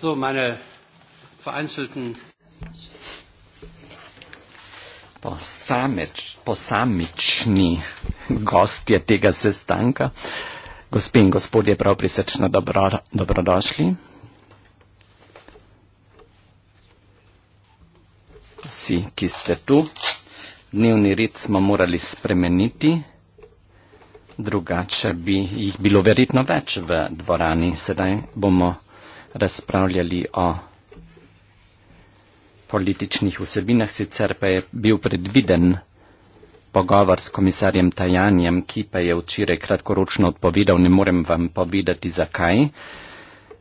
So, meine vereinzelten. Posamič, posamični gostje tega sestanka, gospe in gospodje, prav prisrčno dobro, dobrodošli. Vsi, ki ste tu, dnevni red smo morali spremeniti, drugače bi jih bilo verjetno več v dvorani. Sedaj bomo razpravljali o političnih vsebinah, sicer pa je bil predviden pogovor s komisarjem Tajanjem, ki pa je včeraj kratkoročno odpovedal, ne morem vam povedati zakaj.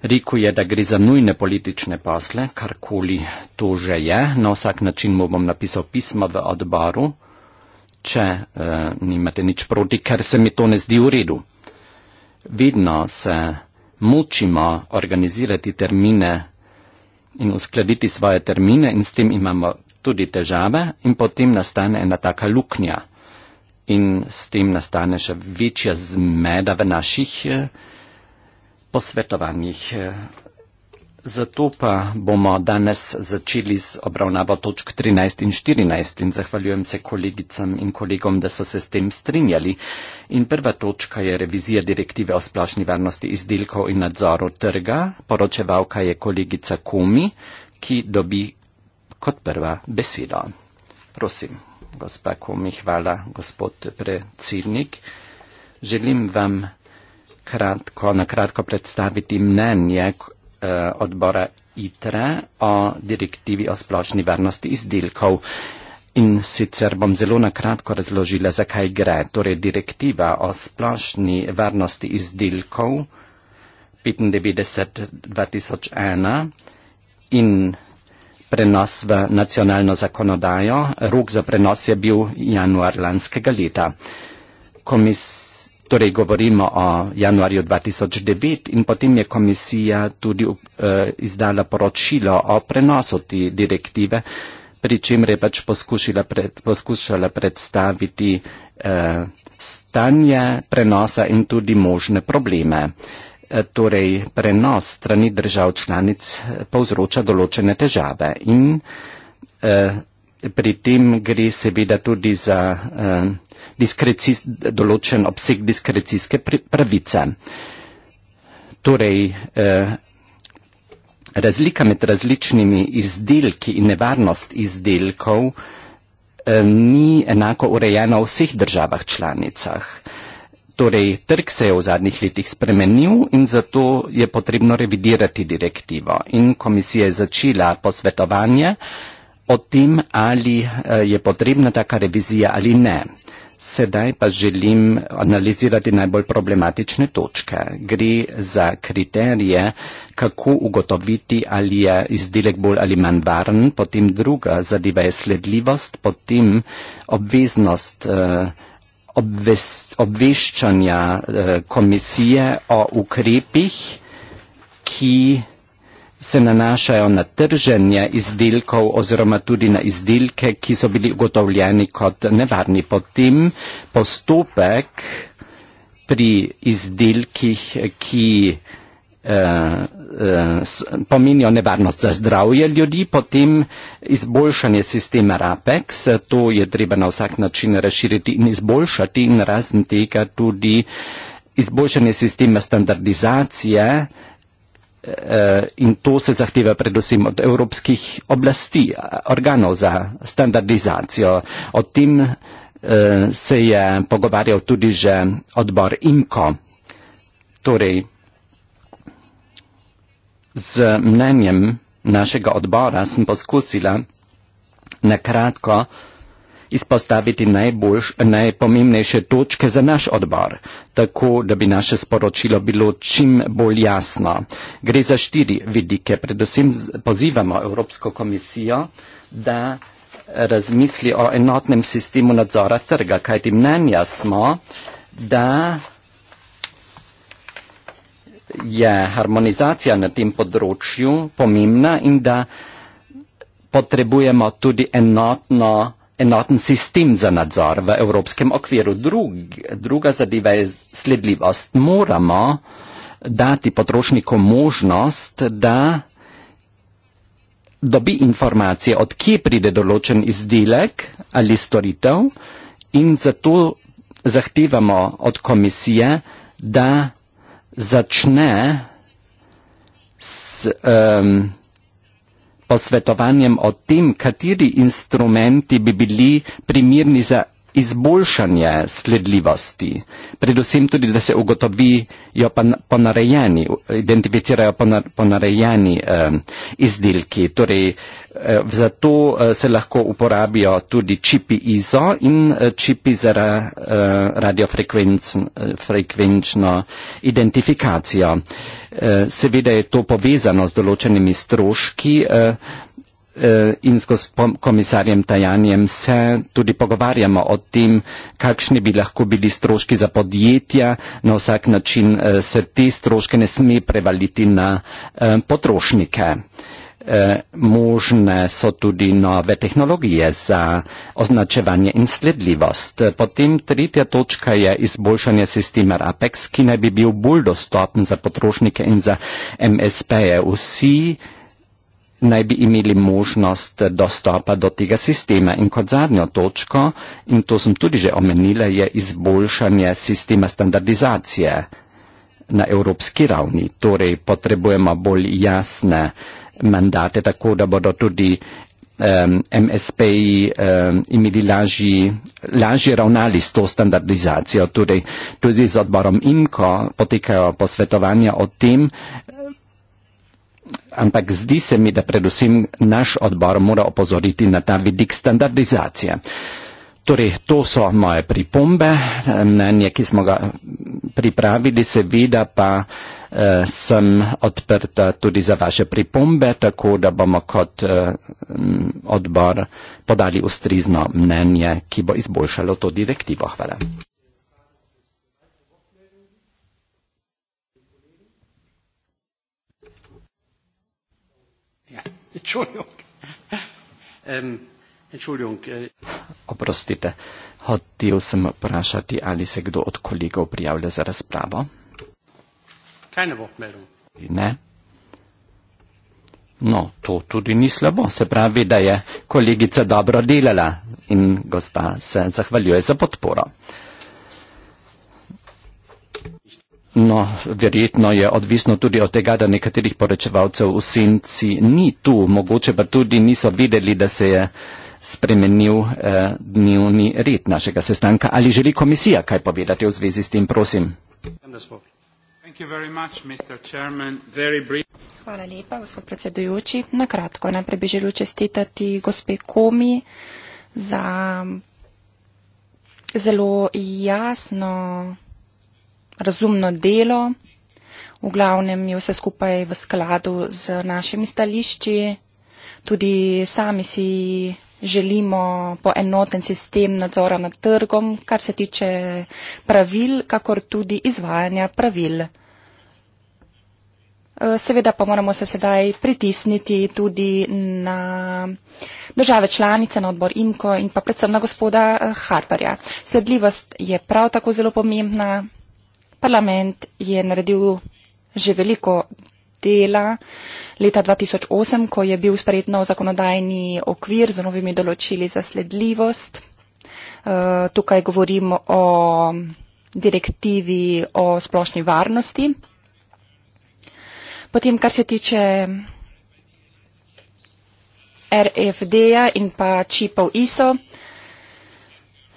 Riku je, da gre za nujne politične posle, karkoli to že je, na vsak način mu bom napisal pismo v odboru, če uh, nimate nič proti, ker se mi to ne zdi v redu. Vedno se mučimo organizirati termine in uskladiti svoje termine in s tem imamo tudi težave in potem nastane ena taka luknja in s tem nastane še večja zmeda v naših eh, posvetovanjih eh, Zato pa bomo danes začeli z obravnavo točk 13 in 14 in zahvaljujem se kolegicam in kolegom, da so se s tem strinjali. In prva točka je revizija direktive o splošni varnosti izdelkov in nadzoru trga. Poročevalka je kolegica Kumi, ki dobi kot prva besedo. Prosim, gospa Kumi, hvala, gospod predsednik. Želim vam kratko, na kratko predstaviti mnenje. Eh, odbora ITRE o direktivi o splošni varnosti izdelkov. In sicer bom zelo na kratko razložila, zakaj gre. Torej, direktiva o splošni varnosti izdelkov 95-2001 in prenos v nacionalno zakonodajo. Rok za prenos je bil januar lanskega leta. Komisija Torej govorimo o januarju 2009 in potem je komisija tudi uh, izdala poročilo o prenosu te direktive, pri čemer je pač poskušala, pred, poskušala predstaviti uh, stanje prenosa in tudi možne probleme. Uh, torej prenos strani držav članic uh, povzroča določene težave in uh, pri tem gre seveda tudi za. Uh, diskrecijs, določen obseg diskrecijske pravice. Torej, eh, razlika med različnimi izdelki in nevarnost izdelkov eh, ni enako urejena v vseh državah članicah. Torej, trg se je v zadnjih letih spremenil in zato je potrebno revidirati direktivo. In komisija je začela posvetovanje o tem, ali eh, je potrebna taka revizija ali ne. Sedaj pa želim analizirati najbolj problematične točke. Gre za kriterije, kako ugotoviti, ali je izdelek bolj ali manj varen, potem druga zadeva je sledljivost, potem obveznost eh, obves, obveščanja eh, komisije o ukrepih, ki se nanašajo na trženje izdelkov oziroma tudi na izdelke, ki so bili ugotovljeni kot nevarni. Potem postopek pri izdelkih, ki eh, eh, pomenijo nevarnost za zdravje ljudi, potem izboljšanje sistema RAPEX, to je treba na vsak način razširiti in izboljšati in razen tega tudi izboljšanje sistema standardizacije, Eh, in to se zahteva predvsem od evropskih oblasti, eh, organov za standardizacijo. O tem eh, se je pogovarjal tudi že odbor INKO. Torej, z mnenjem našega odbora sem poskusila nakratko povedati, izpostaviti najbolj, najpomembnejše točke za naš odbor, tako da bi naše sporočilo bilo čim bolj jasno. Gre za štiri vidike. Predvsem pozivamo Evropsko komisijo, da razmisli o enotnem sistemu nadzora trga, kajti mnenja smo, da je harmonizacija na tem področju pomembna in da potrebujemo tudi enotno enoten sistem za nadzor v evropskem okviru. Drug, druga zadeva je sledljivost. Moramo dati potrošnikom možnost, da dobi informacije, odkje pride določen izdelek ali storitev in zato zahtevamo od komisije, da začne s. Um, posvetovanjem o tem, kateri instrumenti bi bili primirni za izboljšanje sledljivosti, predvsem tudi, da se ugotovijo ponarejeni, identificirajo ponarejeni izdelki. Torej, zato se lahko uporabijo tudi čipi IZO in e, čipi za e, radiofrekvenčno identifikacijo. E, seveda je to povezano z določenimi stroški, Eh, in s komisarjem Tajanjem se tudi pogovarjamo o tem, kakšni bi lahko bili stroški za podjetja. Na vsak način eh, se te stroške ne sme prevaliti na eh, potrošnike. Možne so tudi nove tehnologije za označevanje in sledljivost. Potem tretja točka je izboljšanje sistema RAPEX, ki naj bi bil bolj dostopen za potrošnike in za MSP-je. Vsi naj bi imeli možnost dostopa do tega sistema. In kot zadnjo točko, in to sem tudi že omenila, je izboljšanje sistema standardizacije na evropski ravni. Torej, potrebujemo bolj jasne mandate, tako da bodo tudi um, MSP-ji um, imeli lažje ravnali s to standardizacijo. Torej, tudi z odborom IMKO potekajo posvetovanja o tem, ampak zdi se mi, da predvsem naš odbor mora opozoriti na ta vidik standardizacije. Torej, to so moje pripombe, mnenje, ki smo ga pripravili, seveda pa eh, sem odprta tudi za vaše pripombe, tako da bomo kot eh, odbor podali ustrizno mnenje, ki bo izboljšalo to direktivo. Hvala. Entschuldigung. Ähm, Entschuldigung. Äh, Oprostite. Hotel sem vprašati, ali se kdo od kolegov prijavlja za razpravo? Keine Wortmeldung. Ne. No, to tudi ni slabo. Se pravi, da je kolegica dobro delala in gospa se zahvaljuje za podporo. No, verjetno je odvisno tudi od tega, da nekaterih poročevalcev v senci ni tu, mogoče pa tudi niso videli, da se je spremenil eh, dnevni red našega sestanka. Ali želi komisija kaj povedati v zvezi s tem, prosim? Hvala lepa, gospod predsedujoči. Na kratko, najprej bi želel čestitati gospe Komi za zelo jasno razumno delo. V glavnem je vse skupaj v skladu z našimi stališči. Tudi sami si želimo poenoten sistem nadzora nad trgom, kar se tiče pravil, kakor tudi izvajanja pravil. Eh, seveda pa moramo se sedaj pritisniti tudi na države članice, na odbor IMKO in pa predvsem na gospoda eh, Harperja. Sledljivost je prav tako zelo pomembna parlament je naredil že veliko dela leta 2008, ko je bil sprejet nov zakonodajni okvir z novimi določili za sledljivost. Eh, tukaj govorimo o direktivi o splošni varnosti. Potem, kar se tiče RFD-ja in pa čipov ISO,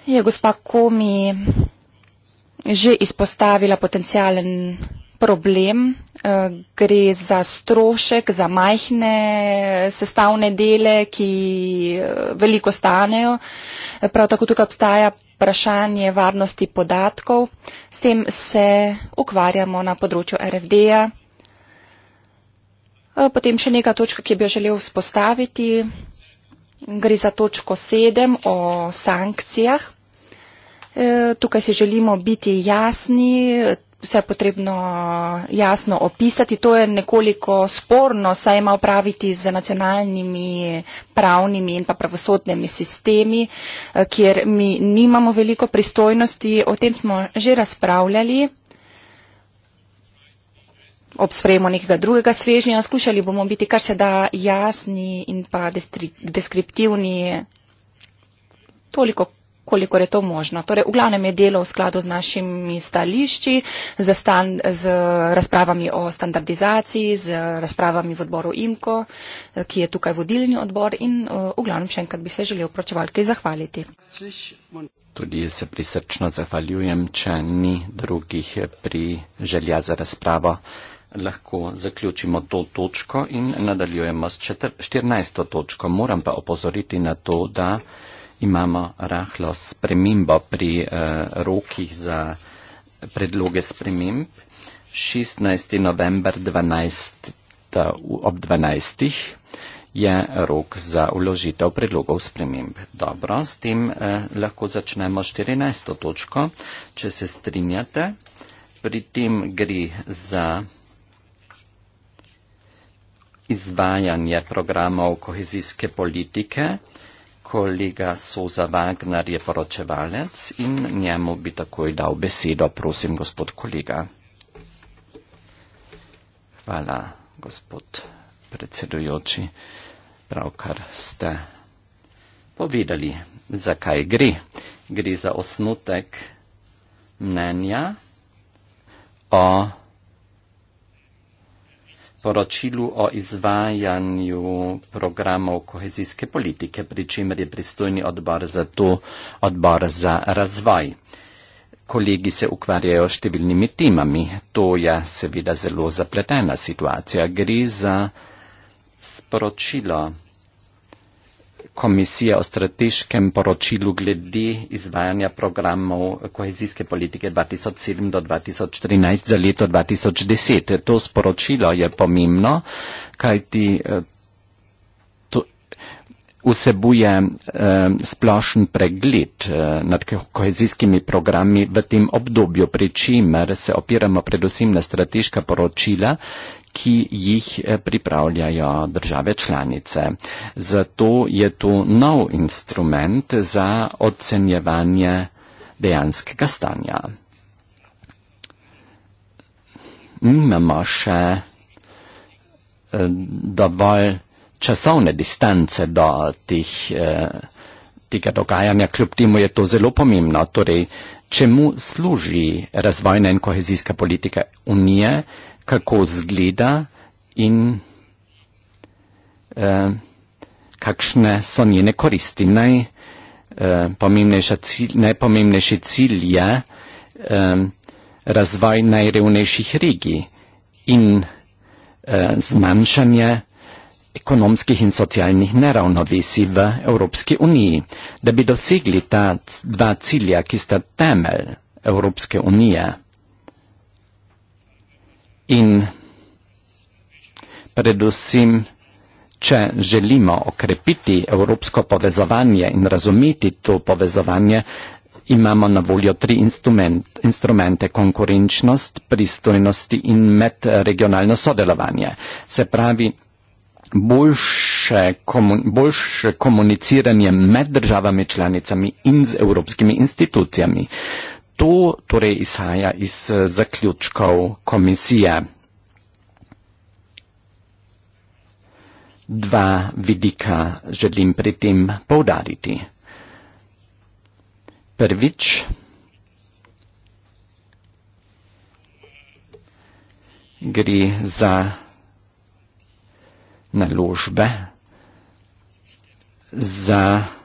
je gospa Komi že izpostavila potencijalen problem. Eh, gre za strošek, za majhne sestavne dele, ki eh, veliko stanejo. Eh, prav tako tukaj obstaja vprašanje varnosti podatkov. S tem se ukvarjamo na področju RFD-ja. Potem še neka točka, ki bi jo želel vzpostaviti. Gre za točko 7 o sankcijah. E, tukaj si želimo biti jasni, vse je potrebno jasno opisati. To je nekoliko sporno, saj ima opraviti z nacionalnimi pravnimi in pa pravosodnimi sistemi, e, kjer mi nimamo veliko pristojnosti. O tem smo že razpravljali ob sprejemu nekega drugega svežnja. Skušali bomo biti kar se da jasni in pa deskriptivni. Toliko kolikor je to možno. Torej, v glavnem je delo v skladu z našimi stališči, z, stan, z razpravami o standardizaciji, z razpravami v odboru IMKO, eh, ki je tukaj vodilni odbor in eh, v glavnem še enkrat bi se želel pročevalki zahvaliti. Tudi jaz se prisrčno zahvaljujem, če ni drugih eh, pri želja za razpravo. Lahko zaključimo to točko in nadaljujemo s 14. točko. Moram pa opozoriti na to, da imamo rahlo spremembo pri uh, rokih za predloge sprememb. 16. november 12. ob 12. je rok za uložitev predlogov sprememb. Dobro, s tem eh, lahko začnemo 14. točko, če se strinjate. Pri tem gre za izvajanje programov kohezijske politike 2014-2020 kolega Soza Wagner je poročevalec in njemu bi takoj dal besedo. Prosim, gospod kolega. Hvala, gospod predsedujoči. Pravkar ste povedali, zakaj gre. Gre za osnutek mnenja o poročilu o izvajanju programov kohezijske politike, pri čemer je pristojni odbor za to odbor za razvoj. Kolegi se ukvarjajo številnimi temami. To je seveda zelo zapletena situacija. Gre za sporočilo komisije o strateškem poročilu glede izvajanja programov kohezijske politike 2007 do 2013 za leto 2010. To sporočilo je pomembno, kajti eh, vsebuje eh, splošen pregled eh, nad kohezijskimi programi v tem obdobju, pri čemer se opiramo predvsem na strateška poročila, ki jih eh, pripravljajo države članice. Zato je to nov instrument za ocenjevanje dejanskega stanja. Nimamo še eh, dovolj časovne distance do tih, eh, tega dogajanja, kljub temu je to zelo pomembno. Torej, čemu služi razvojna in kohezijska politika Unije? kako zgleda in eh, kakšne so njene koristi. Naj, eh, cilj, najpomembnejši cilj je eh, razvoj najrevnejših regij in eh, zmanjšanje ekonomskih in socialnih neravnovesij v Evropski uniji. Da bi dosegli ta dva cilja, ki sta temelj Evropske unije, in predvsem, če želimo okrepiti evropsko povezovanje in razumeti to povezovanje, imamo na voljo tri instrument, instrumente – konkurenčnost, pristojnosti in medregionalno sodelovanje. Se pravi, boljše, komu, boljše komuniciranje med državami članicami in z evropskimi institucijami. Uh, To torej izhaja iz eh, zaključkov komisije. Dva vidika želim pri tem povdariti. Prvič, gre za naložbe, za naložbe,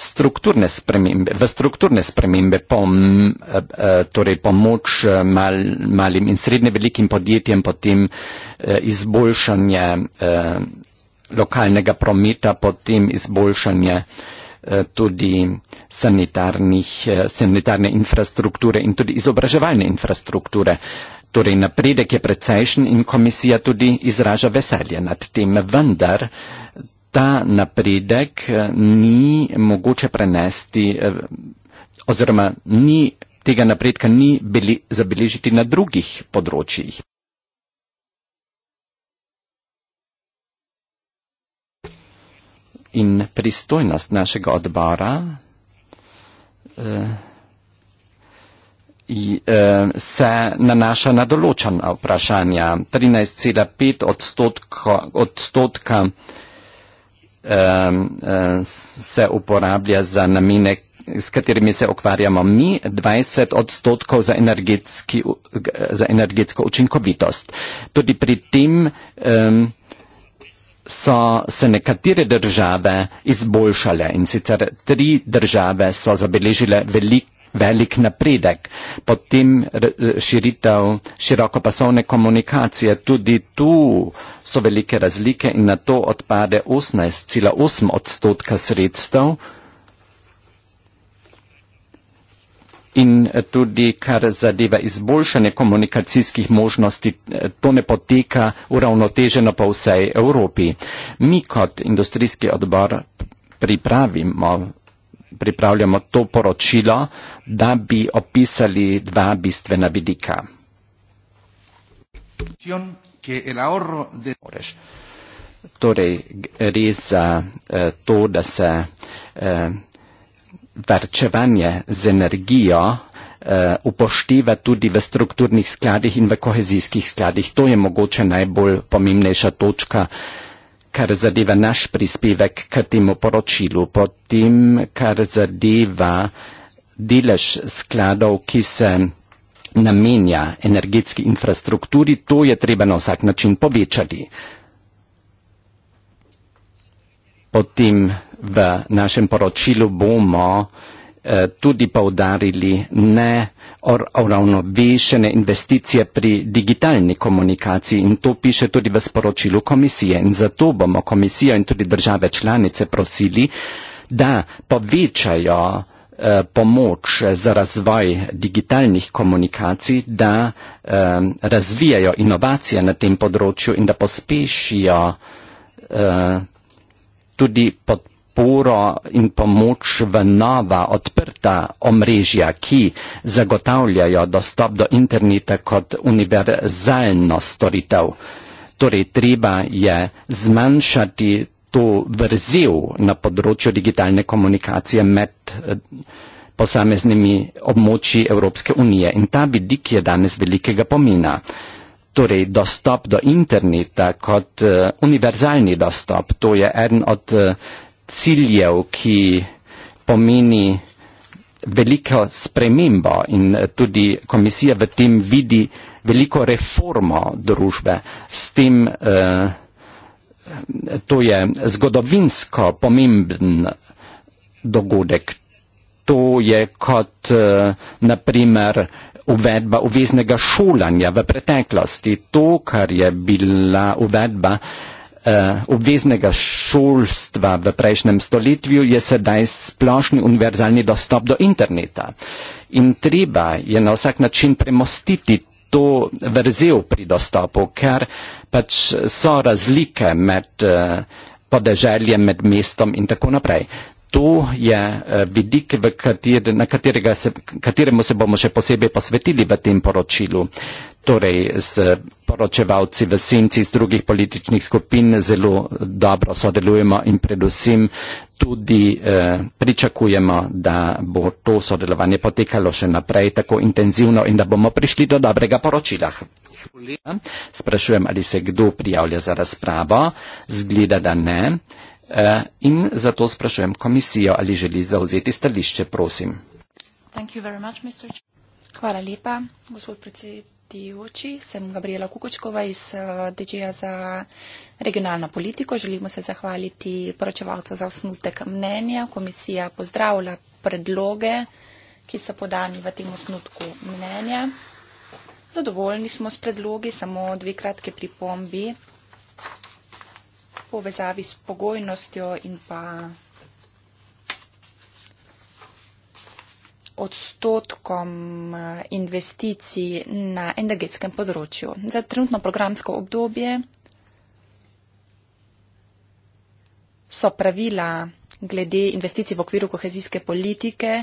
strukturne spremembe, v strukturne spremembe pom, eh, eh, torej pomoč eh, mal, malim in srednje velikim podjetjem, potem izboljšanje lokalnega prometa, potem izboljšanje tudi sanitarne infrastrukture in tudi izobraževalne infrastrukture. Torej napredek je precejšen in komisija tudi izraža veselje nad tem, vendar ta napredek eh, ni mogoče prenesti eh, oziroma ni, tega napredka ni bili, zabeležiti na drugih področjih. In pristojnost našega odbora eh, se nanaša na določena vprašanja. 13,5 odstotka, odstotka Um, um, se uporablja za namene, s katerimi se ukvarjamo mi, 20 odstotkov za, za energetsko učinkovitost. Tudi pri tem um, so se nekatere države izboljšale in sicer tri države so zabeležile veliko velik napredek, potem širitev širokopasovne komunikacije. Tudi tu so velike razlike in na to odpade 18,8 odstotka sredstev. In eh, tudi, kar zadeva izboljšanje komunikacijskih možnosti, eh, to ne poteka uravnoteženo po vsej Evropi. Mi kot industrijski odbor pripravimo pripravljamo to poročilo, da bi opisali dva bistvena vidika. Torej, gre za eh, to, da se eh, varčevanje z energijo eh, upošteva tudi v strukturnih skladih in v kohezijskih skladih. To je mogoče najbolj pomembnejša točka. Eh, kar zadeva naš prispevek k temu poročilu, potem kar zadeva delež skladov, ki se namenja energetski infrastrukturi, to je treba na vsak način povečati. Potem v našem poročilu bomo uh, Eh, tudi poudarili ne uravnovešene investicije pri digitalni komunikaciji in to piše tudi v sporočilu komisije in zato bomo komisijo in tudi države članice prosili, da povečajo eh, pomoč za razvoj digitalnih komunikacij, da um, razvijajo inovacije na tem področju in da pospešijo uh, tudi podporo podporo in pomoč v nova odprta omrežja, ki zagotavljajo dostop do interneta kot univerzalno storitev. Torej, treba je zmanjšati to vrzel na področju digitalne komunikacije med eh, posameznimi območji Evropske unije in ta vidik je danes velikega pomena. Torej, dostop do interneta kot uh, univerzalni dostop, to je eden od uh, ciljev, ki pomeni veliko spremembo in tudi komisija v tem vidi veliko reformo družbe. S tem eh, to je zgodovinsko pomemben dogodek. To je kot eh, naprimer uvedba uveznega šolanja v preteklosti. To, kar je bila uvedba eh, Eh, obveznega šolstva v prejšnjem stoletju je sedaj splošni univerzalni dostop do interneta. In treba je na vsak način premostiti to vrzel pri dostopu, ker pač so razlike med eh, podeželjem, med mestom in tako naprej. To je eh, vidik, kateri, na se, kateremu se bomo še posebej posvetili v tem poročilu. Uh, torej s poročevalci v senci iz drugih političnih skupin zelo dobro sodelujemo in predvsem tudi eh, pričakujemo, da bo to sodelovanje potekalo še naprej tako intenzivno in da bomo prišli do dobrega poročila. Sprašujem, ali se kdo prijavlja za razpravo. Zgleda, da ne. Eh, in zato sprašujem komisijo, ali želi zauzeti stališče, prosim. Hvala lepa, gospod predsednik predsedujoči, sem Gabriela Kukočkova iz eh, DG-ja za regionalno politiko. Želimo se zahvaliti poročevalcu za osnutek mnenja. Komisija pozdravlja predloge, ki so podani v tem osnutku mnenja. Zadovoljni smo s predlogi, samo dve kratke pripombi povezavi s pogojnostjo in pa odstotkom eh, investicij na energetskem področju. Za trenutno programsko obdobje so pravila glede investicij v okviru kohezijske politike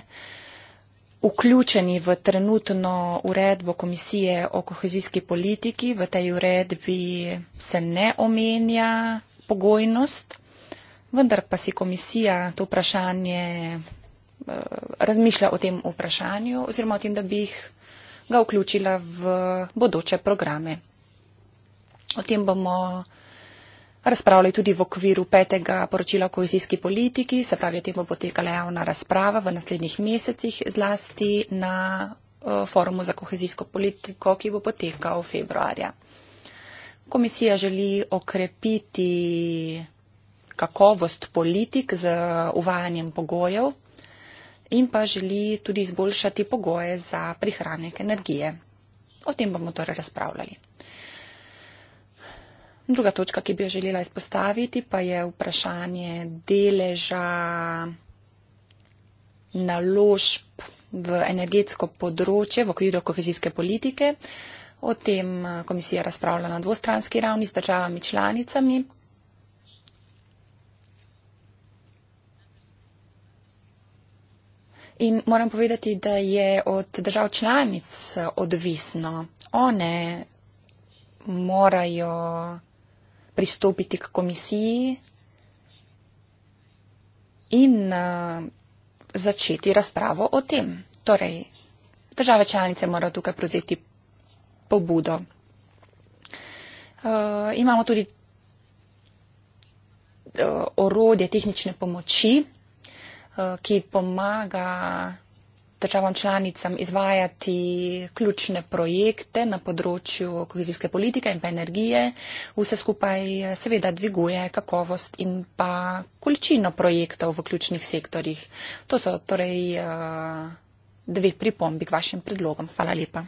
vključeni v trenutno uredbo komisije o kohezijski politiki. V tej uredbi se ne omenja pogojnost, vendar pa si komisija to vprašanje Eh, razmišlja o tem vprašanju oziroma o tem, da bi ga vključila v bodoče programe. O tem bomo razpravljali tudi v okviru petega poročila o kohezijski politiki, se pravi, o tem bo potekala javna razprava v naslednjih mesecih, zlasti na eh, forumu za kohezijsko politiko, ki bo potekal februarja. Komisija želi okrepiti kakovost politik z uvajanjem pogojev, in pa želi tudi izboljšati pogoje za prihranek energije. O tem bomo torej razpravljali. Druga točka, ki bi jo želela izpostaviti, pa je vprašanje deleža naložb v energetsko področje v okviru kohezijske politike. O tem komisija razpravlja na dvostranski ravni s državami članicami. In moram povedati, da je od držav članic eh, odvisno. One morajo pristopiti k komisiji in eh, začeti razpravo o tem. Torej, države članice morajo tukaj prevzeti pobudo. Uh, imamo tudi uh, orodje tehnične pomoči, Eh, ki pomaga državam članicam izvajati ključne projekte na področju kohezijske politike in pa energije. Vse skupaj eh, seveda dviguje kakovost in pa količino projektov v ključnih sektorjih. To so torej eh, dve pripombi k vašim predlogom. Hvala lepa.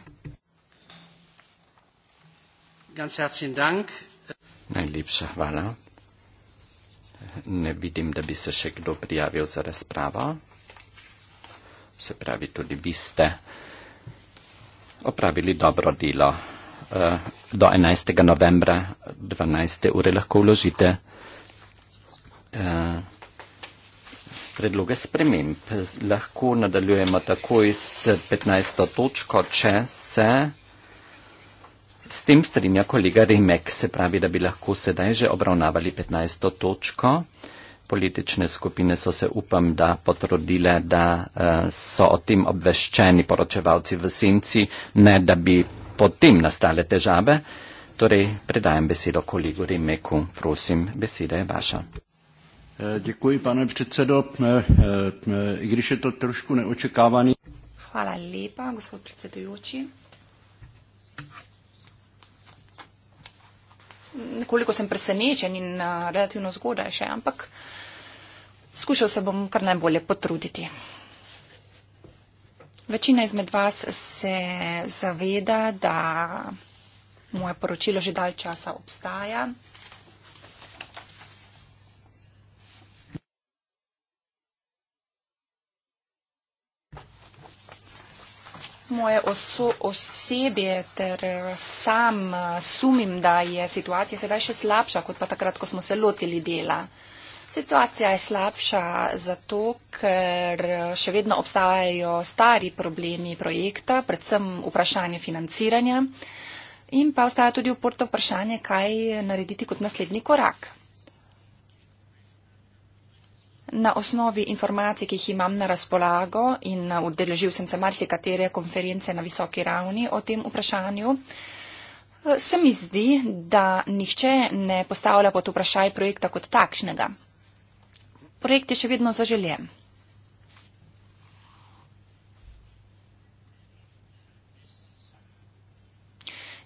Najlepša hvala ne vidim, da bi se še kdo prijavil za razpravo. Se pravi, tudi vi ste opravili dobro delo. Eh, do 11. novembra 12. ure lahko vložite eh, predloge sprememb. Lahko nadaljujemo takoj s 15. točko, če se. S tem strinja kolega Remek, se pravi, da bi lahko sedaj že obravnavali 15. točko. Politične skupine so se upam, da potrudile, da eh, so o tem obveščeni poročevalci v senci, ne da bi potem nastale težave. Torej, predajam besedo kolegu Remeku. Prosim, beseda je vaša. Eh, děkuji, pane predsedo, eh, i když je to trošku neočekávaný. Hvala lepa, gospod predsedujoči. nekoliko sem presenečen in uh, relativno zgodaj še, ampak skušal se bom kar najbolje potruditi. Večina izmed vas se zaveda, da moje poročilo že dalj časa obstaja. moje oso, osebje ter sam eh, sumim, da je situacija sedaj še slabša, kot pa takrat, ko smo se lotili dela. Situacija je slabša zato, ker eh, še vedno obstajajo stari problemi projekta, predvsem vprašanje financiranja in pa ostaja tudi uporto vprašanje, kaj narediti kot naslednji korak. Na osnovi informacij, ki jih imam na razpolago in uh, udeležil sem se marsikatere konference na visoki ravni o tem vprašanju, uh, se mi zdi, da nihče ne postavlja pod vprašaj projekta kot takšnega. Projekt je še vedno zaželjen.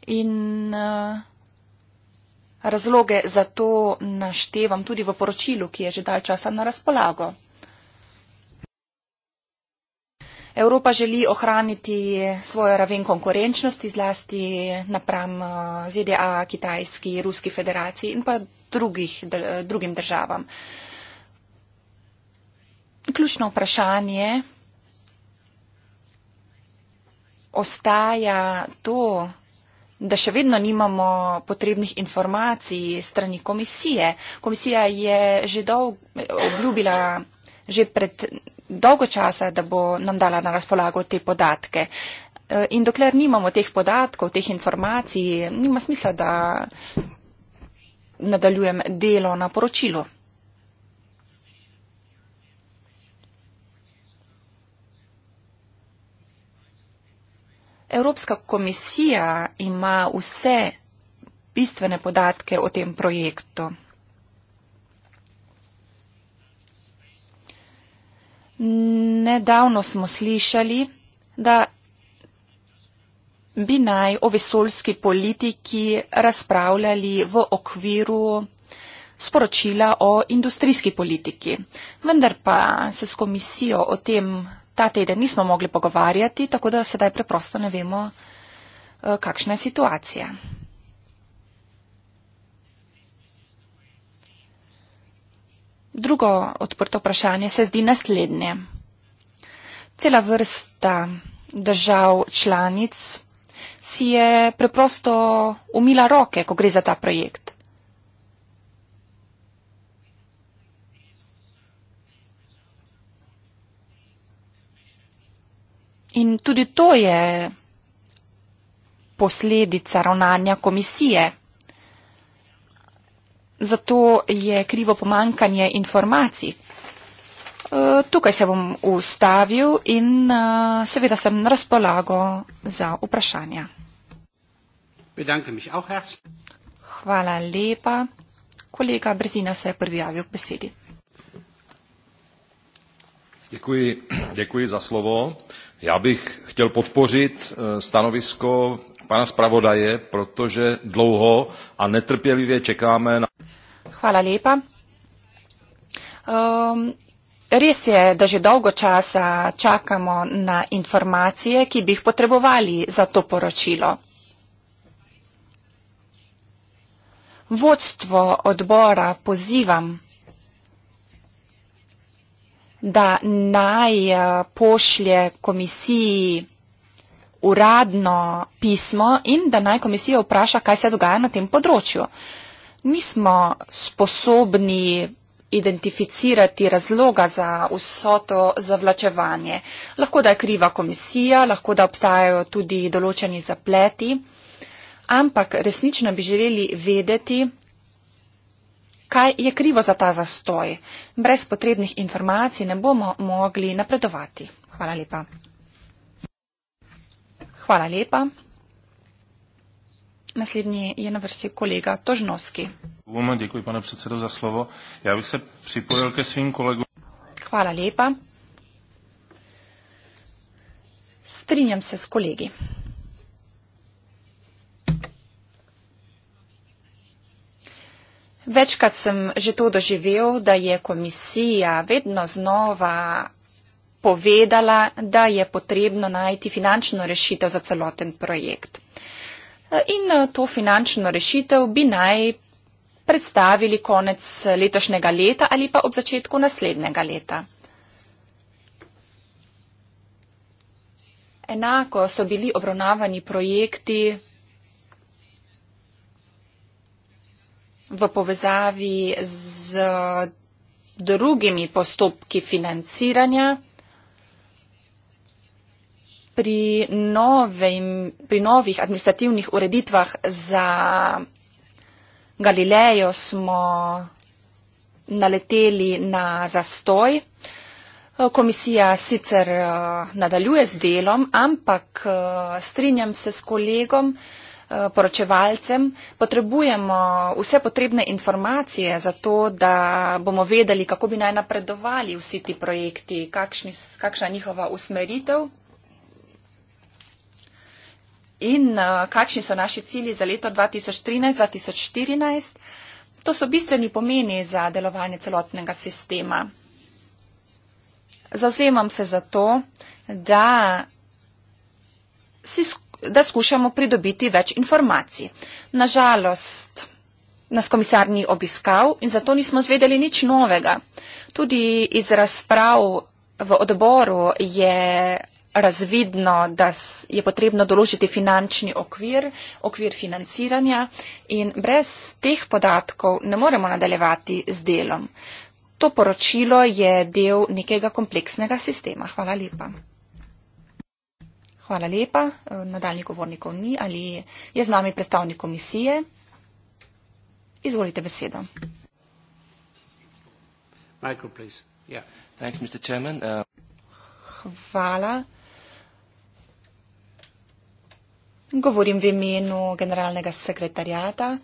In uh, Razloge za to naštevam tudi v poročilu, ki je že dalj časa na razpolago. Evropa želi ohraniti svojo raven konkurenčnosti zlasti napram eh, ZDA, Kitajski, Ruski federaciji in pa drugih, drugim državam. Ključno vprašanje ostaja to, da še vedno nimamo potrebnih informacij strani komisije. Komisija je že dolg, obljubila, že pred dolgo časa, da bo nam dala na razpolago te podatke. E, in dokler nimamo teh podatkov, teh informacij, nima smisla, da nadaljujem delo na poročilu. Evropska komisija ima vse bistvene podatke o tem projektu. Nedavno smo slišali, da bi naj o vesoljski politiki razpravljali v okviru sporočila o industrijski politiki. Vendar pa se s komisijo o tem ta teden nismo mogli pogovarjati, tako da sedaj preprosto ne vemo, eh, kakšna je situacija. Drugo odprto vprašanje se zdi naslednje. Cela vrsta držav članic si je preprosto umila roke, ko gre za ta projekt. In tudi to je posledica ravnanja komisije. Zato je krivo pomankanje informacij. E, tukaj se bom ustavil in e, seveda sem na razpolago za vprašanja. Hvala lepa. Kolega Brzina se je prvi javil k besedi. Děkuji, děkuji za slovo. Já bych chtěl podpořit eh, stanovisko pana zpravodaje, protože dlouho a netrpělivě čekáme na... Hvala lepa. Um... Res je, da že dolgo časa čakamo na informacije, ki bi jih potrebovali za to poročilo. Vodstvo odbora pozivam da naj eh, pošlje komisiji uradno pismo in da naj komisija vpraša, kaj se dogaja na tem področju. Nismo sposobni identificirati razloga za vso to zavlačevanje. Lahko da je kriva komisija, lahko da obstajajo tudi določeni zapleti, ampak resnično bi želeli vedeti, kaj je krivo za ta zastoj. Brez potrebnih informacij ne bomo mogli napredovati. Hvala lepa. Hvala lepa. Naslednji je na vrsti kolega Tožnovski. Děkuji, pane předsedo, za slovo. Já bych se připojil ke svým kolegům. Hvala lepa. Strinjam se s kolegi. Večkrat sem že to doživel, da je komisija vedno znova povedala, da je potrebno najti finančno rešitev za celoten projekt. In eh, to finančno rešitev bi naj predstavili konec eh, letošnjega leta ali pa ob začetku naslednjega leta. Enako so bili obravnavani projekti v povezavi z drugimi postopki financiranja pri, novim, pri novih administrativnih ureditvah za Galilejo smo naleteli na zastoj. Komisija sicer eh, nadaljuje z delom, ampak eh, strinjam se s kolegom, Eh, poročevalcem potrebujemo vse potrebne informacije za to, da bomo vedeli, kako bi naj napredovali vsi ti projekti, kakšni, kakšna njihova usmeritev in eh, kakšni so naši cilji za leto 2013-2014. To so bistveni pomeni za delovanje celotnega sistema. Zauzemam se za to, da si skupaj da skušamo pridobiti več informacij. Nažalost, nas komisar ni obiskal in zato nismo zvedeli nič novega. Tudi iz razprav v odboru je razvidno, da je potrebno določiti finančni okvir, okvir financiranja in brez teh podatkov ne moremo nadaljevati z delom. To poročilo je del nekega kompleksnega sistema. Hvala lepa. Hvala lepa. E, nadaljnih govornikov ni ali je z nami predstavnik komisije. Izvolite besedo. Micro, yeah. Thanks, Mr. Uh... Hvala. Govorim v imenu generalnega sekretarjata.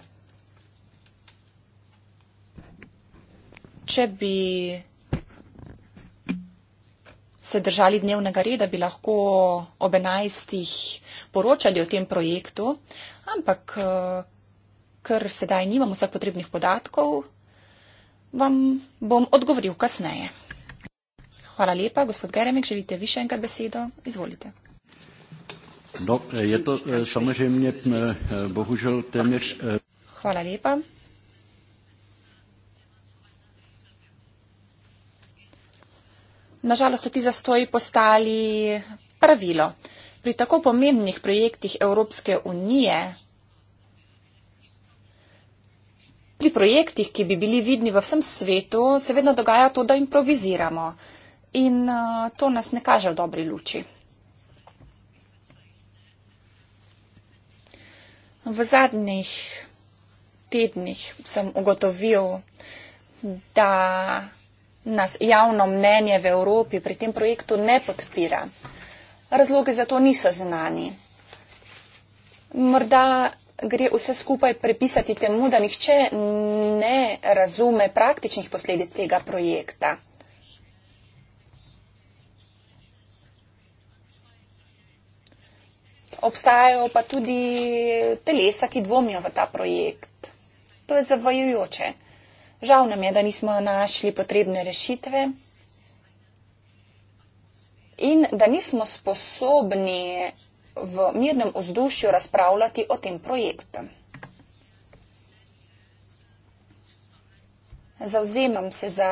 Če bi se držali dnevnega reda, bi lahko ob enajstih poročali o tem projektu, ampak eh, ker sedaj nimam vseh potrebnih podatkov, vam bom odgovoril kasneje. Hvala lepa, gospod Geremek, želite vi še enkrat besedo? Izvolite. No, eh, je to samo, že mi je bohužel temež. Eh, Hvala lepa. Nažalost so ti zastoji postali pravilo. Pri tako pomembnih projektih Evropske unije, pri projektih, ki bi bili vidni v vsem svetu, se vedno dogaja to, da improviziramo. In uh, to nas ne kaže v dobri luči. V zadnjih tednih sem ugotovil, da nas javno mnenje v Evropi pri tem projektu ne podpira. Razloge za to niso znani. Morda gre vse skupaj prepisati temu, da nihče ne razume praktičnih posledic tega projekta. Obstajajo pa tudi telesa, ki dvomijo v ta projekt. To je zavajujoče. Žal nam je, da nismo našli potrebne rešitve in da nismo sposobni v mirnem vzdušju razpravljati o tem projektu. Zauzemam se za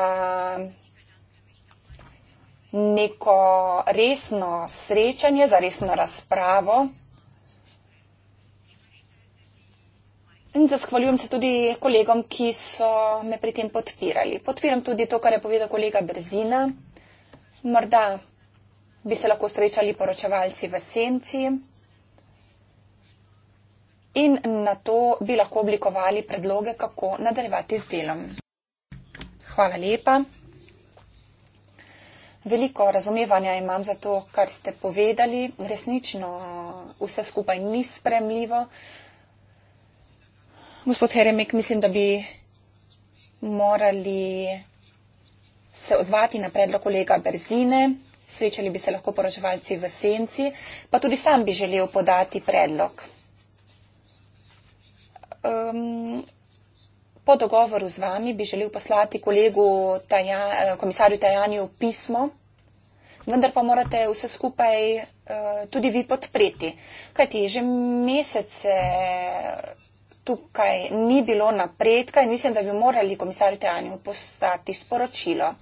neko resno srečanje, za resno razpravo. In zahvaljujem se tudi kolegom, ki so me pri tem podpirali. Podpiram tudi to, kar je povedal kolega Brzina. Morda bi se lahko srečali poročevalci v senci in na to bi lahko oblikovali predloge, kako nadaljevati z delom. Hvala lepa. Veliko razumevanja imam za to, kar ste povedali. Resnično vse skupaj ni spremljivo. Gospod Heremik, mislim, da bi morali se odzvati na predlog kolega Berzine. Srečali bi se lahko poročevalci v senci, pa tudi sam bi želel podati predlog. Um, po dogovoru z vami bi želel poslati kolegu taja, eh, komisarju Tajanju pismo, vendar pa morate vse skupaj uh, tudi vi podpreti. Kajti že mesece tukaj ni bilo napredka in mislim, da bi morali komisarju Tejanju poslati sporočilo.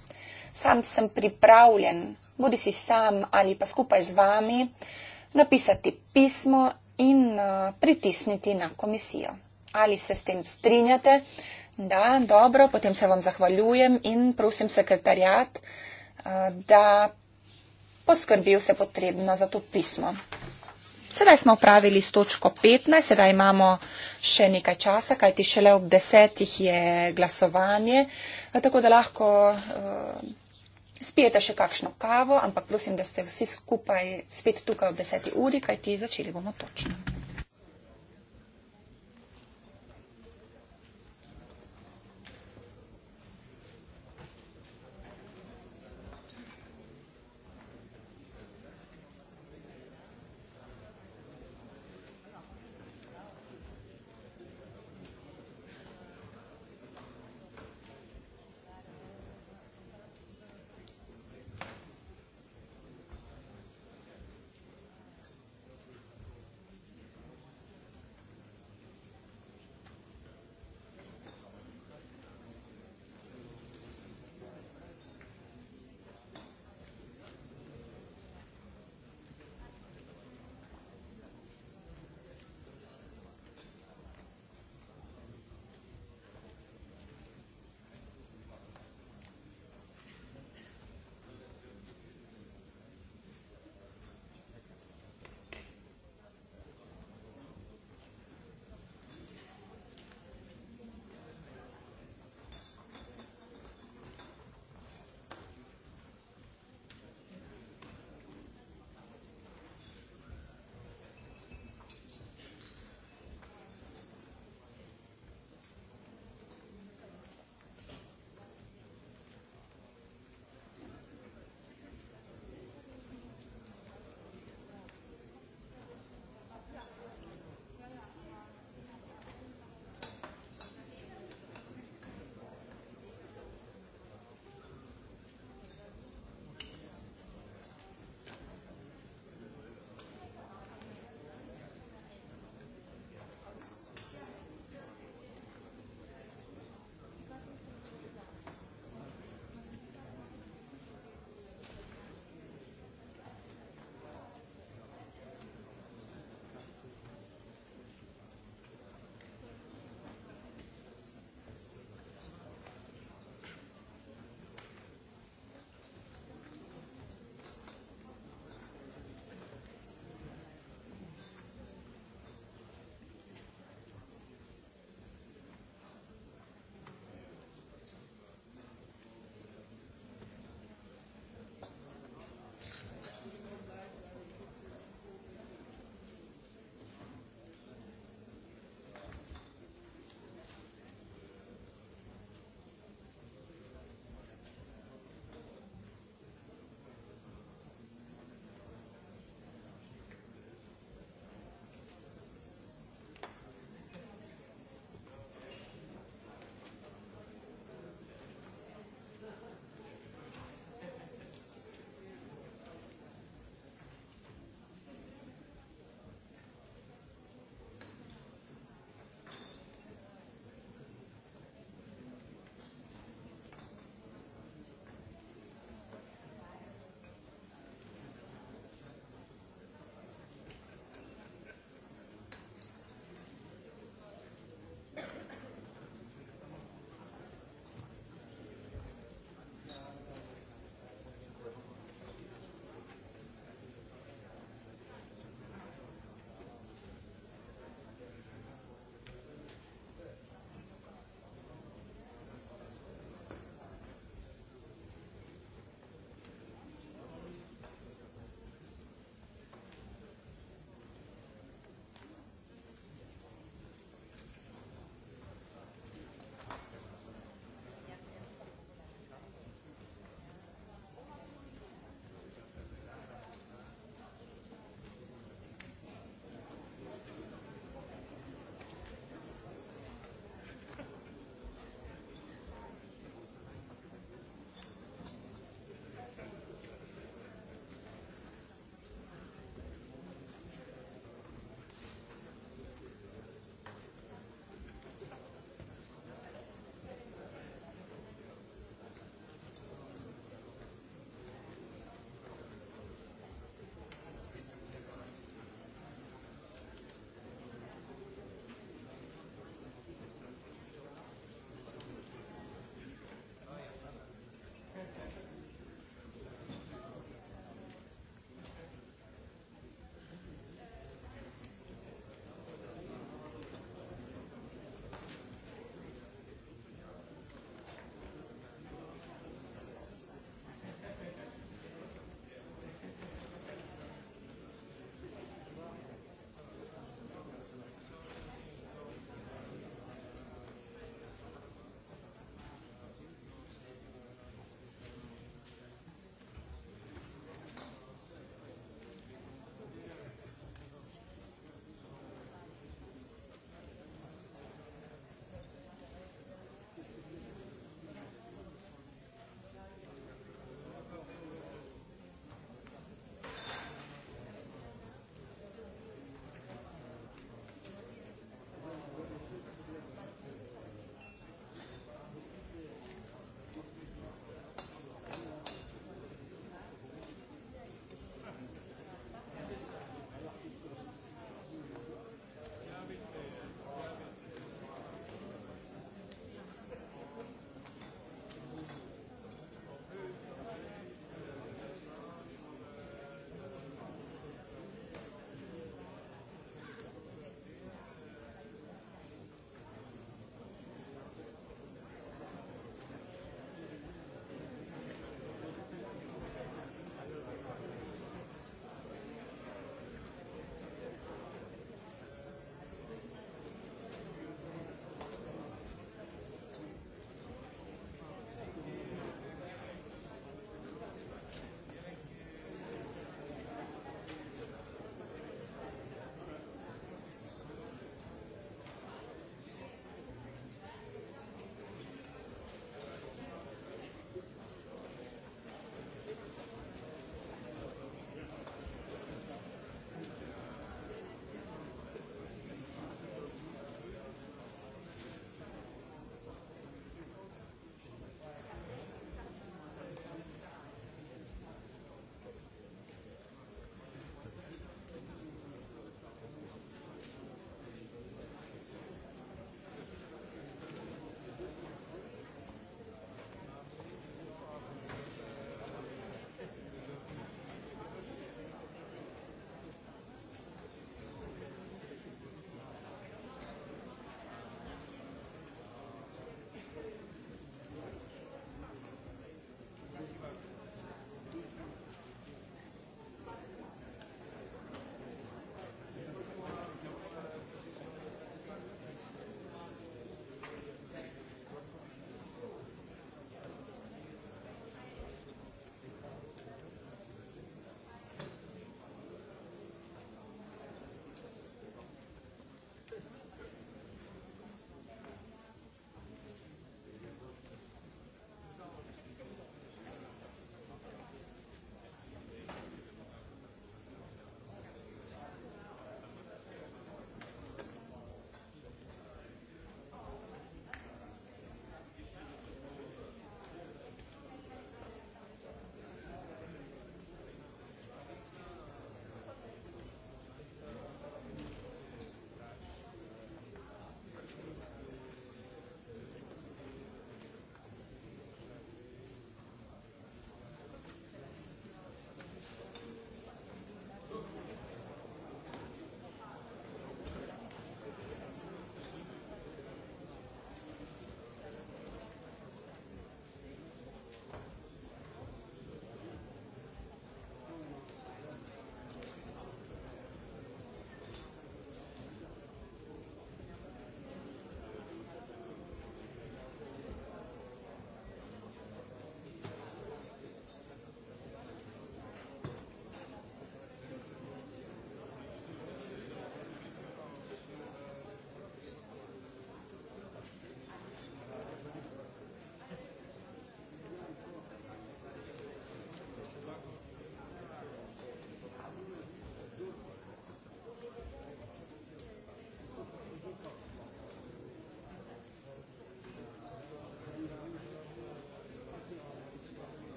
Sam sem pripravljen, bodi si sam ali pa skupaj z vami, napisati pismo in uh, pritisniti na komisijo. Ali se s tem strinjate? Da, dobro, potem se vam zahvaljujem in prosim sekretarjat, uh, da poskrbi vse potrebno za to pismo. Sedaj smo upravili s točko 15, sedaj imamo še nekaj časa, kajti šele ob desetih je glasovanje, eh, tako da lahko uh, spijete še kakšno kavo, ampak prosim, da ste vsi skupaj spet tukaj ob deseti uri, kajti začeli bomo točno.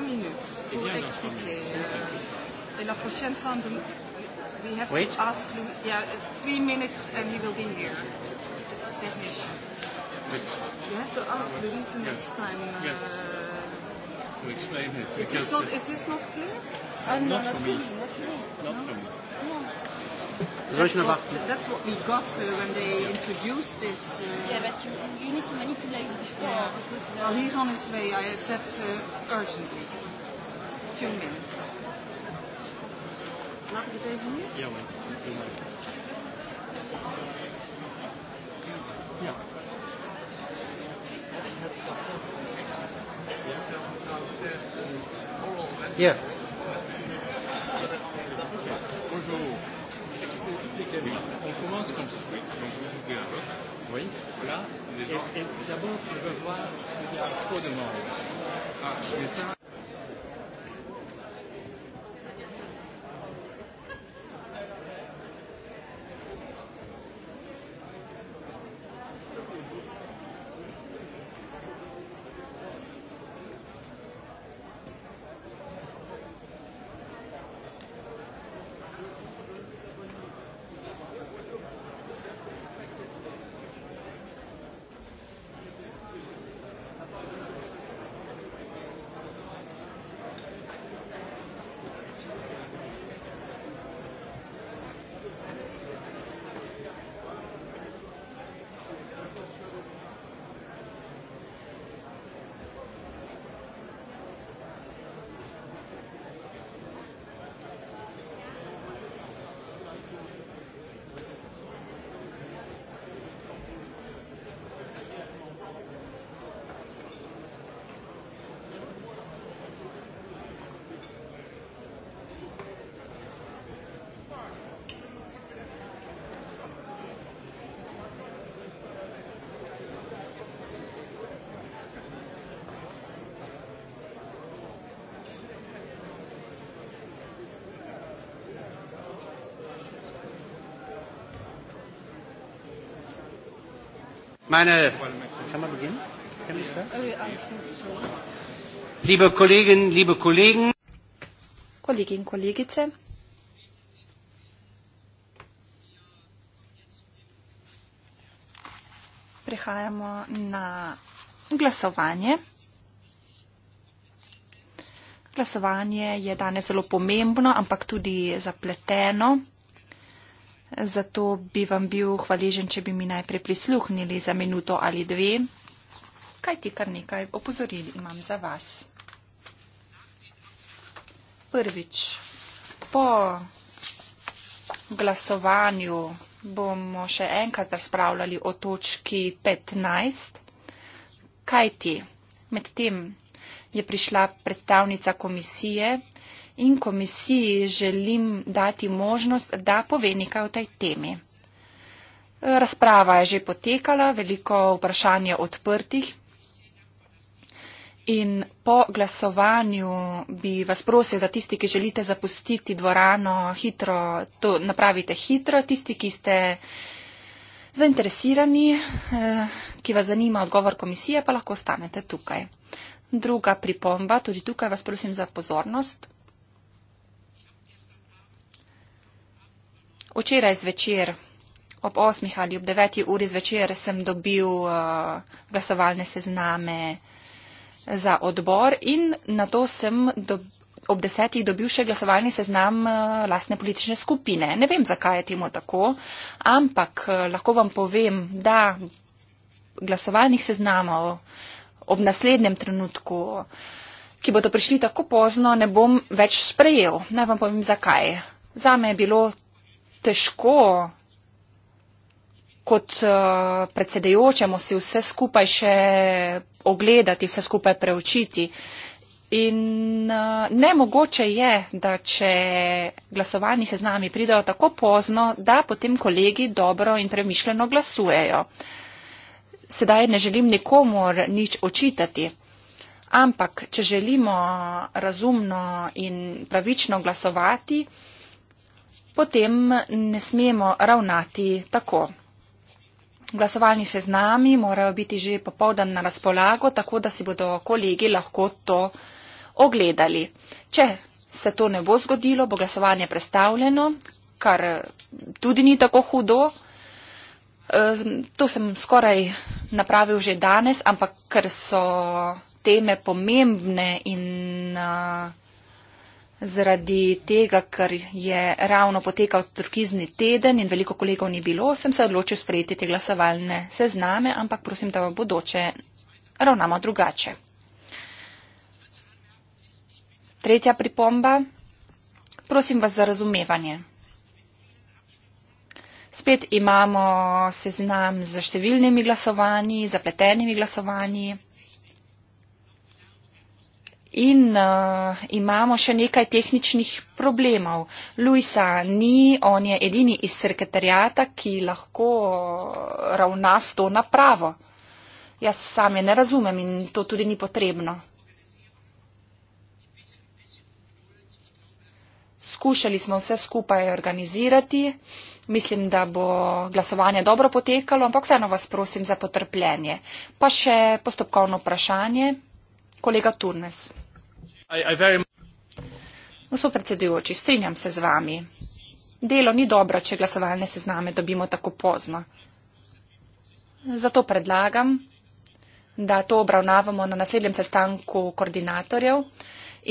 trois minutes pour et expliquer. Euh, et la prochaine fois, nous devons oui. ask. Il y a trois minutes et nous serons ici. C'est technique. Vous devez demander Louise la prochaine fois. Oui. Pour expliquer. Est-ce que ce n'est pas clair Non, non, non. Soll that's, ich what, that's what we got uh, when they yeah. introduced this. Uh, yeah, but you, you need to manipulate it before. Yeah. Because, uh, well, he's on his way. I said uh, urgently. A few minutes. Laat ik het even hier? Ja, maar. Ja. Ja. Yeah. Meine, kann man beginnen? Kann ich äh, ja, das? Liebe Kolleginnen, liebe Kollegen. Kolleginnen, Kollegice. Prehajamo na glasovanje. Glasovanje je danes zelo pomembno, ampak tudi zapleteno zato bi vam bil hvaležen, če bi mi najprej prisluhnili za minuto ali dve, kaj ti kar nekaj opozoril imam za vas. Prvič, po glasovanju bomo še enkrat razpravljali o točki 15. Kaj ti? Medtem je prišla predstavnica komisije, in komisiji želim dati možnost, da pove nekaj o tej temi. Razprava je že potekala, veliko vprašanj je odprtih in po glasovanju bi vas prosil, da tisti, ki želite zapustiti dvorano, hitro, to napravite hitro. Tisti, ki ste zainteresirani, eh, ki vas zanima odgovor komisije, pa lahko ostanete tukaj. Druga pripomba, tudi tukaj vas prosim za pozornost. Včeraj zvečer, ob 8 ali ob 9 uri zvečer, sem dobil uh, glasovalne sezname za odbor in na to sem dob, ob 10 dobil še glasovalni seznam uh, lastne politične skupine. Ne vem, zakaj je temu tako, ampak uh, lahko vam povem, da glasovalnih seznamov ob naslednjem trenutku ki bodo prišli tako pozno, ne bom več sprejel. Naj vam povem, zakaj. Zame je bilo težko kot uh, eh, predsedejočemu si vse skupaj še ogledati, vse skupaj preučiti. In uh, nemogoče je, da če glasovalni seznami pridejo tako pozno, da potem kolegi dobro in premišljeno glasujejo. Sedaj ne želim nikomor nič očitati. Ampak, če želimo razumno in pravično glasovati, uh, potem ne smemo ravnati tako. Glasovalni seznami morajo biti že popovdan na razpolago, tako da si bodo kolegi lahko to ogledali. Če se to ne bo zgodilo, bo glasovanje predstavljeno, kar tudi ni tako hudo. Ehm, to sem skoraj napravil že danes, ampak ker so teme pomembne in uh, Zaradi tega, ker je ravno potekal turkizni teden in veliko kolegov ni bilo, sem se odločil sprejeti te glasovalne sezname, ampak prosim, da v bodoče ravnamo drugače. Tretja pripomba. Prosim vas za razumevanje. Spet imamo seznam z številnimi glasovanji, zapletenimi glasovanji. In uh, imamo še nekaj tehničnih problemov. Luisa ni, on je edini iz sekretarijata, ki lahko uh, ravna s to napravo. Jaz sam je ne razumem in to tudi ni potrebno. Skušali smo vse skupaj organizirati. Mislim, da bo glasovanje dobro potekalo, ampak vseeno vas prosim za potrpljenje. Pa še postopkovno vprašanje. Kolega Turnes. Gospod predsedujoči, strinjam se z vami. Delo ni dobro, če glasovalne sezname dobimo tako pozno. Zato predlagam, da to obravnavamo na naslednjem sestanku koordinatorjev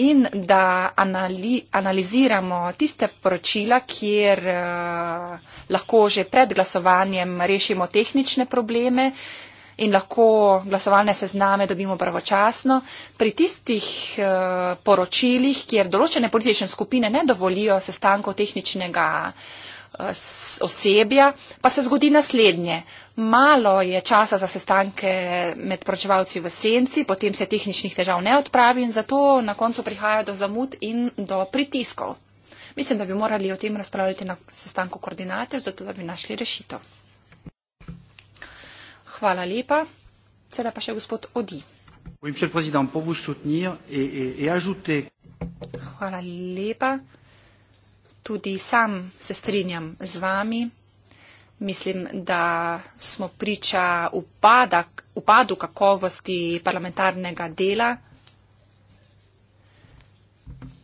in da anali, analiziramo tiste poročila, kjer uh, lahko že pred glasovanjem rešimo tehnične probleme, uh, in lahko glasovalne sezname dobimo pravočasno. Pri tistih eh, poročilih, kjer določene politične skupine ne dovolijo sestankov tehničnega eh, osebja, pa se zgodi naslednje. Malo je časa za sestanke med poročevalci v senci, potem se tehničnih težav ne odpravi in zato na koncu prihaja do zamud in do pritiskov. Mislim, da bi morali o tem razpravljati na sestanku koordinatorjev, zato da bi našli rešitev. Hvala lepa. Sedaj pa še gospod Odi. Oui, monsieur le Président, pour vous soutenir et, et, et ajouter. Hvala lepa. Tudi sam se strinjam z vami. Mislim, da smo priča upada, upadu kakovosti parlamentarnega dela.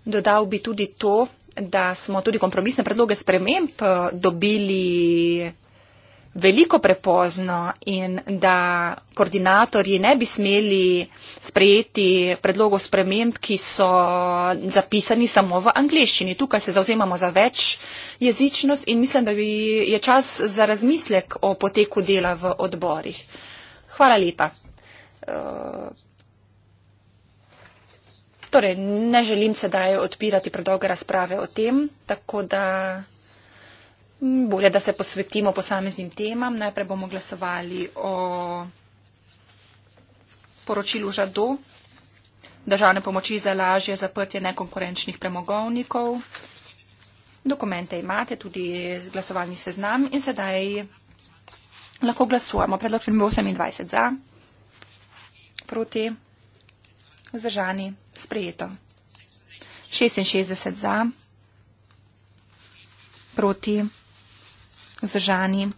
Dodal bi tudi to, da smo tudi kompromisne predloge sprememb eh, dobili veliko prepozno in da koordinatorji ne bi smeli sprejeti predlogov sprememb, ki so zapisani samo v angliščini. Tukaj se zauzemamo za več jezičnost in mislim, da bi je čas za razmislek o poteku dela v odborih. Hvala lepa. Torej, ne želim sedaj odpirati predolge razprave o tem, tako da bolje, da se posvetimo posameznim temam. Najprej bomo glasovali o poročilu Žado, državne pomoči za lažje zaprtje nekonkurenčnih premogovnikov. Dokumente imate, tudi glasovalni seznam in sedaj lahko glasujemo. Predlog je bil 28 za, proti, vzdržani, sprejeto. 66 za, proti vzdržani,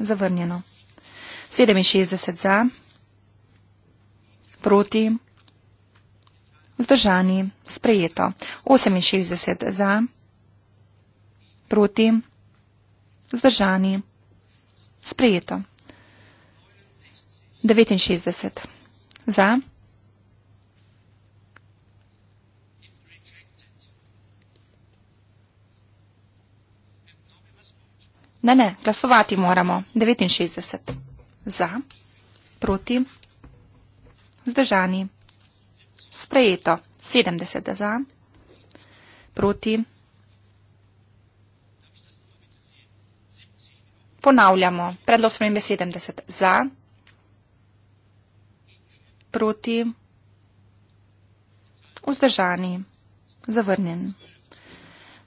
zavrnjeno. 67 za, proti, vzdržani, sprejeto. 68 za, proti, vzdržani, sprejeto. 69 za, proti, vzdržani, sprejeto. Ne, ne, glasovati moramo. 69. Za, proti, vzdržani. Sprejeto. 70 za, proti. Ponavljamo. Predlog spremembe 70 za, proti, vzdržani. Zavrnjen.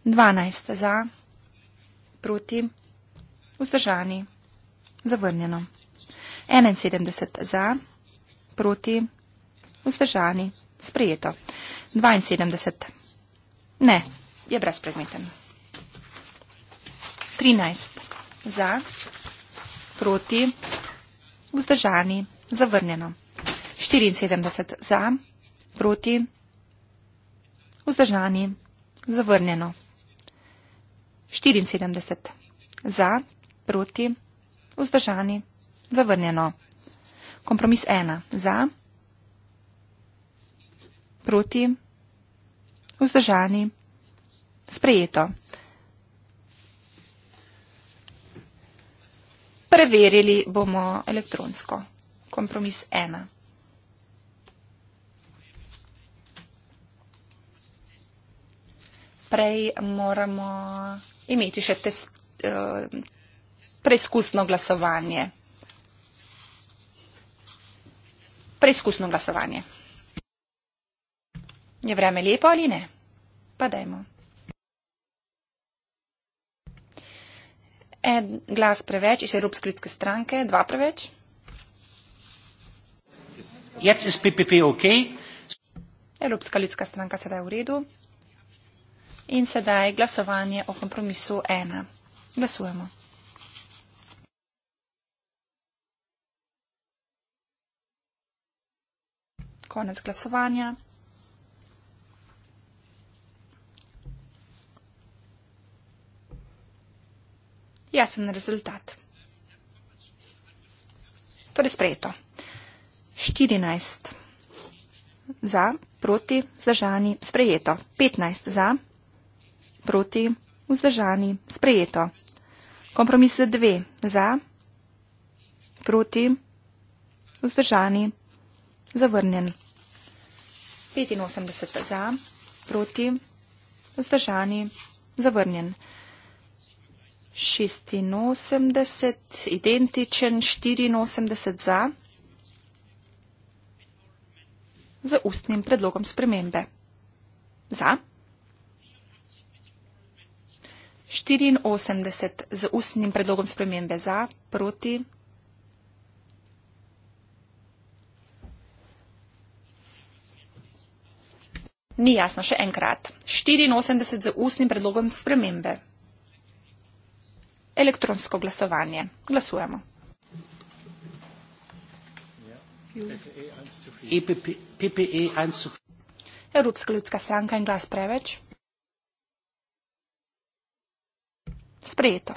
12 za, proti vzdržani. Zavrnjeno. 71 za, proti, vzdržani, sprejeto. 72 ne, je brezpredmeten. 13 za, proti, vzdržani, zavrnjeno. 74 za, proti, vzdržani, zavrnjeno. 74 za, proti, vzdržani, zavrnjeno. Kompromis ena za, proti, vzdržani, sprejeto. Preverili bomo elektronsko. Kompromis ena. Prej moramo imeti še test, eh, preizkusno glasovanje. Preizkusno glasovanje. Je vreme lepo ali ne? Pa dajmo. En glas preveč iz Evropske stranke, dva preveč. Okay. Evropska ljudska stranka sedaj je v redu. In sedaj glasovanje o kompromisu ena. Glasujemo. konec glasovanja. Jasen rezultat. Torej sprejeto. 14 za, proti, vzdržani, sprejeto. 15 za, proti, vzdržani, sprejeto. Kompromis 2 za, proti, vzdržani, zavrnjen. 85 za, proti, vzdržani, zavrnjen. 86, identičen, 84 za, z ustnim predlogom spremembe. Za. 84 z ustnim predlogom spremembe za, proti, Ni jasno še enkrat. 84 z ustnim predlogom spremembe. Elektronsko glasovanje. Glasujemo. E e Evropska ljudska stranka in glas preveč. Sprejeto.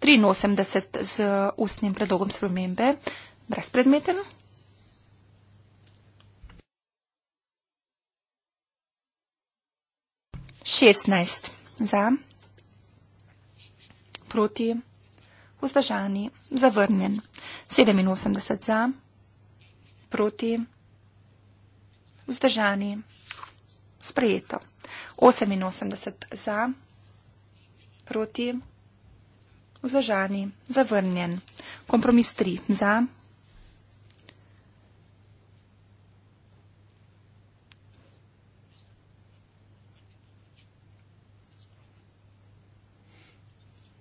83 z ustnim predlogom spremembe. Brezpredmeten. 16 za, proti, vzdržani, zavrnjen. 87 za, proti, vzdržani, sprejeto. 88 za, proti, vzdržani, zavrnjen. Kompromis 3 za, proti.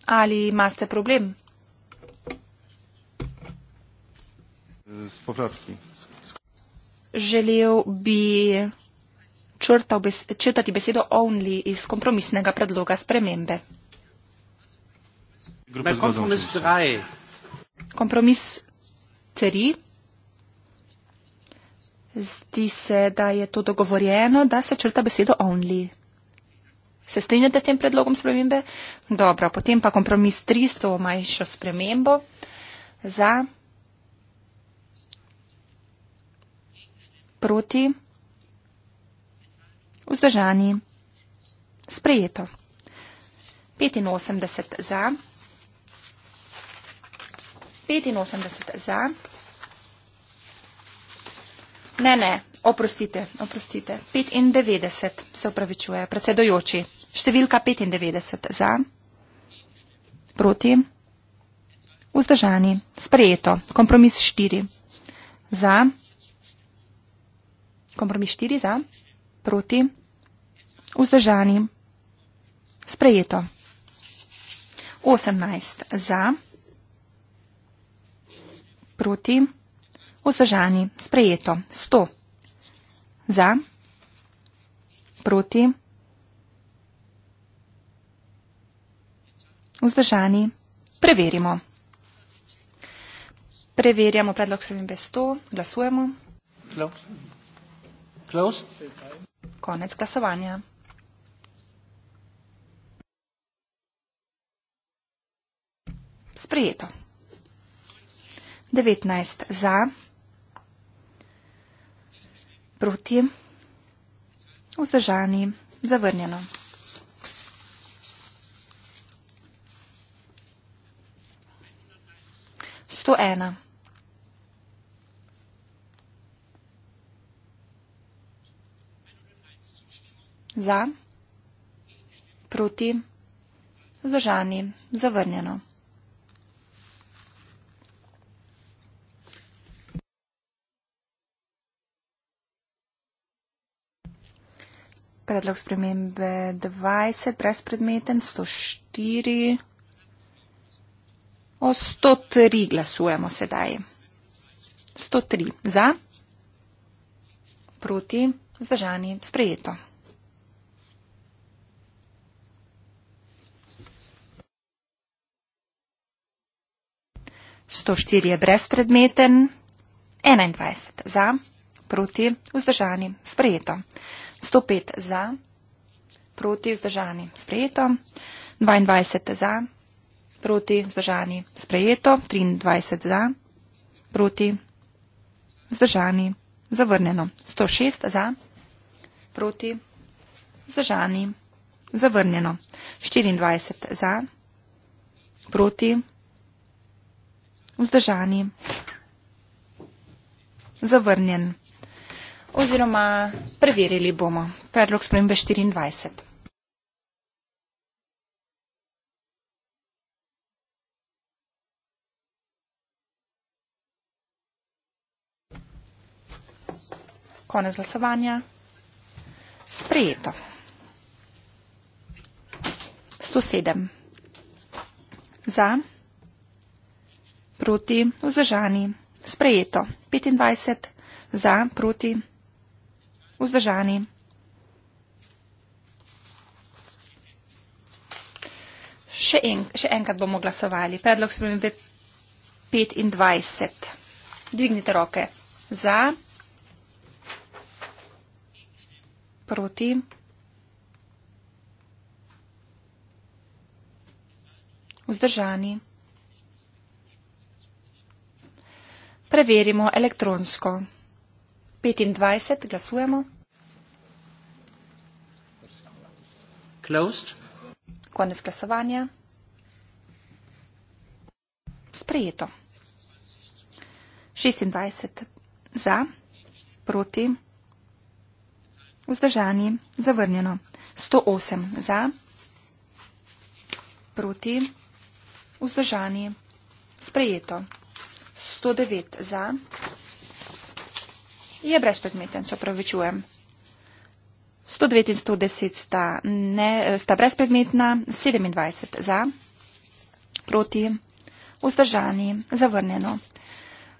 Ali imate problem? Z popravki. Želel bi bes četati besedo only iz kompromisnega predloga spremembe. Kompromis tri. Zdi se, da je to dogovorjeno, da se črta besedo only. Se strinjate s tem predlogom spremembe? Dobro, potem pa kompromis 300 o manjšo spremembo za proti vzdržani sprejeto. 85 za. 85 za. Ne, ne, oprostite, oprostite. 95 se upravičuje, predsedojoči številka 95 za, proti, vzdržani, sprejeto, kompromis 4 za, kompromis 4 za, proti, vzdržani, sprejeto, 18 za, proti, vzdržani, sprejeto, 100 za, proti, vzdržani, vzdržani. Preverimo. Preverjamo predlog spremembe 100. Glasujemo. Closed. Konec glasovanja. Sprejeto. 19 za, proti, vzdržani, zavrnjeno. 101. Za, proti, vzdržani, zavrnjeno. Predlog spremembe 20, brezpredmeten, 104. O 103 glasujemo sedaj. 103 za, proti, vzdržani, sprejeto. Sto štiri je brezpredmeten, enaindvajset za, proti, vzdržani, sprejeto. Sto pet za, proti, vzdržani, sprejeto. Dvaindvajset za, proti, vzdržani, sprejeto, 23 za, proti, vzdržani, zavrnjeno, 106 za, proti, vzdržani, zavrnjeno, 24 za, proti, vzdržani, zavrnjen. Oziroma preverili bomo predlog spremembe 24. Konec glasovanja. Sprejeto. 107. Za. Proti. Vzdržani. Sprejeto. 25. Za. Proti. Vzdržani. Še, en, še enkrat bomo glasovali. Predlog spremembe 25. Dvignite roke. Za. proti. Vzdržani. Preverimo elektronsko. 25 glasujemo. Closed. Konec glasovanja. Sprejeto. 26 za, proti. Vzdržani, zavrnjeno. 108 za, proti, vzdržani, sprejeto. 109 za, je brezpredmeten, se opravičujem. 109 in 110 sta, ne, sta brezpredmetna, 27 za, proti, vzdržani, zavrnjeno.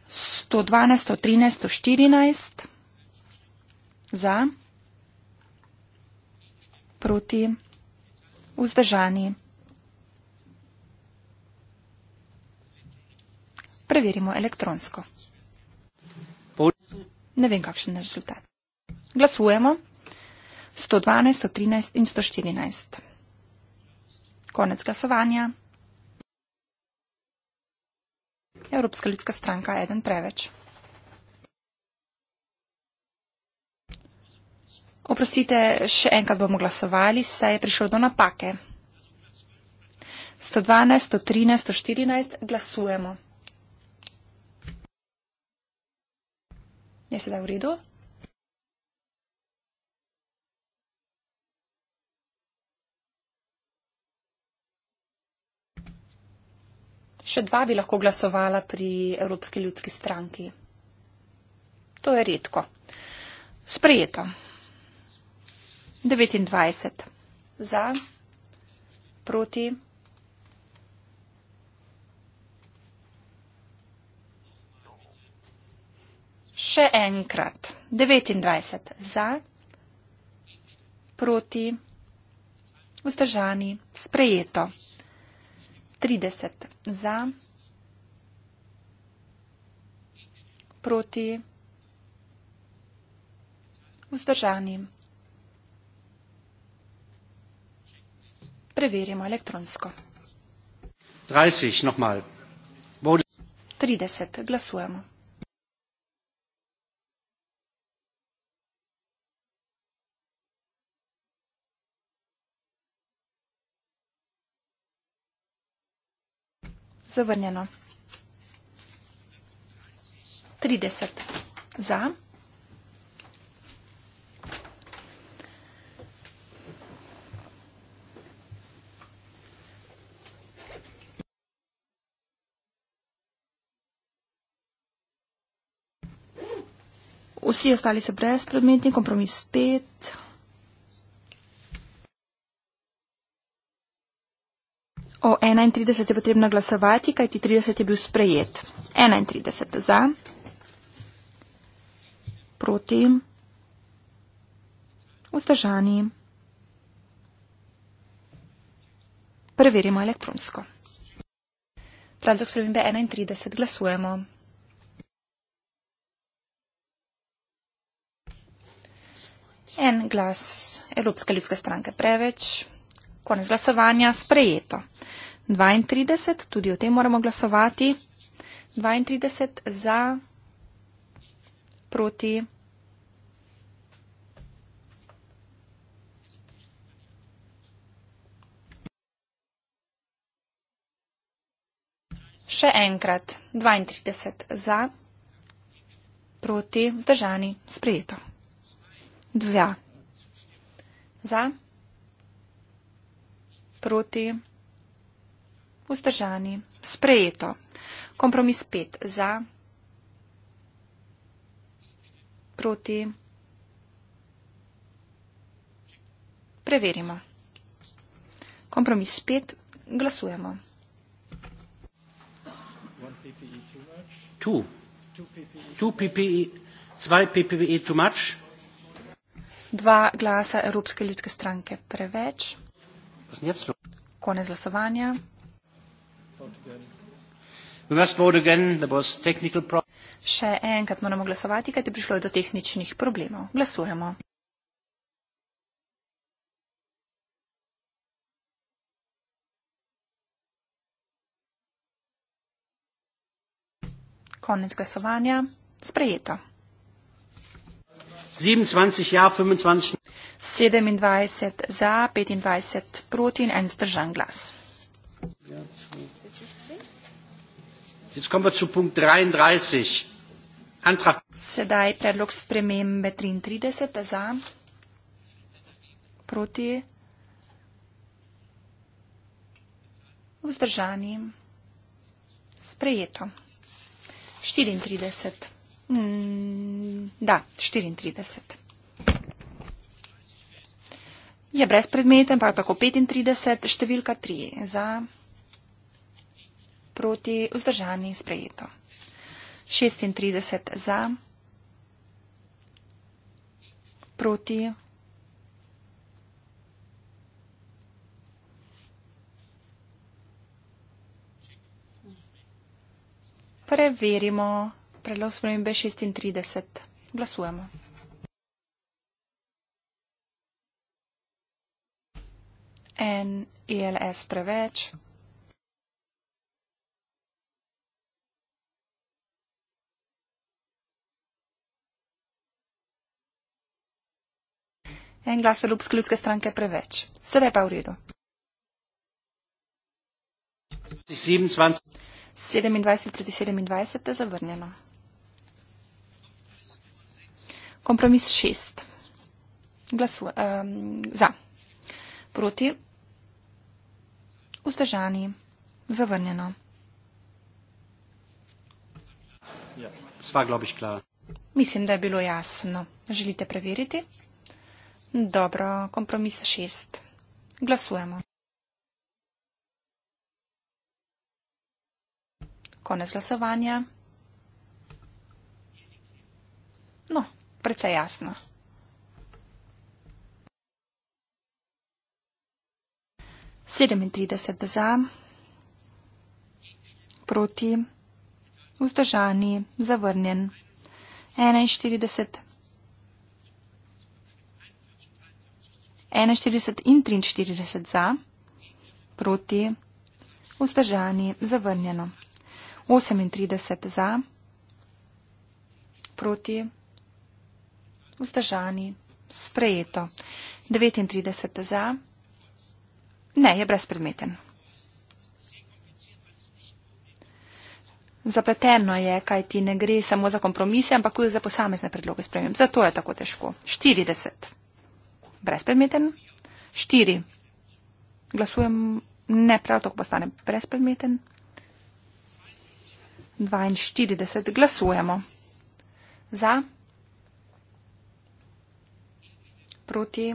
112, 113, 114 za, proti, vzdržani. Preverimo elektronsko. Ne vem, kakšen je rezultat. Glasujemo. 112, 113 in 114. Konec glasovanja. Evropska ljudska stranka, eden preveč. Oprostite, še enkrat bomo glasovali, saj je prišlo do napake. 112, 113, 114 glasujemo. Je sedaj v redu? Še dva bi lahko glasovala pri Evropski ljudski stranki. To je redko. Sprejeto. 29. Za, proti. Še enkrat. 29. Za, proti. Vzdržani. Sprejeto. 30. Za, proti. Vzdržani. preverimo elektronsko. 30, nochmal. 30, glasujemo. Zavrnjeno. 30 za. Vsi ostali so brezpredmetni, kompromis pet. O 31 je potrebno glasovati, kajti 30 je bil sprejet. 31 za, proti, vzdržani. Preverimo elektronsko. Predlog spremembe 31 glasujemo. En glas Evropske ljudske stranke preveč, konec glasovanja sprejeto. 32, tudi o tem moramo glasovati. 32 za, proti. Še enkrat, 32 za, proti, vzdržani, sprejeto. 2. Za, proti, vzdržani, sprejeto. Kompromis 5. Za, proti, preverimo. Kompromis 5. Glasujemo. Two. Two PPE. Two PPE. Zwei PPE too much dva glasa Evropske ljudske stranke preveč. Konec glasovanja. Še enkrat moramo glasovati, kajte prišlo je do tehničnih problemov. Glasujemo. Konec glasovanja. Sprejeto. 27 ja, 25. 27 za, 25 proti in en zdržan glas. Jetzt kommen wir zu Punkt 33. Antrag. Sedaj predlog spremembe 33 za, proti, vzdržani, sprejeto. 34. Mm, da, 34. Je brezpredmeten, pa tako 35, številka 3 za proti vzdržani sprejeto. 36 za proti preverimo predlog spremembe 36. Glasujemo. En ILS e preveč. En glas Evropske ljudske stranke preveč. Sedaj pa v redu. 27 proti 27 je zavrnjeno. Kompromis šest. Glasu, um, za. Proti. Vzdržani. Zavrnjeno. Ja, sva globiš klava. Mislim, da je bilo jasno. Želite preveriti? Dobro, kompromis šest. Glasujemo. Konec glasovanja. No, precej jasno. Sedemintrideset za, proti, vzdržani, zavrnjen, enainštirideset, enainštirideset in triinštirideset za, proti, vzdržani, zavrnjeno, osemintrideset za, proti, vzdržani, zavrnjeno vzdržani, sprejeto. 39 za. Ne, je brezpredmeten. Zapleteno je, kaj ti ne gre samo za kompromise, ampak tudi za posamezne predloge sprejem. Zato je tako težko. 40. Brezpredmeten. 4. Glasujem ne, prav tako postane brezpredmeten. 42. Glasujemo. Za. proti.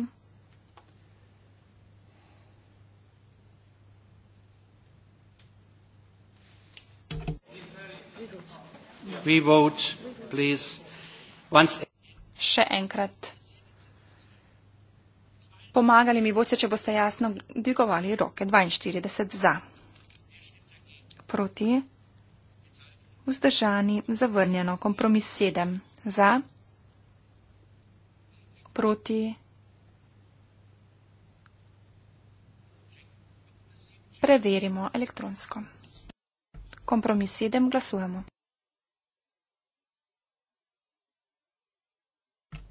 Še enkrat. Pomagali mi boste, če boste jasno dvigovali roke. 42 za. Proti. Vzdržani. Zavrnjeno. Kompromis 7. Za. Proti. Preverimo elektronsko. Kompromis 7 glasujemo.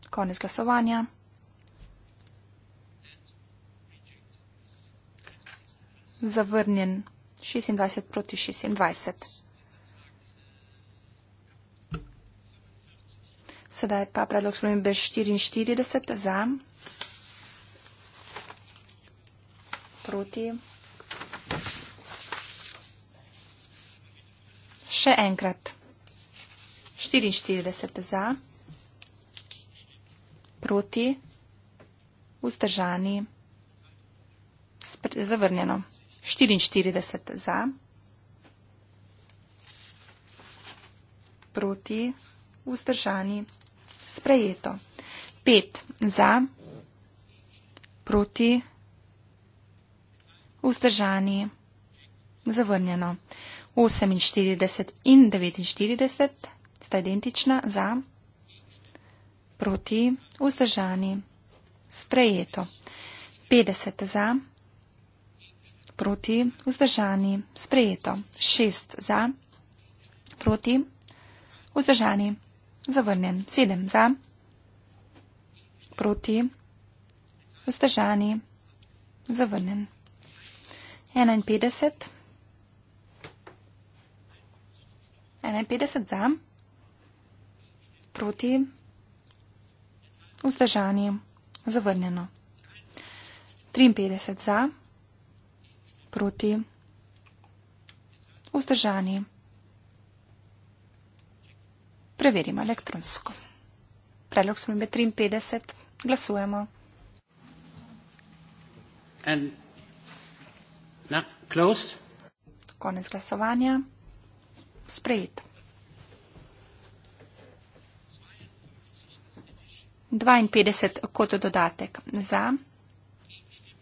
Konec glasovanja. Zavrnjen 26 proti 26. Sedaj pa predlog spremembe 44 za proti Še enkrat. 44 za, proti, vzdržani, zavrnjeno. 44 za, proti, vzdržani, sprejeto. 5 za, proti, vzdržani, zavrnjeno. 48 in 49 sta identična za proti vzdržani sprejeto. 50 za proti vzdržani sprejeto. 6 za proti vzdržani zavrnjen. 7 za proti vzdržani zavrnjen. 51. 51 za, proti vzdržanju, zavrnjeno. 53 za, proti vzdržanju. Preverimo elektronsko. Predlog smo imeli 53, glasujemo. Konec glasovanja sprejet. 52 kot dodatek za,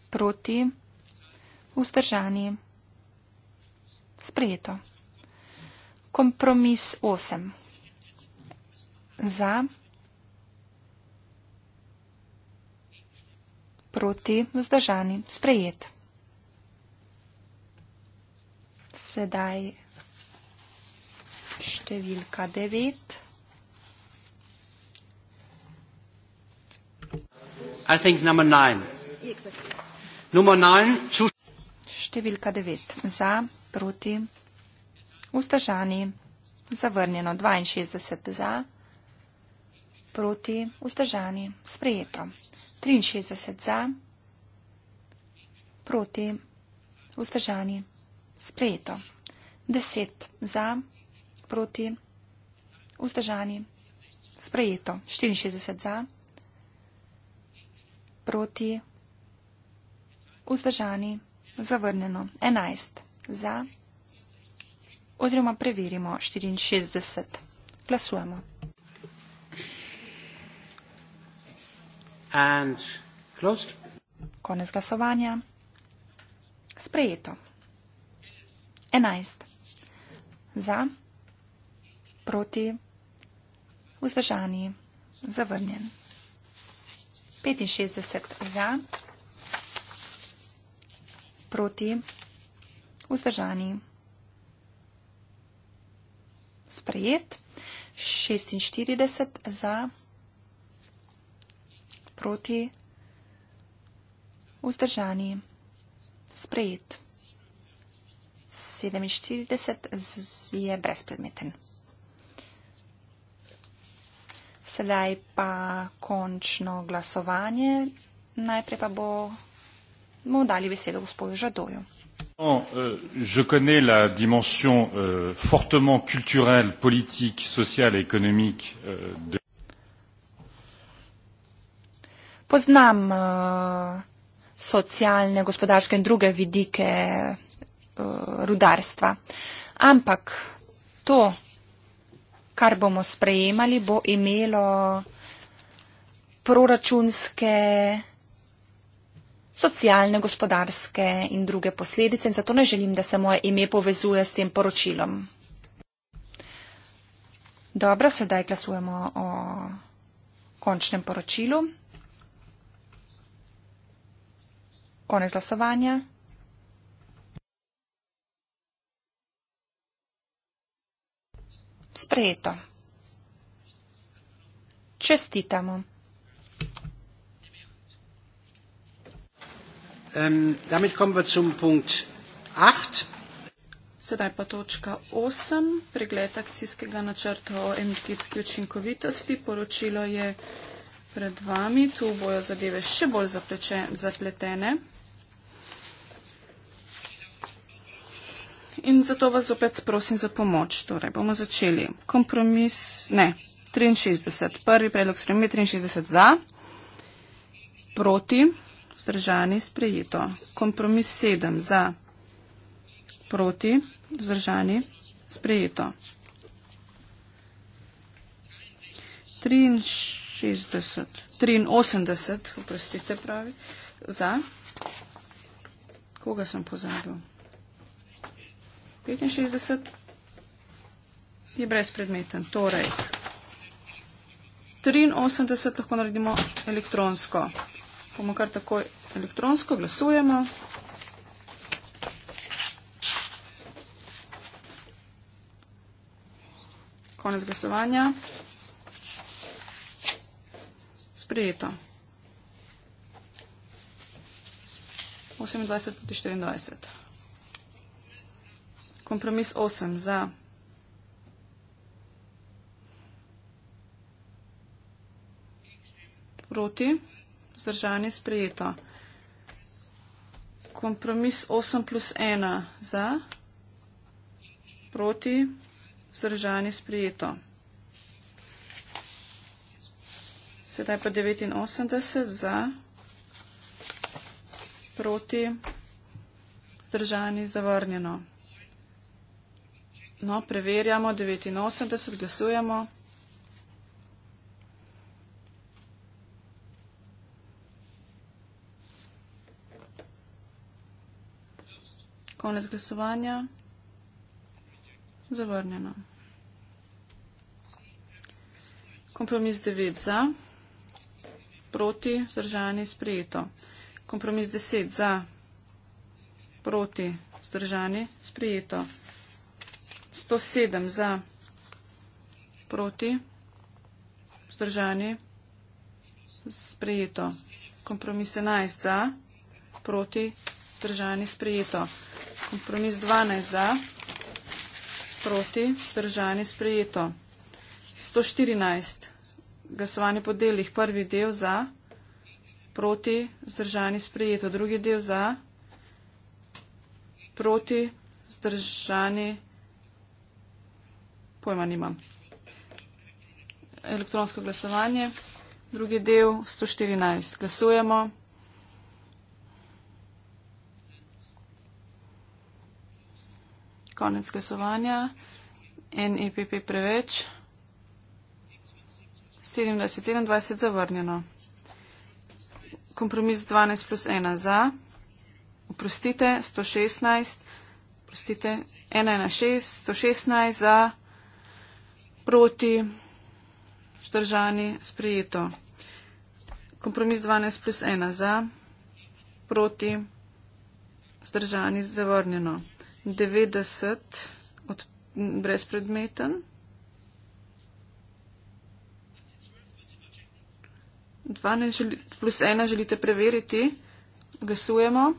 proti, vzdržani, sprejeto. Kompromis 8 za, proti, vzdržani, sprejet. Sedaj številka 9. I think number 9. Exactly. Številka 9. Za, proti, vzdržani, zavrnjeno 62 za, proti, vzdržani, sprejeto 63 za, proti, vzdržani, sprejeto 10 za, proti, vzdržani, sprejeto. 64 za, proti, vzdržani, zavrnjeno. 11 za, oziroma preverimo 64. Glasujemo. Konec glasovanja. Sprejeto. 11. Za proti, vzdržani, zavrnjen. 65 za, proti, vzdržani, sprejet. 46 za, proti, vzdržani, sprejet. 47 je brezpredmeten sedaj pa končno glasovanje. Najprej pa bomo dali besedo gospodu Žadoju. No, eh, je connais la dimension euh, fortement culturelle, politique, sociale et économique euh, de. Poznam euh, socialne, gospodarske in druge vidike euh, rudarstva, ampak to, kar bomo sprejemali, bo imelo proračunske, socialne, gospodarske in druge posledice in zato ne želim, da se moje ime povezuje s tem poročilom. Dobro, sedaj glasujemo o končnem poročilu. Konec glasovanja. sprejeto. Čestitamo. Ähm, damit kommen wir zum Punkt 8. Sedaj pa točka 8, pregled akcijskega načrta o energetski učinkovitosti. Poročilo je pred vami, tu bojo zadeve še bolj zapletene. in zato vas opet prosim za pomoč. Torej, bomo začeli. Kompromis, ne, 63, prvi predlog spremembe, 63 za, proti, vzdržani, sprejeto. Kompromis 7 za, proti, vzdržani, sprejeto. 63, 83, oprostite pravi, za. Koga sem pozabil? 65 je brezpredmeten. Torej, 83 lahko naredimo elektronsko. Bomo kar takoj elektronsko glasujemo. Konec glasovanja. Sprejeto. 28 proti 24. Kompromis 8 za. Proti. Zdržanje sprejeto. Kompromis 8 plus 1 za. Proti. Zdržanje sprejeto. Sedaj pa 89 za. Proti. Zdržanje zavrnjeno. No, preverjamo, 89 glasujemo. Konec glasovanja. Zavrnjeno. Kompromis 9 za, proti, zdržani, sprejeto. Kompromis 10 za, proti, zdržani, sprejeto. 107 za, proti, vzdržani, sprejeto. Kompromis 11 za, proti, vzdržani, sprejeto. Kompromis 12 za, proti, vzdržani, sprejeto. 114. Glasovanje po delih. Prvi del za, proti, vzdržani, sprejeto. Drugi del za, proti, vzdržani, sprejeto pojma nimam. Elektronsko glasovanje, drugi del 114. Glasujemo. Konec glasovanja. NEPP preveč. 27-27 zavrnjeno. Kompromis 12 plus 1 za. Oprostite, 116. Oprostite, 116, 116 za proti vzdržani sprejeto. Kompromis 12 plus 1 za, proti vzdržani zavrnjeno. 90 od, brez predmeten. 12 plus 1 želite preveriti. Glasujemo.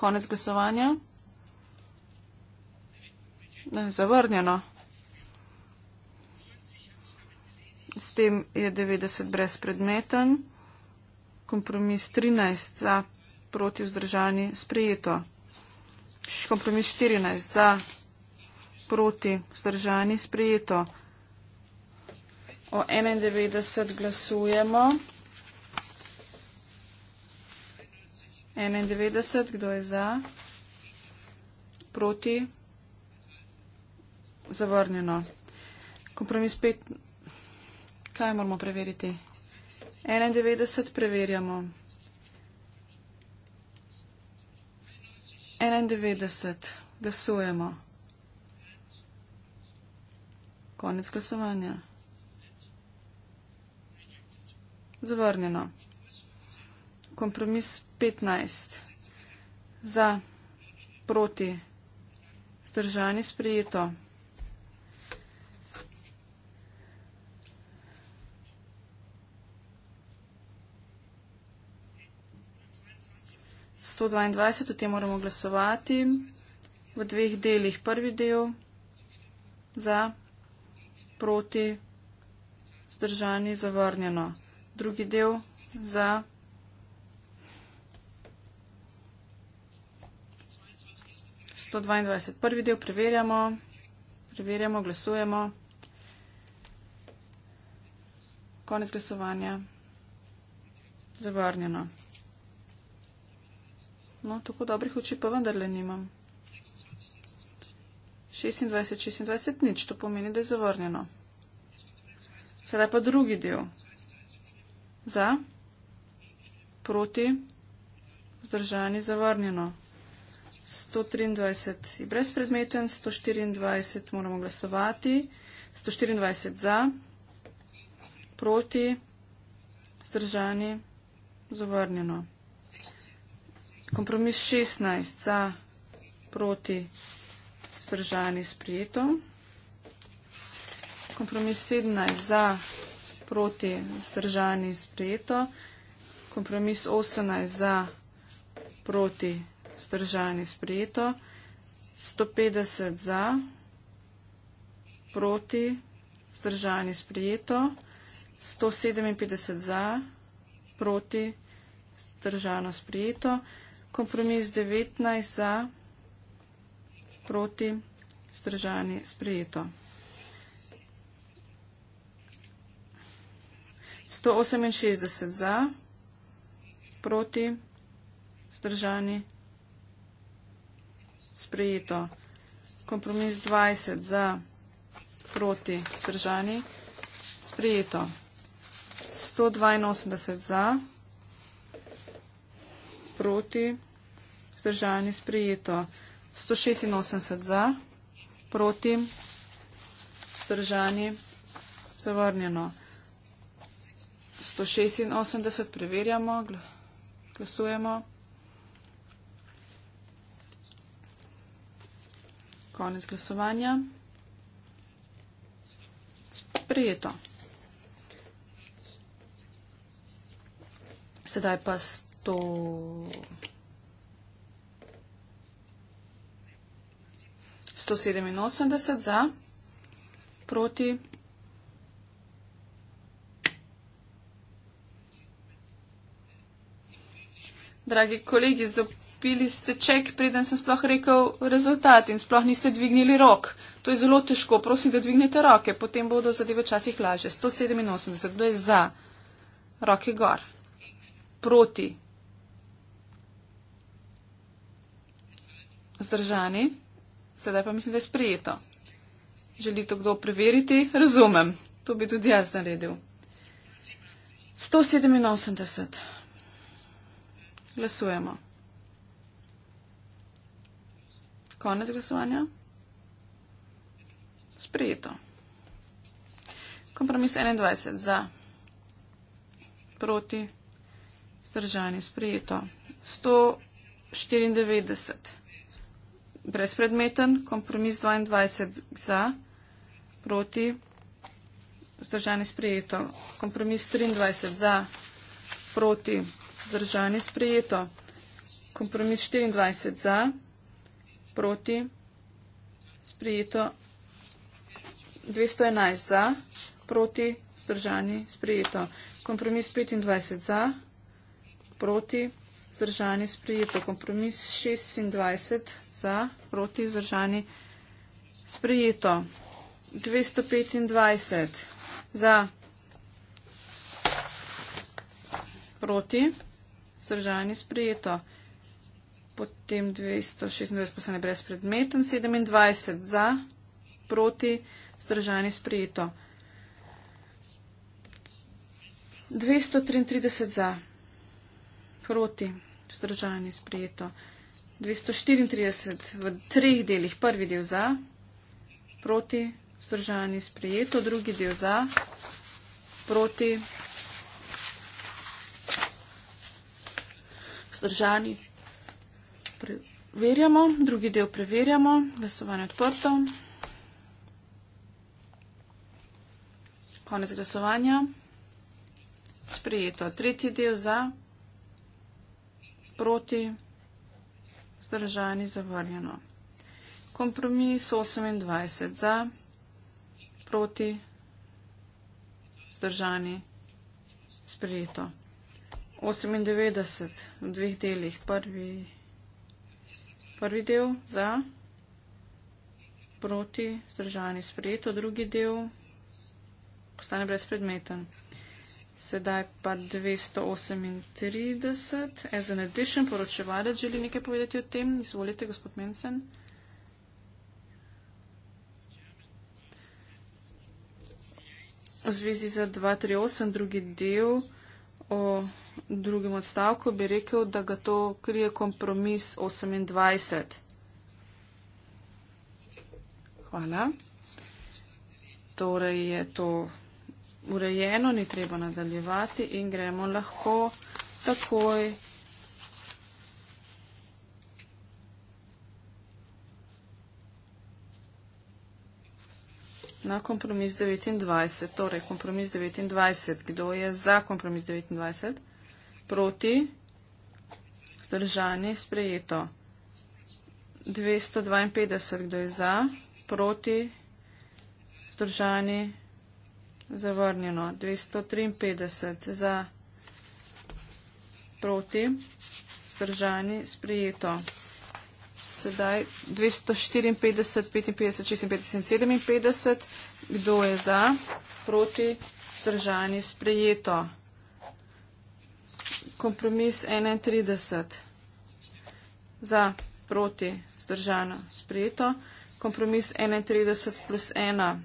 Konec glasovanja. Ne, zavrnjeno. S tem je 90 brezpredmeten. Kompromis 13 za proti vzdržani sprejeto. Kompromis 14 za proti vzdržani sprejeto. O 91 glasujemo. 91, kdo je za? Proti? Zavrnjeno. Kompromis 5. Kaj moramo preveriti? 91 preverjamo. 91 glasujemo. Konec glasovanja. Zavrnjeno kompromis 15. Za, proti, zdržani sprejeto. O tem moramo glasovati v dveh delih. Prvi del za, proti, zdržani, zavrnjeno. Drugi del za, proti. 122. Prvi del preverjamo, preverjamo, glasujemo. Konec glasovanja. Zavrnjeno. No, tako dobrih oči pa vendarle nimam. 26, 26, nič, to pomeni, da je zavrnjeno. Sedaj pa drugi del. Za, proti, vzdržani, zavrnjeno. 123 je brezpredmeten, 124 moramo glasovati, 124 za, proti, zdržani, zavrnjeno. Kompromis 16 za, proti, zdržani, sprijeto. Kompromis 17 za, proti, zdržani, sprijeto. Kompromis 18 za, proti, zdržani vzdržani sprejeto, 150 za, proti, vzdržani sprejeto, 157 za, proti, vzdržano sprejeto, kompromis 19 za, proti, vzdržani sprejeto. 168 za, proti, vzdržani sprejeto sprejeto. Kompromis 20 za proti stržani sprejeto. 182 za proti stržani sprejeto. 186 za proti stržani zavrnjeno. 186 preverjamo, glasujemo. konec glasovanja. Sprijeto. Sedaj pa sto... 187 za, proti pili ste ček, preden sem sploh rekel rezultat in sploh niste dvignili rok. To je zelo težko. Prosim, da dvignete roke, potem bodo zadeve včasih lažje. 187, kdo je za? Roke gor. Proti. Zdržani. Sedaj pa mislim, da je sprejeto. Želi to kdo preveriti? Razumem. To bi tudi jaz naredil. 187. Glasujemo. Konec glasovanja. Sprejeto. Kompromis 21 za, proti, zdržanje. Sprejeto. 194 brezpredmeten. Kompromis 22 za, proti, zdržanje. Sprejeto. Kompromis 23 za, proti, zdržanje. Sprejeto. Kompromis 24 za proti, sprijeto. 211 za, proti, zdržani, sprijeto. Kompromis 25 za, proti, zdržani, sprijeto. Kompromis 26 za, proti, zdržani, sprijeto. 225 za, proti, zdržani, sprijeto potem 226 postane brezpredmeten, 27 za, proti, zdržani sprejeto. 233 za, proti, zdržani sprejeto. 234 v treh delih, prvi del za, proti, zdržani sprejeto, drugi del za, proti, zdržani sprejeto preverjamo, drugi del preverjamo, glasovanje odprto. Konec glasovanja. Sprijeto. Tretji del za, proti, zdržani, zavrnjeno. Kompromis 28 za, proti, zdržani, sprijeto. 98 v dveh delih, prvi. Prvi del za, proti, zdržani, sprejeto, drugi del postane brezpredmeten. Sedaj pa 238. As an addition, poročevalec želi nekaj povedati o tem. Izvolite, gospod Mencen. V zvezi za 238, drugi del o drugem odstavku, bi rekel, da ga to krije kompromis 28. Hvala. Torej je to urejeno, ni treba nadaljevati in gremo lahko takoj. Na kompromis 29, torej kompromis 29, kdo je za kompromis 29? proti, vzdržani, sprejeto. 252, kdo je za, proti, vzdržani, zavrnjeno. 253, za, proti, vzdržani, sprejeto. Sedaj 254, 55, 56, 57, kdo je za, proti, vzdržani, sprejeto kompromis 31. Za, proti, zdržano, sprejeto. Kompromis 31 plus 1.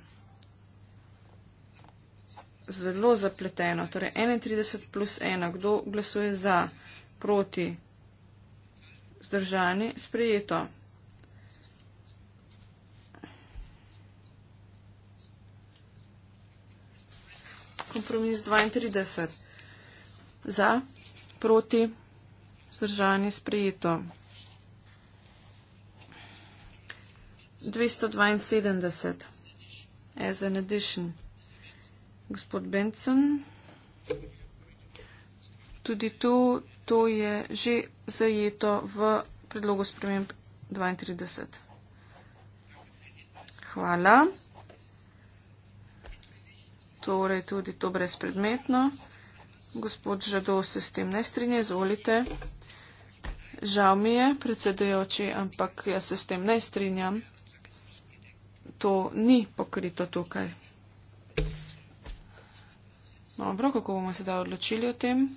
Zelo zapleteno. Torej 31 plus 1. Kdo glasuje za, proti, zdržani, sprejeto. Kompromis 32. Za, proti, vzdržani sprejeto. 272, as an addition. Gospod Benson, tudi tu, to je že zajeto v predlogu sprememb 32. Hvala. Torej, tudi to brezpredmetno. Gospod Žado se s tem ne strinja, izvolite. Žal mi je, predsedujoči, ampak jaz se s tem ne strinjam. To ni pokrito tukaj. Dobro, kako bomo sedaj odločili o tem?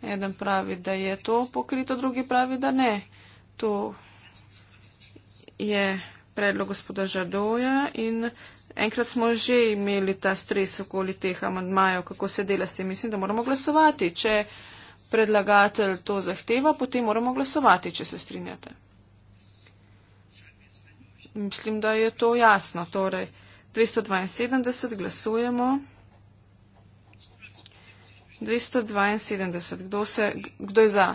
Eden pravi, da je to pokrito, drugi pravi, da ne. To je predlog gospoda Žadoja in Enkrat smo že imeli ta stres okoli teh amandmajev, kako se dela s tem. Mislim, da moramo glasovati. Če predlagatelj to zahteva, potem moramo glasovati, če se strinjate. Mislim, da je to jasno. Torej, 272 glasujemo. 272. Kdo, se, kdo je za?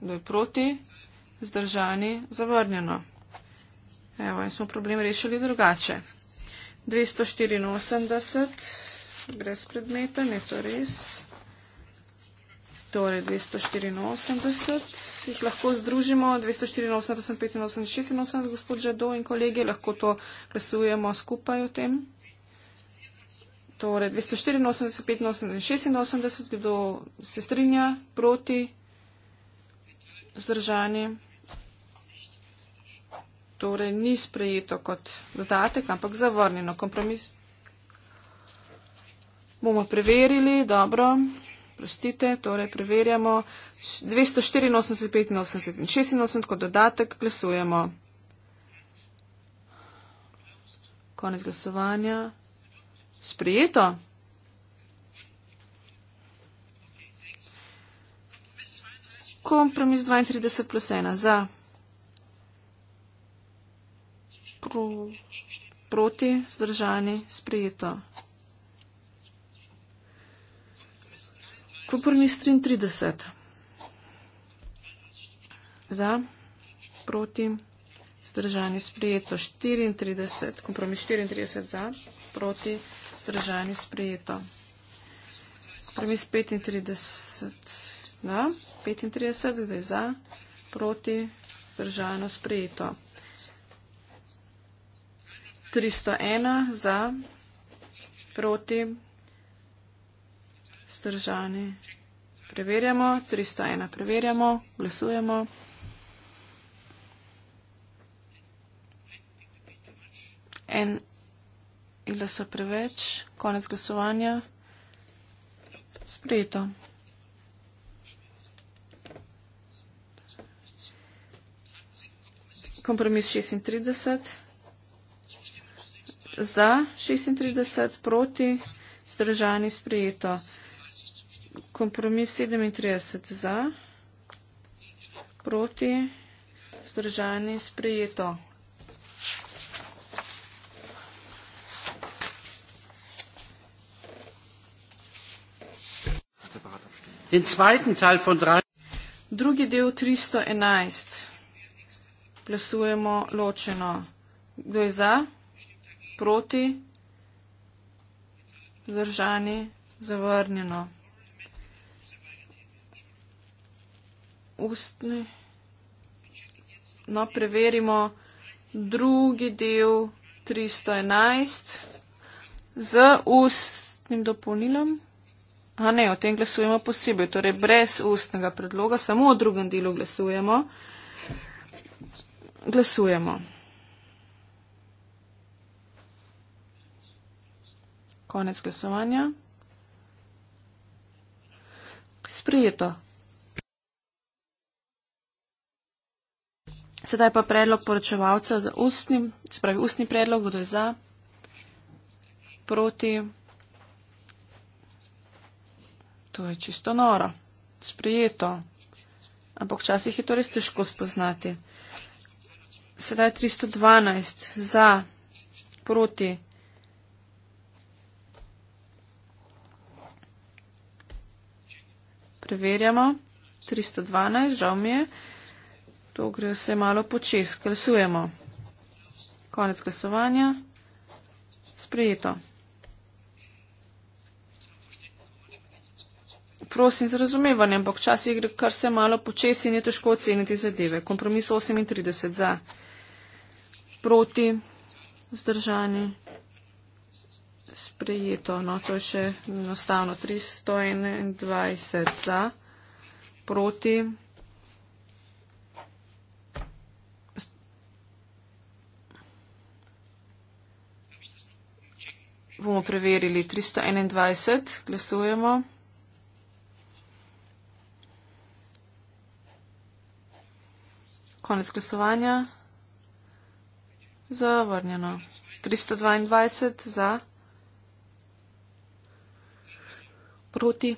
Kdo je proti? Zdržani? Zavrnjeno. Evo, in smo problem rešili drugače. 284, brez predmeta, ne to res. Torej, 284, jih lahko združimo, 284, 85, 86, gospod Žado in kolege, lahko to glasujemo skupaj o tem. Torej, 284, 85, 86, kdo se strinja proti zdržanju torej ni sprejeto kot dodatek, ampak zavrnjeno kompromis. Bomo preverili, dobro, prostite, torej preverjamo 284, 85 in 86 kot dodatek, glasujemo. Konec glasovanja. Sprijeto. Kompromis 32 plus 1 za pro, proti, zdržani, sprejeto. Kompromis 33. Za, proti, zdržani, sprejeto. 34. Kompromis 34. Za, proti, zdržani, sprejeto. Kompromis 35. Da, 35. Zdaj za, proti, zdržano, sprejeto. 301 za, proti, stržani. Preverjamo, 301 preverjamo, glasujemo. En glaso preveč, konec glasovanja. Sprejeto. Kompromis 36 za 36, proti, zdržani sprejeto. Kompromis 37 za, proti, zdržani sprejeto. Den zweiten Teil von drei. Drugi del 311. Glasujemo ločeno. Kdo je za? proti, vzdržani, zavrnjeno. Ustni. No, preverimo drugi del 311 z ustnim dopolnilom. A ne, o tem glasujemo posebej, torej brez ustnega predloga, samo o drugem delu glasujemo. Glasujemo. Konec glasovanja. Sprijeto. Sedaj pa predlog poročevalca za ustni, spravi ustni predlog, kdo je za, proti. To je čisto noro. Sprijeto. Ampak včasih je to res težko spoznati. Sedaj 312 za, proti. preverjamo. 312, žal mi je. To gre vse malo počes. Glasujemo. Konec glasovanja. Sprejeto. Prosim za razumevanje, ampak včasih gre kar se malo počes in je težko oceniti zadeve. Kompromis 38 za. Proti. Zdržani sprejeto. No, to je še enostavno 321 za, proti 321. Bomo preverili 321, glasujemo. Konec glasovanja. Zavrnjeno. 322 za. proti,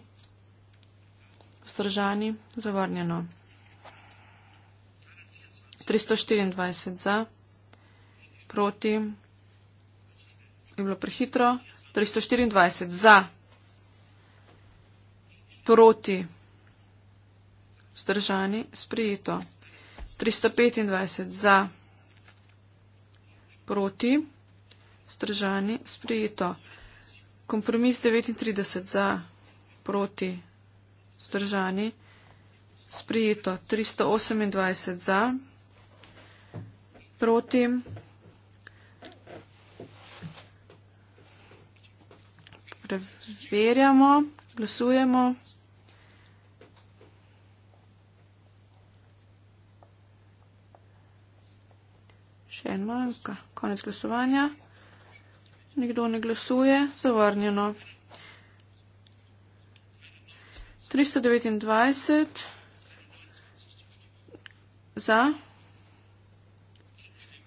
vzdržani, zavrnjeno. 324 za, proti, je bilo prehitro, 324 za, proti, vzdržani, sprijeto. 325 za, proti, vzdržani, sprijeto. Kompromis 39 za, proti, zdržani, sprijeto 328 za, proti 328 za. Preverjamo, glasujemo. Še en manjka, konec glasovanja. Nikdo ne glasuje, zavrnjeno. 329 za,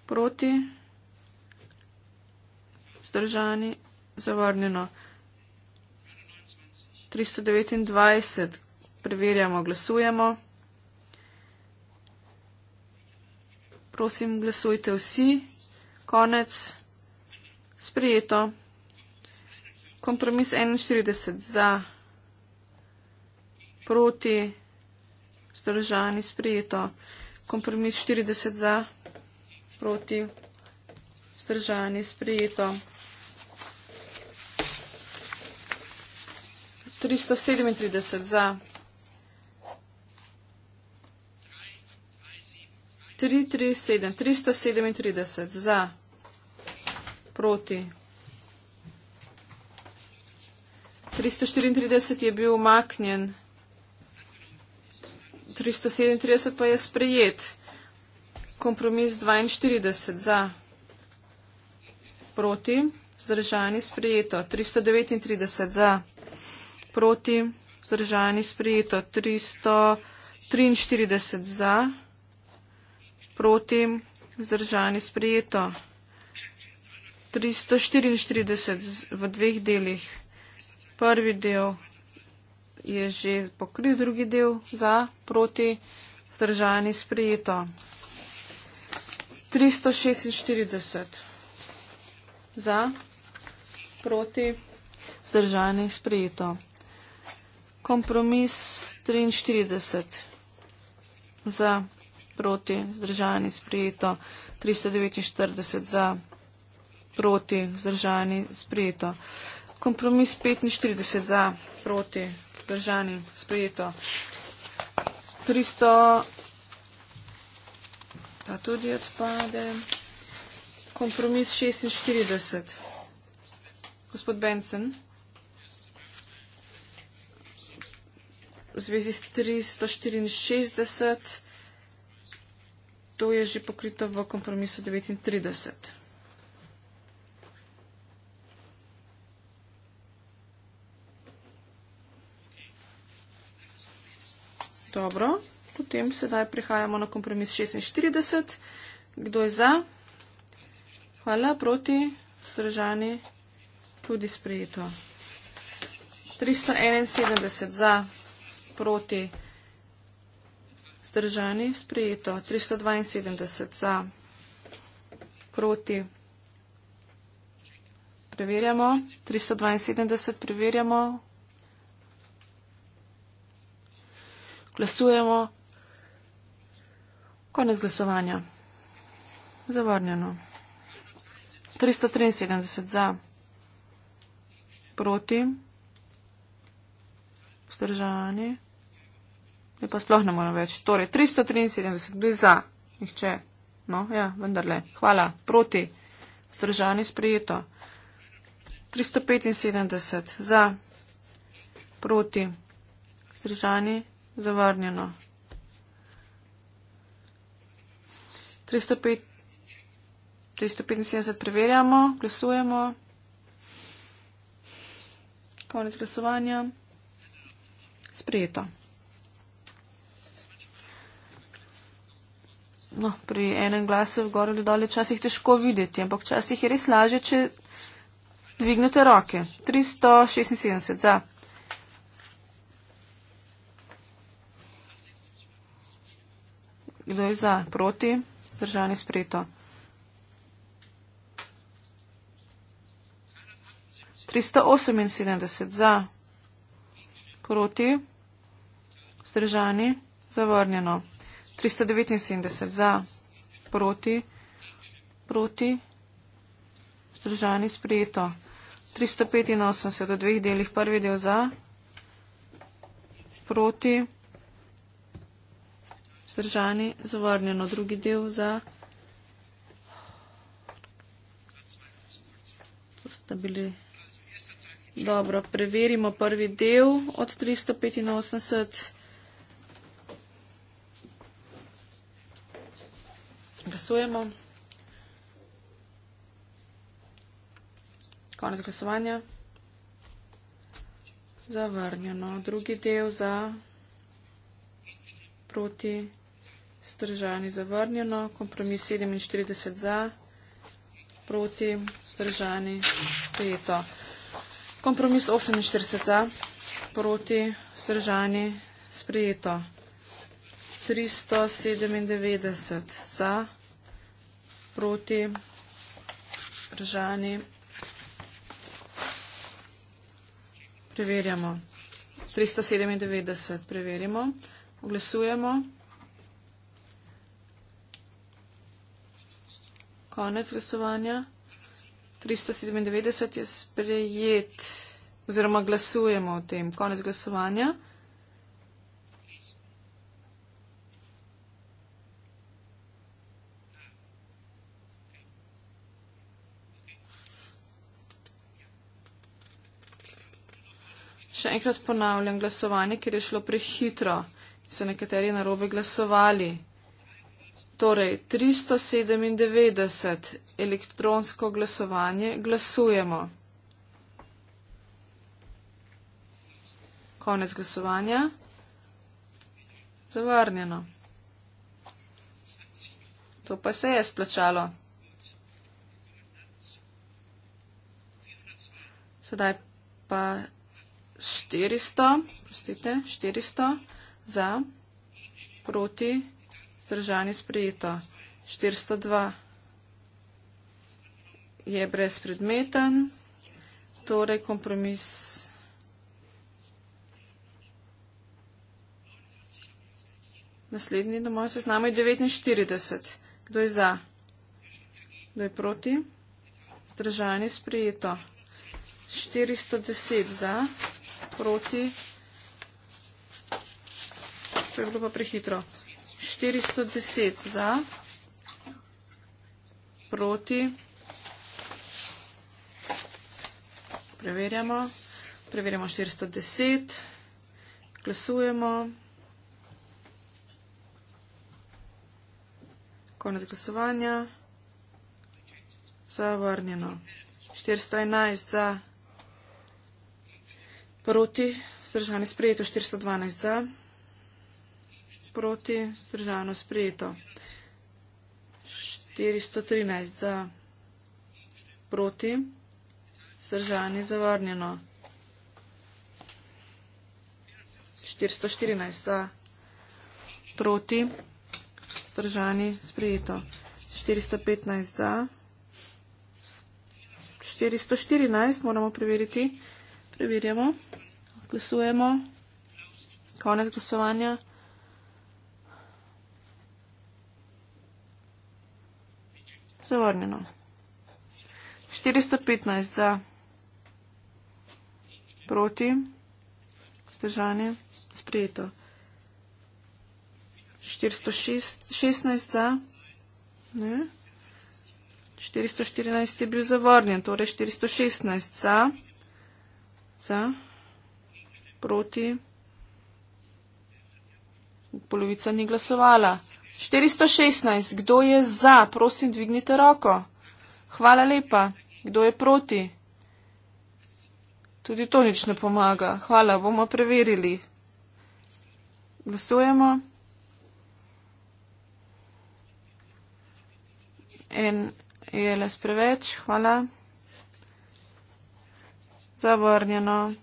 proti, zdržani, zavrnjeno. 329 preverjamo, glasujemo. Prosim, glasujte vsi. Konec. Sprijeto. Kompromis 41 za proti, zdržani, sprejeto. Kompromis 40 za, proti, zdržani, sprejeto. 337 za. 337, 337 za, proti. 334 je bil umaknjen. 337 pa je sprejet. Kompromis 42 za. Proti. Zdržani sprejeto. 339 za. Proti. Zdržani sprejeto. 343 za. Proti. Zdržani sprejeto. 344 v dveh delih. Prvi del je že pokril drugi del za proti zdržani sprejeto. 346 za proti zdržani sprejeto. Kompromis 43 za proti zdržani sprejeto. 349 za proti zdržani sprejeto. Kompromis 45 za proti Držani, sprejeto. 300, ta tudi odpade. Kompromis 46. Gospod Benson. V zvezi s 364, to je že pokrito v kompromisu 39. Dobro, potem sedaj prihajamo na kompromis 46. Kdo je za? Hvala, proti, stržani, tudi sprejeto. 371 za, proti, stržani, sprejeto. 372 za, proti, preverjamo. 372 preverjamo. glasujemo. Konec glasovanja. Zavrnjeno. 373 za. Proti. Vzdržani. Ne pa sploh ne morem več. Torej, 373 tudi za. Nihče. No, ja, vendarle. Hvala. Proti. Vzdržani sprijeto. 375 za. Proti. Vzdržani. Zavrnjeno. 375 preverjamo, glasujemo. Konec glasovanja. Sprejeto. No, pri enem glasu v gor ali dolje časih težko videti, ampak časih je res laže, če dvignete roke. 376 za. Kdo je za? Proti? Zdržani sprejeto. 378 za. Proti? Zdržani? Zavrnjeno. 379 za. Proti? Proti? Zdržani sprejeto. 385 v dveh delih. Prvi del za. Proti? Zdržani, zavrnjeno drugi del za. To sta bili. Dobro, preverimo prvi del od 385. Glasujemo. Konec glasovanja. Zavrnjeno. Drugi del za proti. Zdržani zavrnjeno, kompromis 47 za, proti, zdržani sprejeto. Kompromis 48 za, proti, zdržani sprejeto. 397 za, proti, zdržani. Preverjamo. 397 preverimo. Oglasujemo. konec glasovanja. 397 je sprejet, oziroma glasujemo o tem. Konec glasovanja. Še enkrat ponavljam glasovanje, ker je šlo prehitro, so nekateri narobe glasovali. Torej, 397 elektronsko glasovanje glasujemo. Konec glasovanja. Zavarnjeno. To pa se je splačalo. Sedaj pa 400, prostite, 400 za, proti Združanje sprejeto. 402 je brezpredmeten, torej kompromis. Naslednji na mojo seznamo je 49. Kdo je za? Kdo je proti? Združanje sprejeto. 410 za, proti. To je bilo pa prehitro. 410 za, proti. Preverjamo. Preverjamo 410. Glasujemo. Konec glasovanja. Zavrnjeno. 411 za, proti. Zdržanje sprejeto 412 za proti, zdržano sprejeto. 413 za proti, zdržani zavrnjeno. 414 za proti, zdržani sprejeto. 415 za. 414 moramo preveriti. Preverjamo. Glasujemo. Konec glasovanja. Zavrnjeno. 415 za. Proti. Zdržanje. Sprejeto. 416 za. Ne. 414 je bil zavrnjen, torej 416 za, za, proti, polovica ni glasovala. 416. Kdo je za? Prosim, dvignite roko. Hvala lepa. Kdo je proti? Tudi to nič ne pomaga. Hvala, bomo preverili. Glasujemo. En je les preveč, hvala. Zavrnjeno.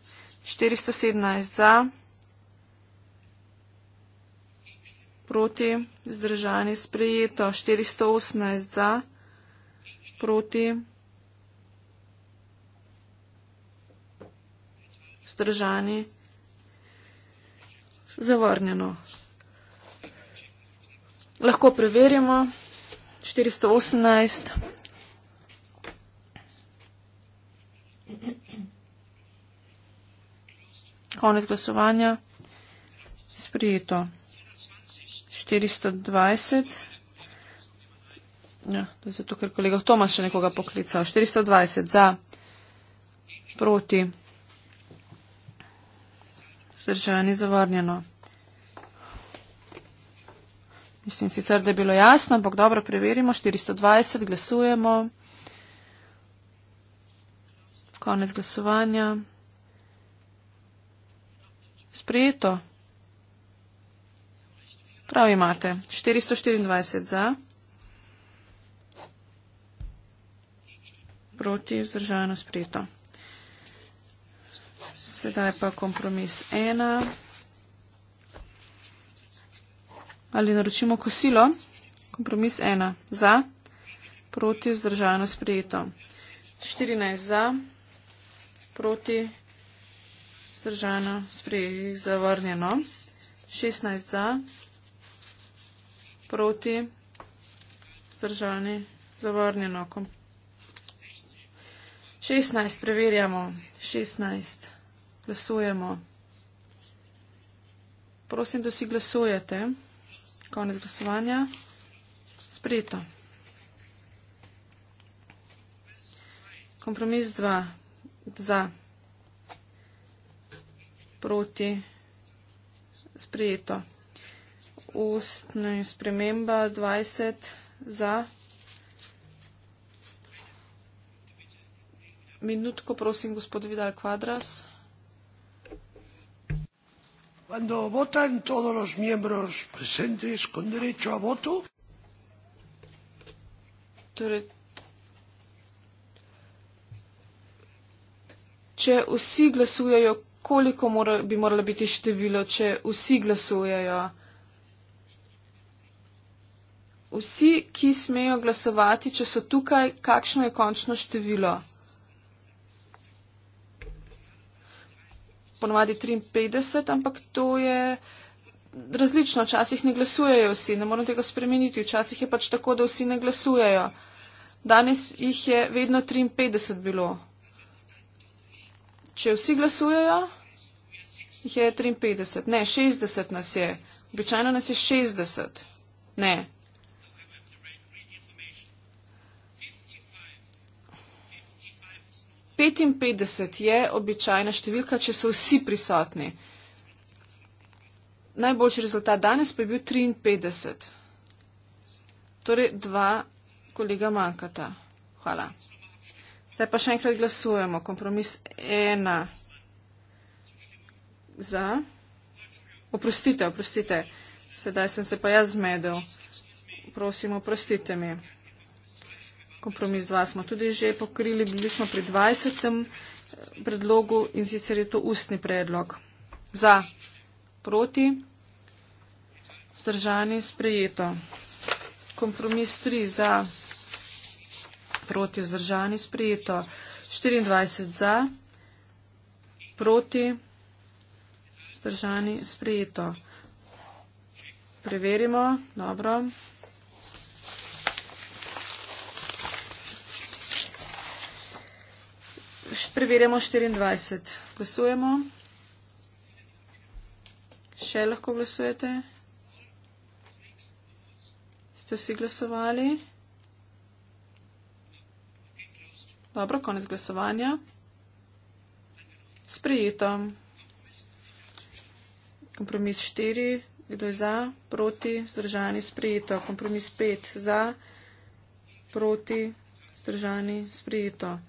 417 za. proti, vzdržani sprejeto, 418 za, proti, vzdržani, zavrnjeno. Lahko preverimo, 418. Konec glasovanja. Sprijeto. 420. Ja, to je zato, ker kolega Tomas še nekoga poklical. 420 za, proti. Srečanje ni zavrnjeno. Mislim sicer, da je bilo jasno, ampak dobro, preverimo. 420, glasujemo. Konec glasovanja. Sprejeto. Prav imate. 424 za. Proti vzdržajeno sprejeto. Sedaj pa kompromis 1. Ali naročimo kosilo? Kompromis 1. Za. Proti vzdržajeno sprejeto. 14 za. Proti vzdržajeno sprejeto. Zavrnjeno. 16 za proti, zdržani, zavrnjeno. 16, preverjamo. 16, glasujemo. Prosim, da si glasujete. Konec glasovanja. Sprejeto. Kompromis 2, za, proti, sprejeto ustna sprememba 20 za. Minutko prosim, gospod Vidal Kvadras. Cuando votan todos los miembros presentes con derecho a voto. Torej, če vsi glasujejo, koliko mora, bi moralo biti število, če vsi glasujejo? vsi, ki smejo glasovati, če so tukaj, kakšno je končno število? Ponovadi 53, ampak to je različno. Včasih ne glasujejo vsi, ne moram tega spremeniti. Včasih je pač tako, da vsi ne glasujejo. Danes jih je vedno 53 bilo. Če vsi glasujejo, jih je 53. Ne, 60 nas je. Običajno nas je 60. Ne, 55 je običajna številka, če so vsi prisotni. Najboljši rezultat danes pa je bil 53. Torej, dva kolega manjkata. Hvala. Zdaj pa še enkrat glasujemo. Kompromis ena za. Oprostite, oprostite. Sedaj sem se pa jaz zmedel. Prosim, oprostite mi kompromis 2 smo tudi že pokrili, bili smo pri 20. Eh, predlogu in sicer je to ustni predlog. Za, proti, zdržani, sprejeto. Kompromis 3 za, proti, zdržani, sprejeto. 24 za, proti, zdržani, sprejeto. Preverimo. Dobro. preverjamo 24. Glasujemo. Še lahko glasujete? Ste vsi glasovali? Dobro, konec glasovanja. Sprejeto. Kompromis 4. Kdo je za? Proti? Zdržani? Sprejeto. Kompromis 5. Za? Proti? Zdržani? Sprejeto.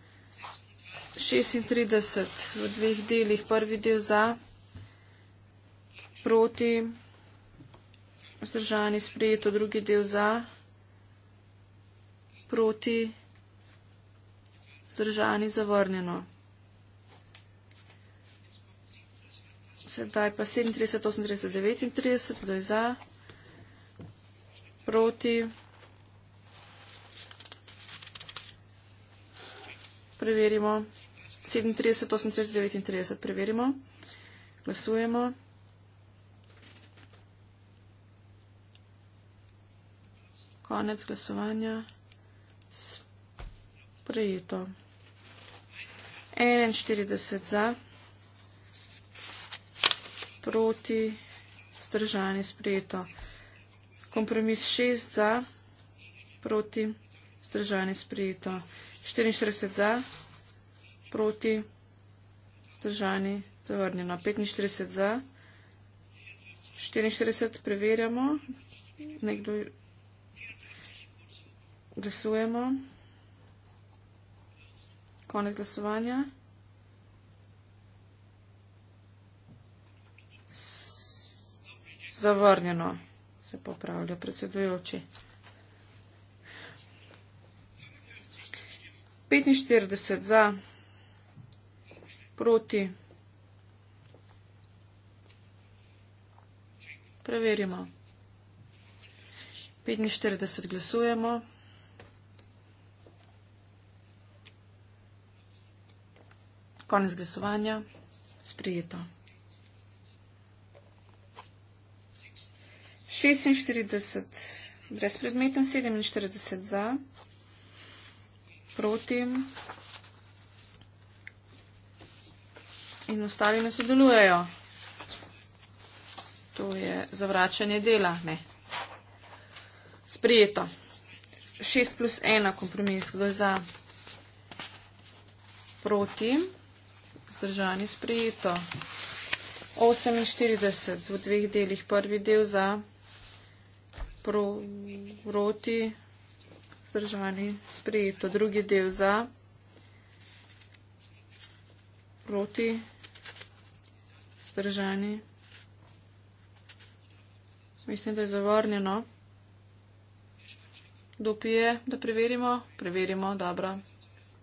36 v dveh delih, prvi del za, proti, vzdržani sprejeto, drugi del za, proti, vzdržani zavrnjeno. Sedaj pa 37, 38, 39, kdo je za, proti, preverimo. 37, 38, 39, preverimo. Glasujemo. Konec glasovanja. Sprejeto. 41 za, proti, zdržani, sprejeto. Kompromis 6 za, proti, zdržani, sprejeto. 44 za proti, zdržani, zavrnjeno. 45 za, 44 preverjamo, nekdo glasujemo. Konec glasovanja. 45. Zavrnjeno se popravlja predsedujoči. 45 za, proti. Preverimo. 45 glasujemo. Konec glasovanja. Sprijeto. 46 brezpredmeten, 47 za, proti. in ostali ne sodelujejo. To je zavračanje dela. Ne. Sprijeto. 6 plus 1 kompromis, kdo je za? Proti. Zdržani sprijeto. 48 v dveh delih. Prvi del za. Proti. Zdržani sprijeto. Drugi del za. Proti zdržani. Mislim, da je zavrnjeno. Kdo pije, da preverimo? Preverimo, dobro.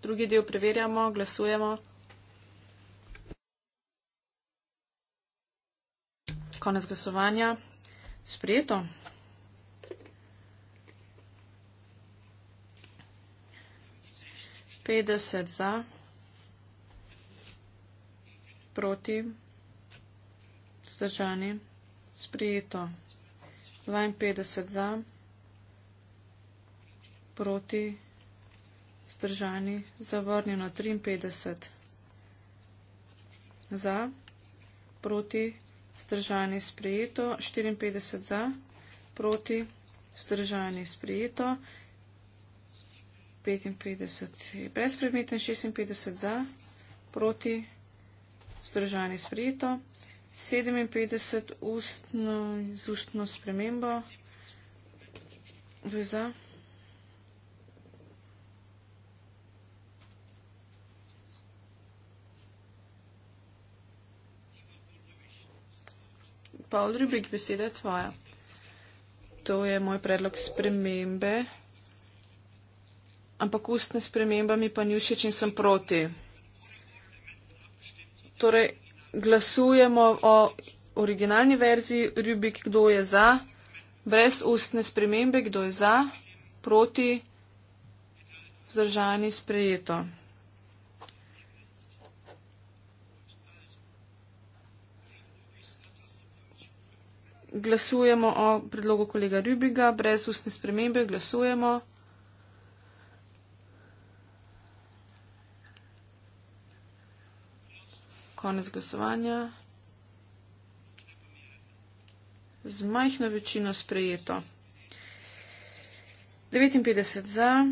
Drugi del preverjamo, glasujemo. Konec glasovanja. Sprijeto. Petdeset za, proti. Zdržani. Sprijeto. 52 za. Proti. Zdržani. Zavrnjeno. 53. Za. Proti. Zdržani. Sprijeto. 54 za. Proti. Zdržani. Sprijeto. 55 je brezpredmeten, 56 za, proti, vzdržani sprijeto, 57 ustno, z ustno spremembo. Reza. Pa odrubik beseda je tvoja. To je moj predlog spremembe. Ampak ustne spremembe mi pa ni všeč in sem proti. Torej, glasujemo o originalni verziji Rubik, kdo je za, brez ustne spremembe, kdo je za, proti, vzdržani, sprejeto. Glasujemo o predlogu kolega Rubiga, brez ustne spremembe, glasujemo. Konec glasovanja. Z majhno večino sprejeto. 59 za,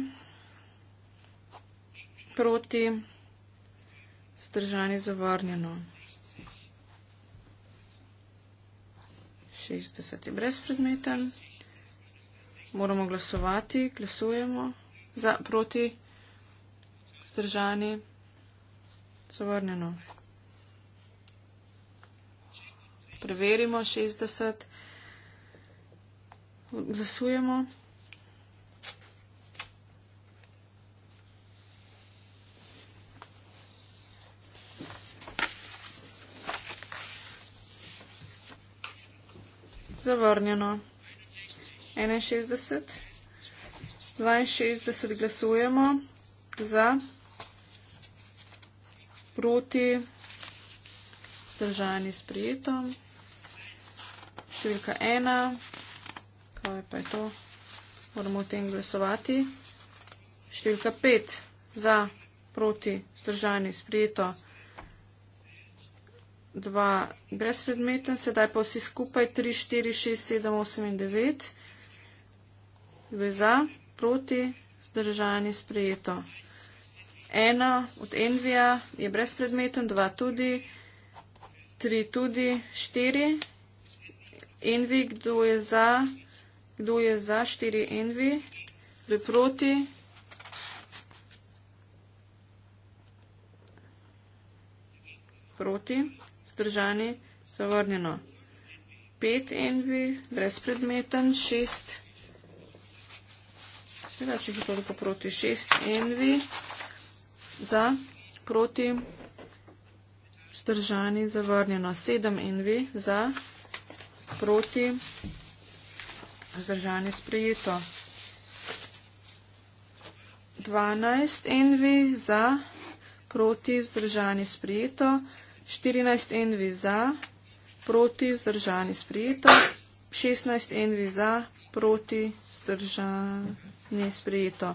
proti, zdržani zavarnjeno. 60 je brezpredmeten. Moramo glasovati, glasujemo za, proti, zdržani, zavrnjeno. Preverimo 60. Glasujemo. Zavrnjeno. 61. 62 glasujemo za, proti, zdržani s prijetom številka ena, kaj pa je to, moramo o tem glasovati. Številka pet, za, proti, zdržani, sprijeto, dva, brezpredmeten, sedaj pa vsi skupaj, tri, štiri, šest, sedem, osem in devet. Dve za, proti, zdržani, sprijeto. Ena od Envija je brezpredmeten, dva tudi, tri tudi, štiri. Envi, kdo je za, kdo je za, štiri Envi, kdo je proti. Proti, zdržani, zavrnjeno. Pet Envi, brezpredmeten, šest. Sveda, če bi toliko proti, šest Envi, za, proti, zdržani, zavrnjeno. Sedem Envi, za, proti proti, vzdržani sprejeto. 12 envi za, proti, vzdržani sprejeto. 14 envi za, proti, vzdržani sprejeto. 16 envi za, proti, vzdržani sprejeto.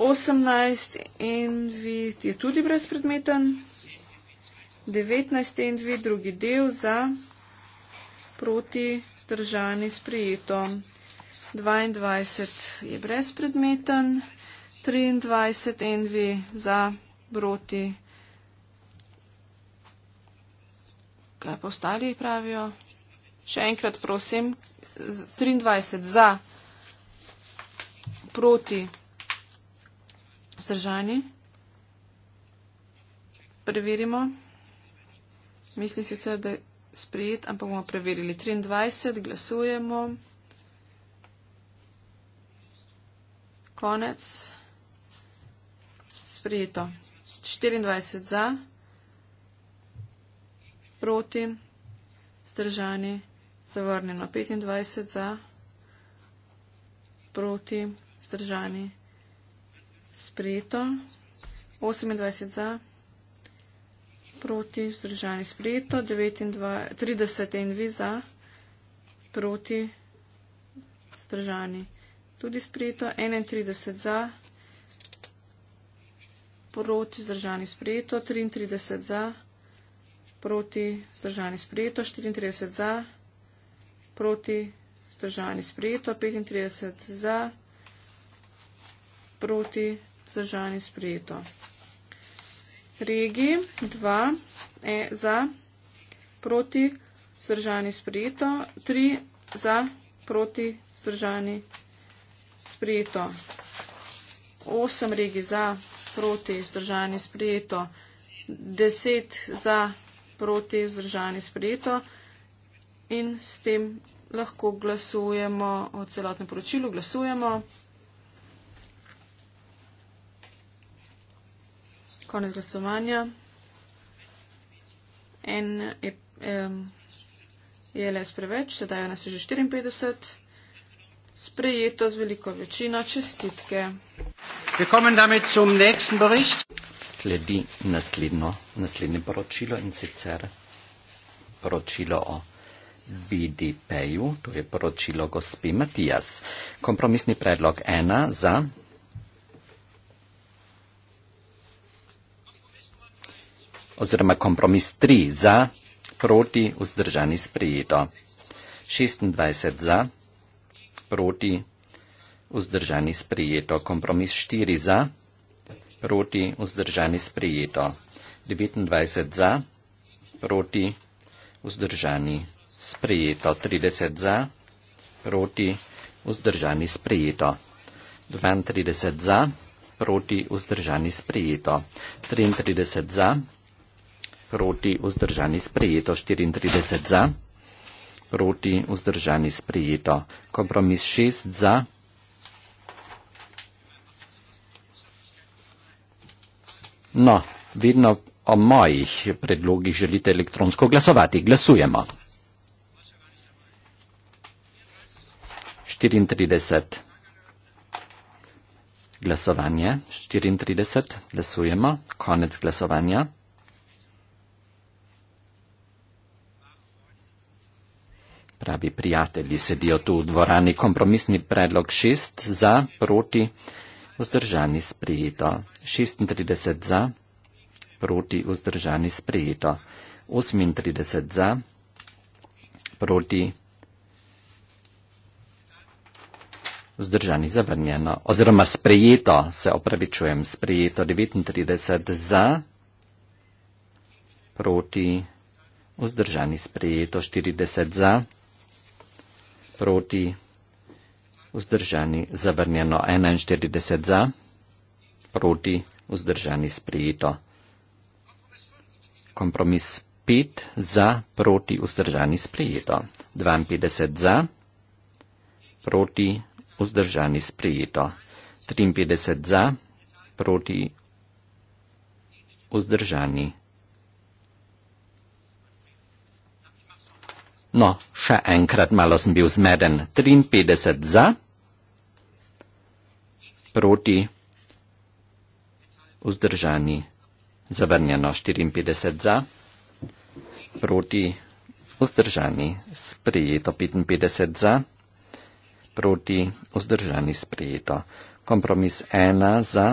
Osemnajst envi je tudi brezpredmeten, 19 in 2 drugi del za proti zdržani sprijeto. 22 je brezpredmeten, 23 in 2 za proti. Kaj pa ostali pravijo? Še enkrat prosim, 23 za proti zdržani. Preverimo. Mislim sicer, da je sprejet, ampak bomo preverili. 23, glasujemo. Konec. Sprejeto. 24 za, proti, zdržani, zavrnjeno. 25 za, proti, zdržani, sprejeto. 28 za proti, vzdržani sprejeto, 29, 30 in viza proti, vzdržani tudi sprejeto, 31 za, proti, vzdržani sprejeto, 33 za, proti, vzdržani sprejeto, 34 za, proti, vzdržani sprejeto, 35 za, proti, vzdržani sprejeto regi 2 e, za, proti, zdržani sprejeto, 3 za, proti, zdržani sprejeto, 8 regi za, proti, zdržani sprejeto, 10 za, proti, zdržani sprejeto in s tem lahko glasujemo o celotnem poročilu, glasujemo. Konec glasovanja. En je, um, je les preveč, sedaj nas je že 54. Sprejeto z veliko večino. Čestitke. Sledi naslednjo, naslednje poročilo in sicer poročilo o BDP-ju, to je poročilo gospe Matijas. Kompromisni predlog ena za oziroma kompromis 3 za, proti, vzdržani sprejeto. 26 za, proti, vzdržani sprejeto. Kompromis 4 za, proti, vzdržani sprejeto. 29 za, proti, vzdržani sprejeto. 30 za, proti, vzdržani sprejeto. 32 za, proti, vzdržani sprejeto. 33 za, proti, vzdržani sprejeto. Proti vzdržani sprejeto 34 za. Proti vzdržani sprejeto. Kompromis 6 za. No, vedno o mojih predlogih želite elektronsko glasovati. Glasujemo. 34. Glasovanje. 34. Glasujemo. Konec glasovanja. pravi prijatelji, sedijo tu v dvorani. Kompromisni predlog 6 za, proti, vzdržani sprejeto. 36 za, proti, vzdržani sprejeto. 38 za, proti, vzdržani zavrnjeno. Oziroma sprejeto, se opravičujem, sprejeto. 39 za, proti, vzdržani sprejeto. 40 za proti, vzdržani, zavrnjeno 41 za, proti, vzdržani, sprijeto. Kompromis 5 za, proti, vzdržani, sprijeto. 52 za, proti, vzdržani, sprijeto. 53 za, proti, vzdržani, sprijeto. No, še enkrat malo sem bil zmeden. 53 za, proti, vzdržani, zavrnjeno. 54 za, proti, vzdržani, sprejeto. 55 za, proti, vzdržani, sprejeto. Kompromis 1 za,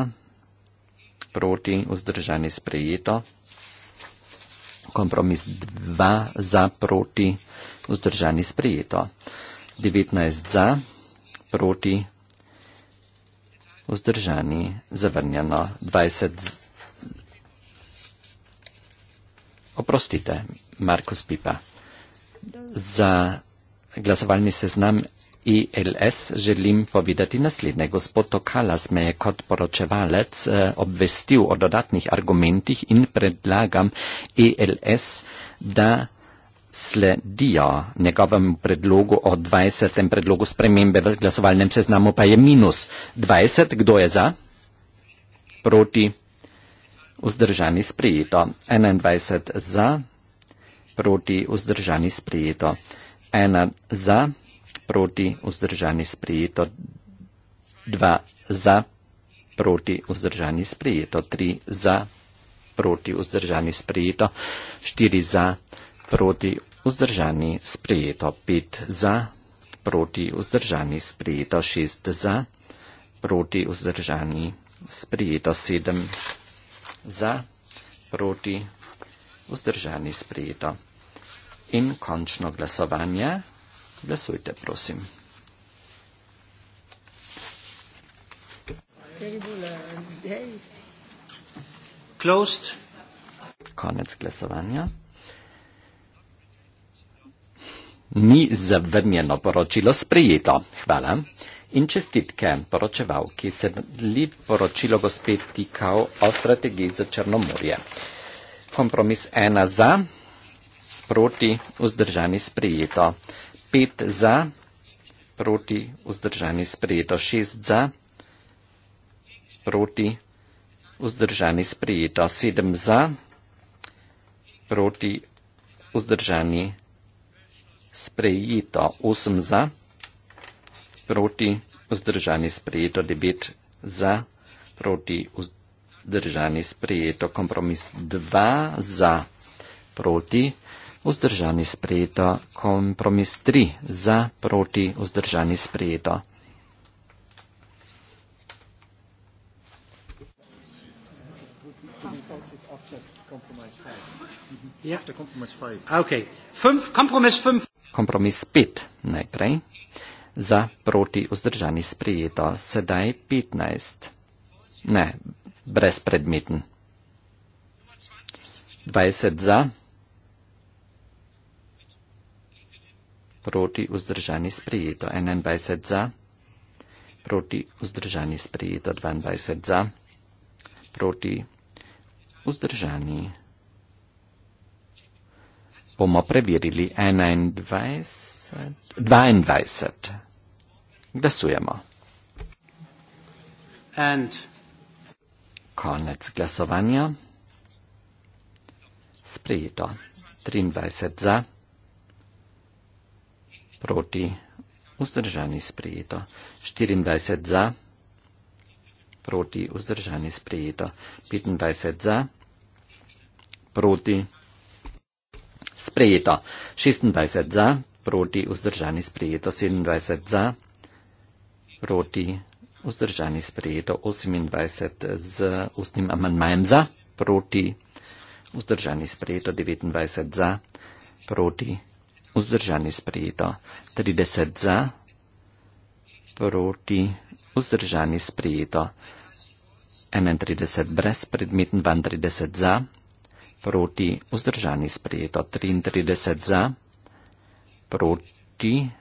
proti, vzdržani, sprejeto. Kompromis 2 za, proti, vzdržani vzdržani sprejeto. 19 za, proti, vzdržani, zavrnjeno. 20 Oprostite, Markus Pipa. Za glasovalni seznam ILS e želim povedati naslednje. Gospod Tokalas me je kot poročevalec eh, obvestil o dodatnih argumentih in predlagam ILS, e da sledijo njegovem predlogu o 20. predlogu spremembe v glasovalnem seznamu, pa je minus 20. Kdo je za? Proti. Vzdržani sprejeto. 21 za. Proti. Vzdržani sprejeto. 1 za. Proti. Vzdržani sprejeto. 2 za. Proti. Vzdržani sprejeto. 3 za. Proti. Vzdržani sprejeto. 4 za proti vzdržani sprejeto 5 za, proti vzdržani sprejeto 6 za, proti vzdržani sprejeto 7 za, proti vzdržani sprejeto. In končno glasovanje, glasujte prosim. Closed. Konec glasovanja. ni zavrnjeno poročilo sprejeto. Hvala. In čestitke poročevalki se li poročilo gospe Tikao o strategiji za Črnomorje. Kompromis ena za, proti vzdržani sprejeto. Pet za, proti vzdržani sprejeto. Šest za, proti vzdržani sprejeto. Sedem za, proti vzdržani sprejeto sprejeto 8 za, proti vzdržani sprejeto 9 za, proti vzdržani sprejeto kompromis 2 za, proti vzdržani sprejeto kompromis 3 za, proti vzdržani sprejeto. Ja, yeah. okay. Fünf, Kompromiss 5 kompromis 5 najprej, za proti vzdržani sprejeto, sedaj 15, ne, brezpredmeten. 20 za, proti vzdržani sprejeto, 21 za, proti vzdržani sprejeto, 22 za, proti vzdržani sprejeto bomo preverili 21. 22. Glasujemo. And. Konec glasovanja. Sprejeto. 23 za, proti, vzdržani sprejeto. 24 za, proti, vzdržani sprejeto. 25 za, proti, vzdržani sprejeto sprejeto. 26 za, proti vzdržani sprejeto. 27 za, proti vzdržani sprejeto. 28 z ustnim amandmajem za, proti vzdržani sprejeto. 29 za, proti vzdržani sprejeto. 30 za, proti vzdržani sprejeto. 31 brez predmetn, 32 za, proti vzdržani sprejeto 33 za, proti,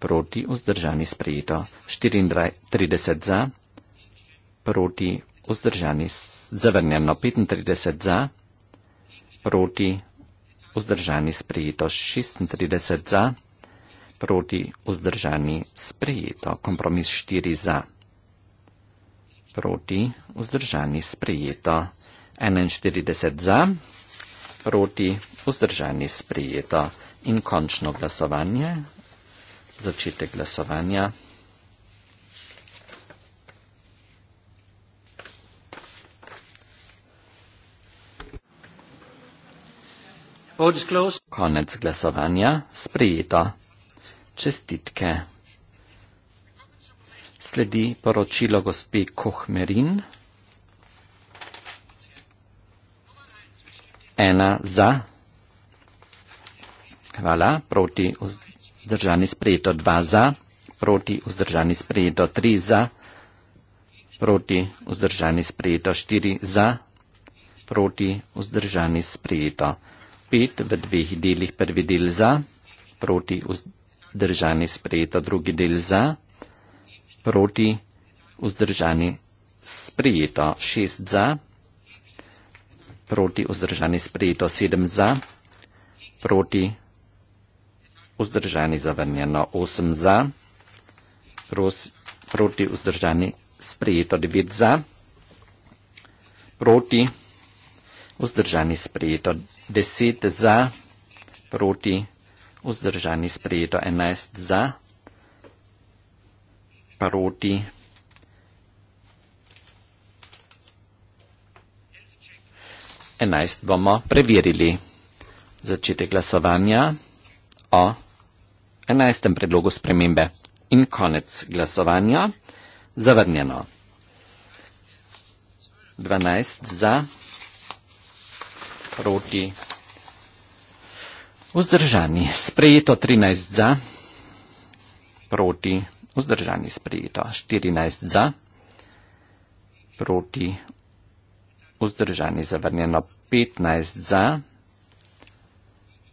proti vzdržani sprejeto 34 za, proti vzdržani zavrnjeno 35 za, proti vzdržani sprejeto 36 za, proti vzdržani sprejeto kompromis 4 za, proti vzdržani sprejeto 36 za. 41 za, proti vzdržani sprijeto in končno glasovanje, začetek glasovanja. Konec glasovanja sprejeto. Čestitke. Sledi poročilo gospe Kohmerin. ena za, hvala, proti vzdržani sprejeto, dva za, proti vzdržani sprejeto, tri za, proti vzdržani sprejeto, štiri za, proti vzdržani sprejeto, pet v dveh delih, prvi del za, proti vzdržani sprejeto, drugi del za, proti vzdržani sprejeto, šest za, proti vzdržani sprejeto, proti vzdržani sprejeto, sedem za, proti vzdržani zavrnjeno, osem za, proti vzdržani sprejeto, devet za, proti vzdržani sprejeto, deset za, proti vzdržani sprejeto, enajst za, proti vzdržani sprejeto. 11 bomo preverili. Začetek glasovanja o 11. predlogu spremembe in konec glasovanja zavrnjeno. 12 za, proti, vzdržani, sprejeto 13 za, proti, vzdržani, sprejeto 14 za, proti, vzdržani, zavrnjeno 15 za,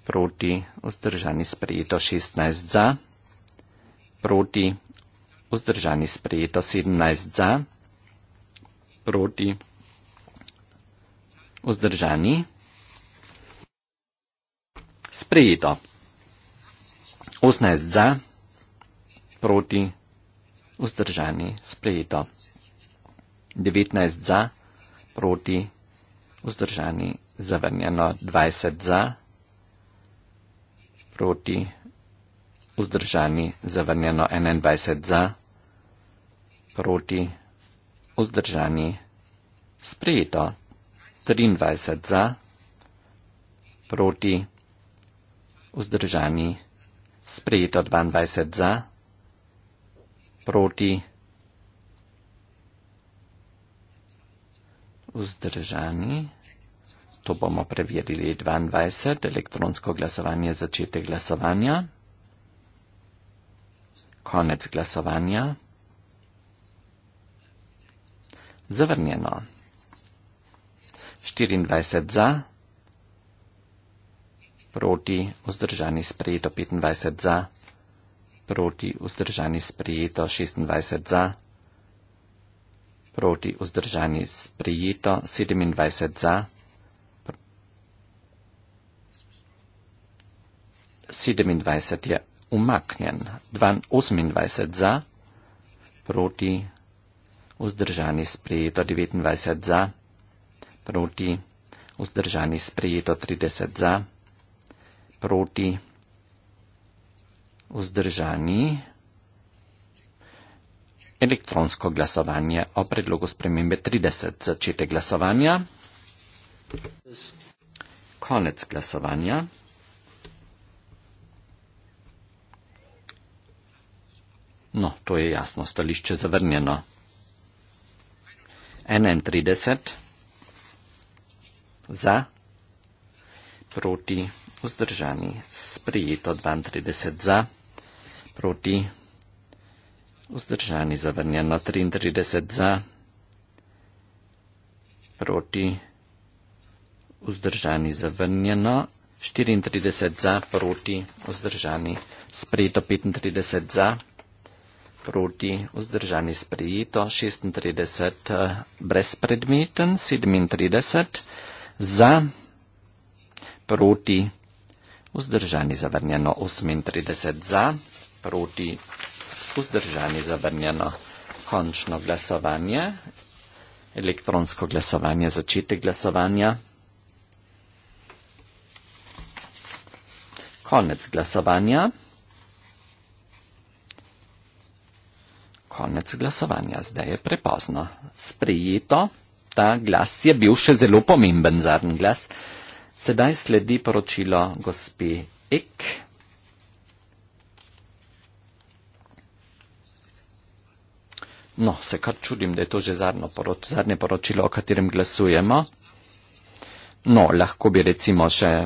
proti, vzdržani, sprejeto 16 za, proti, vzdržani, sprejeto 17 za, proti, vzdržani, sprejeto 18 za, proti, vzdržani, sprejeto 19 za, proti, vzdržani, sprejeto 19 za, proti, vzdržani, zavrnjeno 20 za, proti, vzdržani, zavrnjeno 21 za, proti, vzdržani, sprejeto 23 za, proti, vzdržani, sprejeto 22 za, proti, vzdržani, vzdržani. To bomo preverili 22, elektronsko glasovanje, začetek glasovanja, konec glasovanja. Zavrnjeno. 24 za, proti vzdržani sprejeto 25 za, proti vzdržani sprejeto 26 za proti vzdržani sprijeto 27 za. 27 je umaknjen, 28 za, proti vzdržani sprejeto 29 za, proti vzdržani sprejeto 30 za, proti vzdržani sprejeto 30 za, elektronsko glasovanje o predlogu spremembe 30. Začete glasovanja. Konec glasovanja. No, to je jasno, stališče zavrnjeno. 31 za, proti, vzdržani, sprijeto 32 za, proti vzdržani zavrnjeno 33 za, proti vzdržani zavrnjeno 34 za, proti vzdržani sprejeto 35 za, proti vzdržani sprejeto 36 eh, brezpredmeten 37 za, proti vzdržani zavrnjeno 38 za, proti Vzdržanje zabrnjeno. Končno glasovanje. Elektronsko glasovanje, začetek glasovanja. Konec glasovanja. Konec glasovanja. Zdaj je prepozno. Sprijeto. Ta glas je bil še zelo pomemben, zadnji glas. Sedaj sledi poročilo gospe Ek. No, se kar čudim, da je to že porod, zadnje poročilo, o katerem glasujemo. No, lahko bi recimo še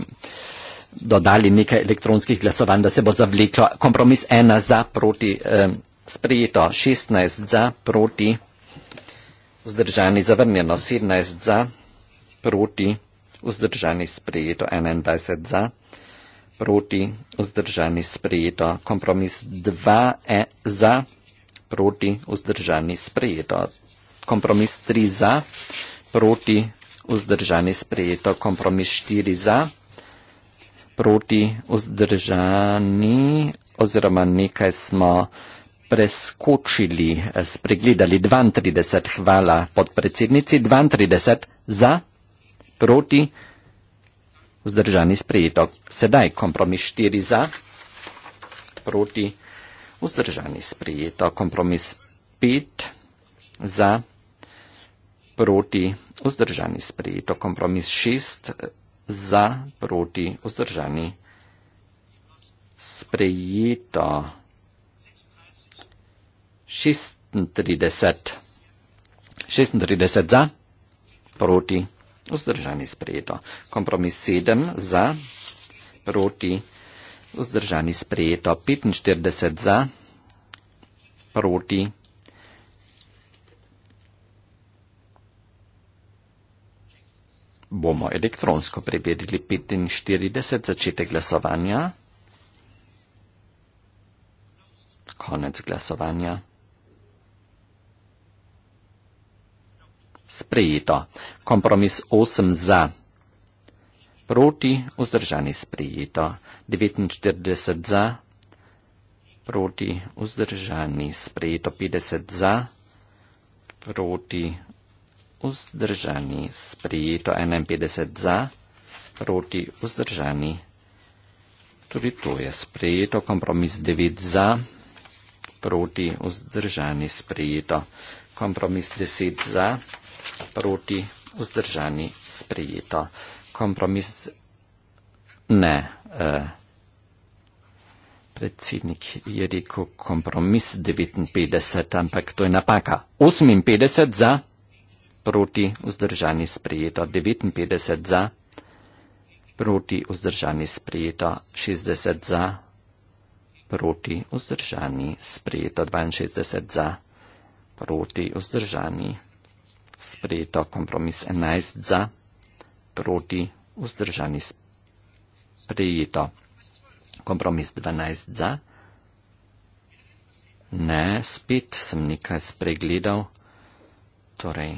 dodali nekaj elektronskih glasovanj, da se bo zavleklo. Kompromis ena za proti eh, sprejeto, 16 za proti vzdržani zavrnjeno, 17 za proti vzdržani sprejeto, 21 za proti vzdržani sprejeto. Kompromis dva je za proti proti, vzdržani, sprejeto. Kompromis 3 za, proti, vzdržani, sprejeto. Kompromis 4 za, proti, vzdržani, oziroma nekaj smo preskočili, eh, spregledali 32, hvala podpredsednici, 32 za, proti, vzdržani, sprejeto. Sedaj kompromis 4 za, proti, vzdržani. Vzdržani sprijeto. Kompromis 5 za proti. Vzdržani sprijeto. Kompromis 6 za proti. Vzdržani sprijeto. 36. 36 za proti. Vzdržani sprijeto. Kompromis 7 za proti. Vzdržani sprijeto vzdržani sprejeto 45 za, proti 45. Bomo elektronsko preverili 45 začetek glasovanja. Konec glasovanja. Sprejeto. Kompromis 8 za proti, vzdržani sprejeto, 49 za, proti, vzdržani sprejeto, 50 za, proti, vzdržani sprejeto, 51 za, proti, vzdržani. Tudi to je sprejeto, kompromis 9 za, proti, vzdržani sprejeto, kompromis 10 za, proti, vzdržani sprejeto kompromis ne. Eh, predsednik je rekel kompromis 59, ampak to je napaka. 58 za, proti vzdržani sprejeto, 59 za, proti vzdržani sprejeto, 60 za, proti vzdržani sprejeto, 62 za, proti vzdržani sprejeto, kompromis 11 za proti vzdržani sprejeto. Kompromis 12 za. Ne, spet sem nekaj spregledal. Torej,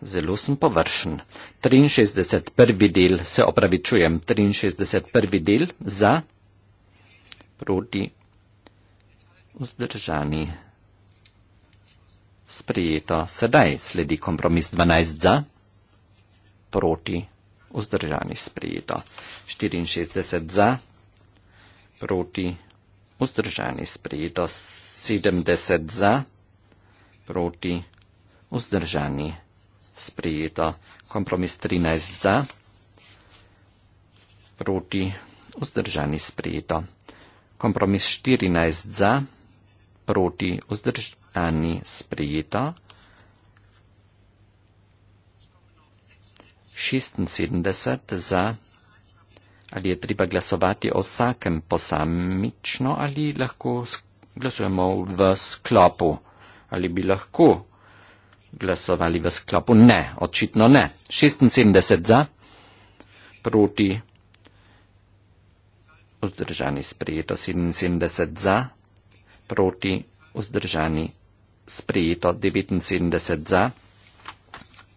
zelo sem površen. 63. prvi del, se opravičujem, 63. prvi del za proti vzdržani sprejeto. Sedaj sledi kompromis 12 za proti, vzdržani sprejeto. 64 za, proti, vzdržani sprejeto. 70 za, proti, vzdržani sprejeto. Kompromis 13 za, proti, vzdržani sprejeto. Kompromis 14 za, proti, vzdržani sprejeto. 76 za. Ali je treba glasovati o vsakem posamično ali lahko glasujemo v sklopu? Ali bi lahko glasovali v sklopu? Ne, očitno ne. 76 za, proti, vzdržani sprejeto, 77 za, proti, vzdržani sprejeto, 79 za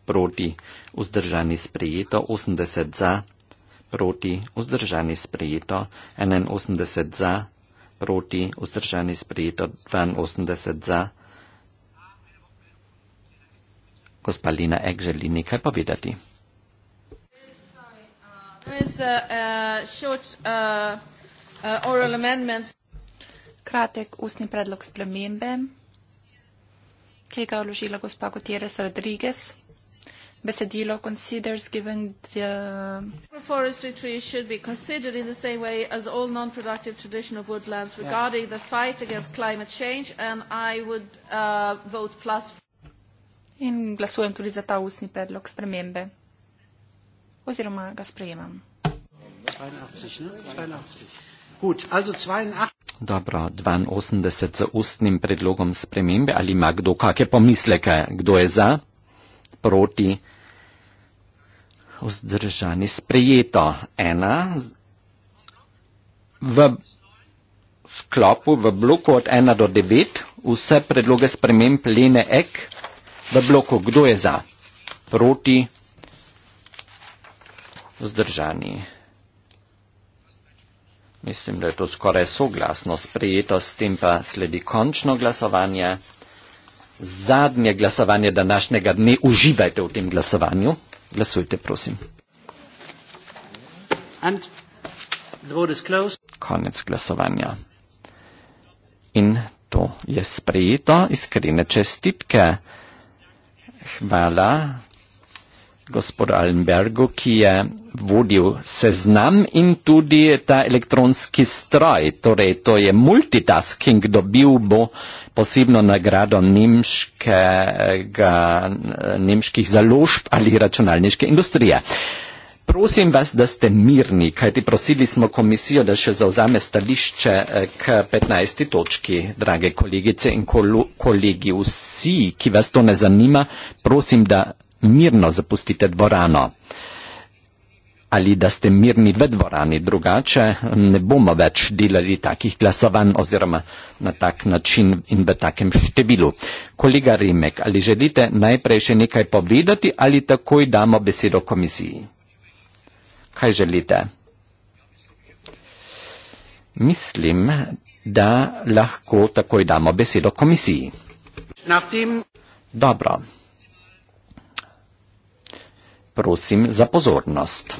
proti, vzdržani sprejeto, 80 za, proti, vzdržani sprejeto, 81 za, proti, vzdržani sprejeto, 82 za. Gospa Lina Ek želi nekaj povedati. Kratek ustni predlog spremembe, ki ga je vložila gospa Gutierrez Rodriguez besedilo considers giving the forestry trees should be considered in the same way as all non-productive traditional woodlands regarding yeah. the fight against climate change and I would uh, vote plus. In glasujem tudi za ta ustni predlog spremembe. Oziroma ga sprejemam. 82, Dobro, 82 z ustnim predlogom spremembe. Ali ima kdo kakšne pomisleke? Kdo je za? Proti? vzdržani, sprejeto ena v sklopu, v bloku od ena do devet, vse predloge sprememb Lene Ek v bloku, kdo je za, proti, vzdržani. Mislim, da je to skoraj soglasno sprejeto, s tem pa sledi končno glasovanje. Zadnje glasovanje današnjega dne, uživajte v tem glasovanju. Glasujte, prosim. Konec glasovanja. In to je sprejeto. Iskrene čestitke. Hvala gospodu Allenbergu, ki je vodil seznam in tudi ta elektronski stroj. Torej, to je multitasking, dobil bo posebno nagrado nemških založb ali računalniške industrije. Prosim vas, da ste mirni, kajti prosili smo komisijo, da še zauzame stališče eh, k 15. točki, drage kolegice in kolegi. Vsi, ki vas to ne zanima, prosim, da mirno zapustite dvorano. Ali da ste mirni v dvorani, drugače ne bomo več delali takih glasovanj oziroma na tak način in v takem številu. Kolega Rimek, ali želite najprej še nekaj povedati ali takoj damo besedo komisiji? Kaj želite? Mislim, da lahko takoj damo besedo komisiji. Dobro prosim za pozornost.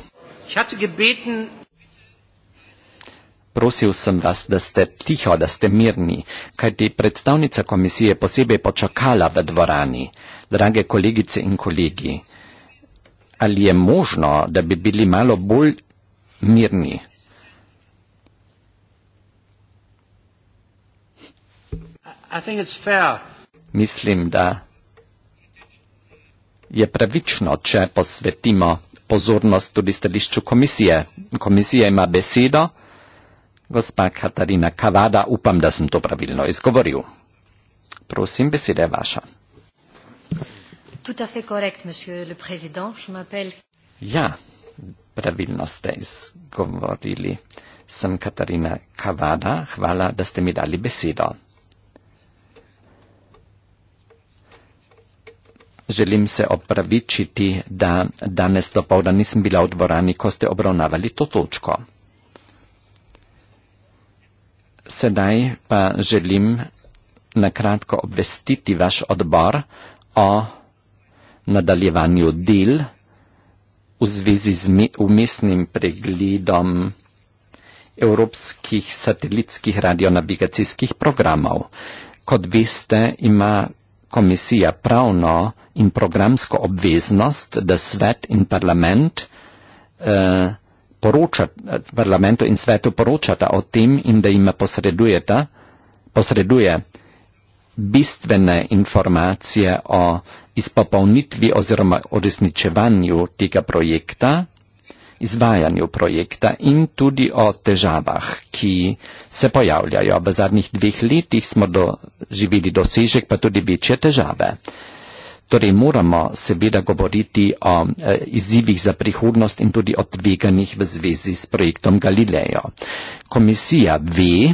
Prosil sem vas, da ste tiho, da ste mirni, kajti predstavnica komisije posebej počakala v dvorani. Drage kolegice in kolegi, ali je možno, da bi bili malo bolj mirni? Mislim, da je pravično, če posvetimo pozornost tudi stališču komisije. Komisija ima besedo. Gospa Katarina Kavada, upam, da sem to pravilno izgovoril. Prosim, beseda je vaša. Correct, ja, pravilno ste izgovorili. Sem Katarina Kavada. Hvala, da ste mi dali besedo. želim se opravičiti, da danes do povda nisem bila v dvorani, ko ste obravnavali to točko. Sedaj pa želim nakratko obvestiti vaš odbor o nadaljevanju del v zvezi z umestnim pregledom evropskih satelitskih radionavigacijskih programov. Kot veste, ima komisija pravno in programsko obveznost, da svet in parlament eh, poročata, parlamentu in svetu poročata o tem in da jim posreduje bistvene informacije o izpopolnitvi oziroma uresničevanju tega projekta, izvajanju projekta in tudi o težavah, ki se pojavljajo. V zadnjih dveh letih smo doživeli dosežek, pa tudi večje težave. Torej moramo seveda govoriti o e, izzivih za prihodnost in tudi o tveganjih v zvezi s projektom Galileo. Komisija ve,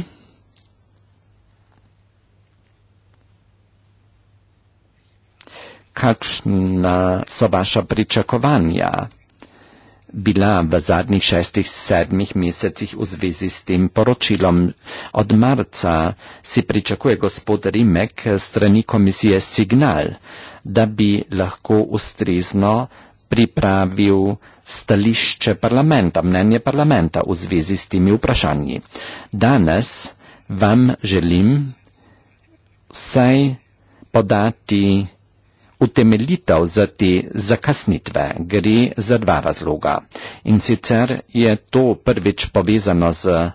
kakšna so vaša pričakovanja bila v zadnjih šestih, sedmih mesecih v zvezi s tem poročilom. Od marca si pričakuje gospod Rimek strani komisije signal, da bi lahko ustrezno pripravil stališče parlamenta, mnenje parlamenta v zvezi s temi vprašanji. Danes vam želim vsaj podati Utemeljitev za te zakasnitve gre za dva razloga. In sicer je to prvič povezano z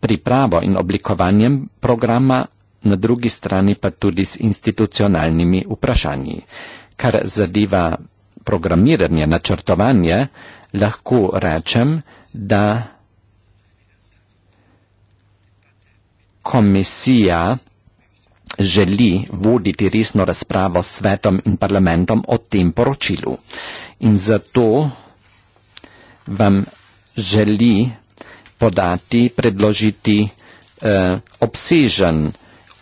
pripravo in oblikovanjem programa, na drugi strani pa tudi s institucionalnimi vprašanji. Kar zadeva programiranje, načrtovanje, lahko rečem, da komisija želi voditi resno razpravo s svetom in parlamentom o tem poročilu. In zato vam želi podati, predložiti eh, obsežen,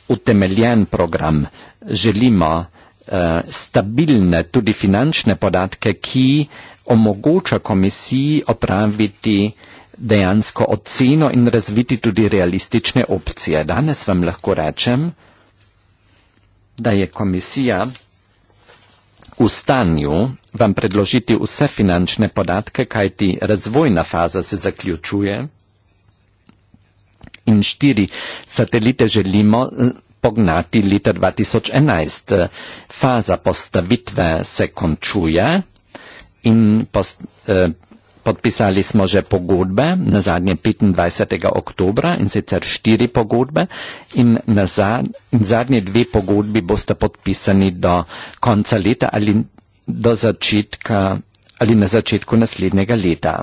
utemeljen program. Želimo eh, stabilne tudi finančne podatke, ki omogoča komisiji opraviti dejansko oceno in razviti tudi realistične opcije. Danes vam lahko rečem, da je komisija v stanju vam predložiti vse finančne podatke, kaj ti razvojna faza se zaključuje in štiri satelite želimo eh, pognati leta 2011. Faza postavitve se končuje in postavitve eh, Podpisali smo že pogodbe, na zadnje 25. oktobra in sicer štiri pogodbe in, zad, in zadnje dve pogodbi boste podpisani do konca leta ali, do začetka, ali na začetku naslednjega leta.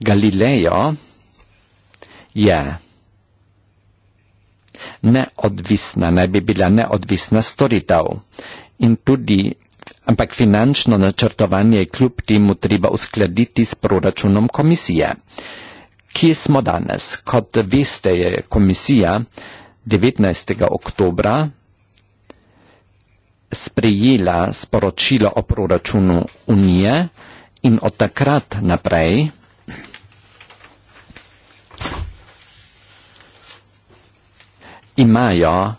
Galilejo je neodvisna, naj bi bila neodvisna storitev in tudi ampak finančno načrtovanje je kljub temu treba uskladiti s proračunom komisije. Kje smo danes? Kot veste, je komisija 19. oktobra sprejela sporočilo o proračunu Unije in od takrat naprej imajo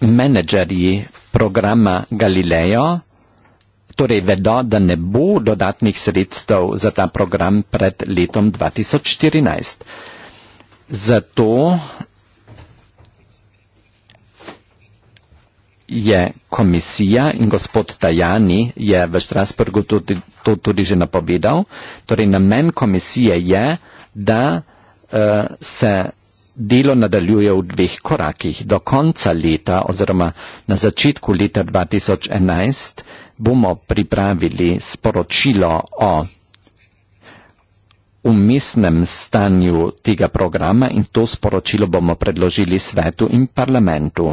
menedžerji programa Galileo, torej vedo, da ne bo dodatnih sredstev za ta program pred letom 2014. Zato je komisija in gospod Tajani je v Štrasburgu tudi, to tudi že napovedal, torej namen komisije je, da uh, se delo nadaljuje v dveh korakih. Do konca leta oziroma na začetku leta 2011 bomo pripravili sporočilo o umestnem stanju tega programa in to sporočilo bomo predložili svetu in parlamentu.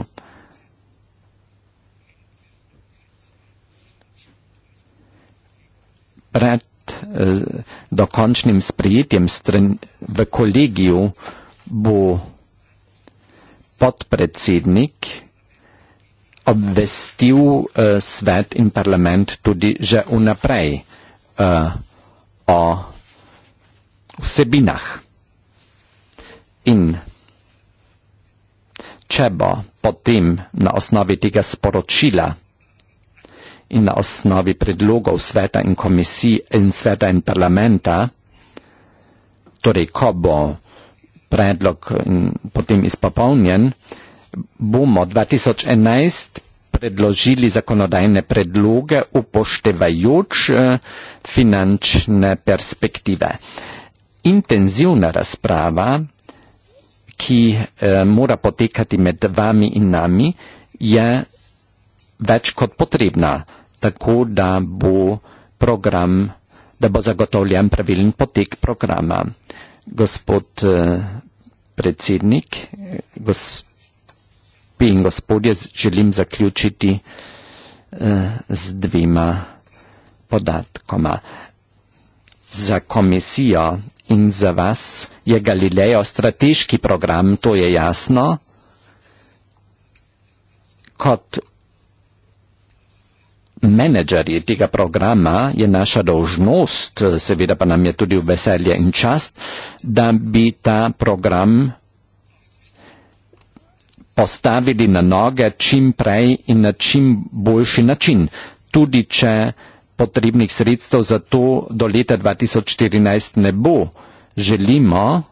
Pred eh, dokončnim sprejetjem stren, v kolegiju eh, bo podpredsednik obvestil uh, svet in parlament tudi že vnaprej uh, o vsebinah. In če bo potem na osnovi tega sporočila in na osnovi predlogov sveta in komisij in sveta in parlamenta, torej ko bo predlog potem izpopolnjen, bomo 2011 predložili zakonodajne predloge upoštevajoč eh, finančne perspektive. Intenzivna razprava, ki eh, mora potekati med vami in nami, je več kot potrebna, tako da bo program, da bo zagotovljen pravilen potek programa gospod eh, predsednik, gospi in gospodje, želim zaključiti eh, z dvema podatkoma. Za komisijo in za vas je Galileo strateški program, to je jasno, kot menedžerji tega programa je naša dolžnost, seveda pa nam je tudi veselje in čast, da bi ta program postavili na noge čim prej in na čim boljši način. Tudi če potrebnih sredstev za to do leta 2014 ne bo, želimo,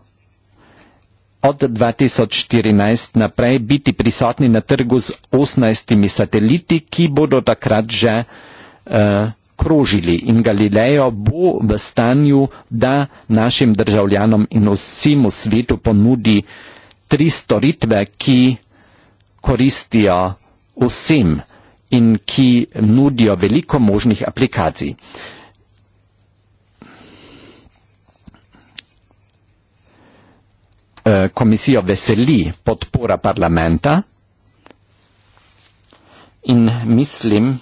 od 2014 naprej biti prisotni na trgu z 18 sateliti, ki bodo takrat že uh, krožili. In Galileo bo v stanju, da našim državljanom in vsemu svetu ponudi tri storitve, ki koristijo vsem in ki nudijo veliko možnih aplikacij. Eh, komisijo veseli podpora parlamenta in mislim,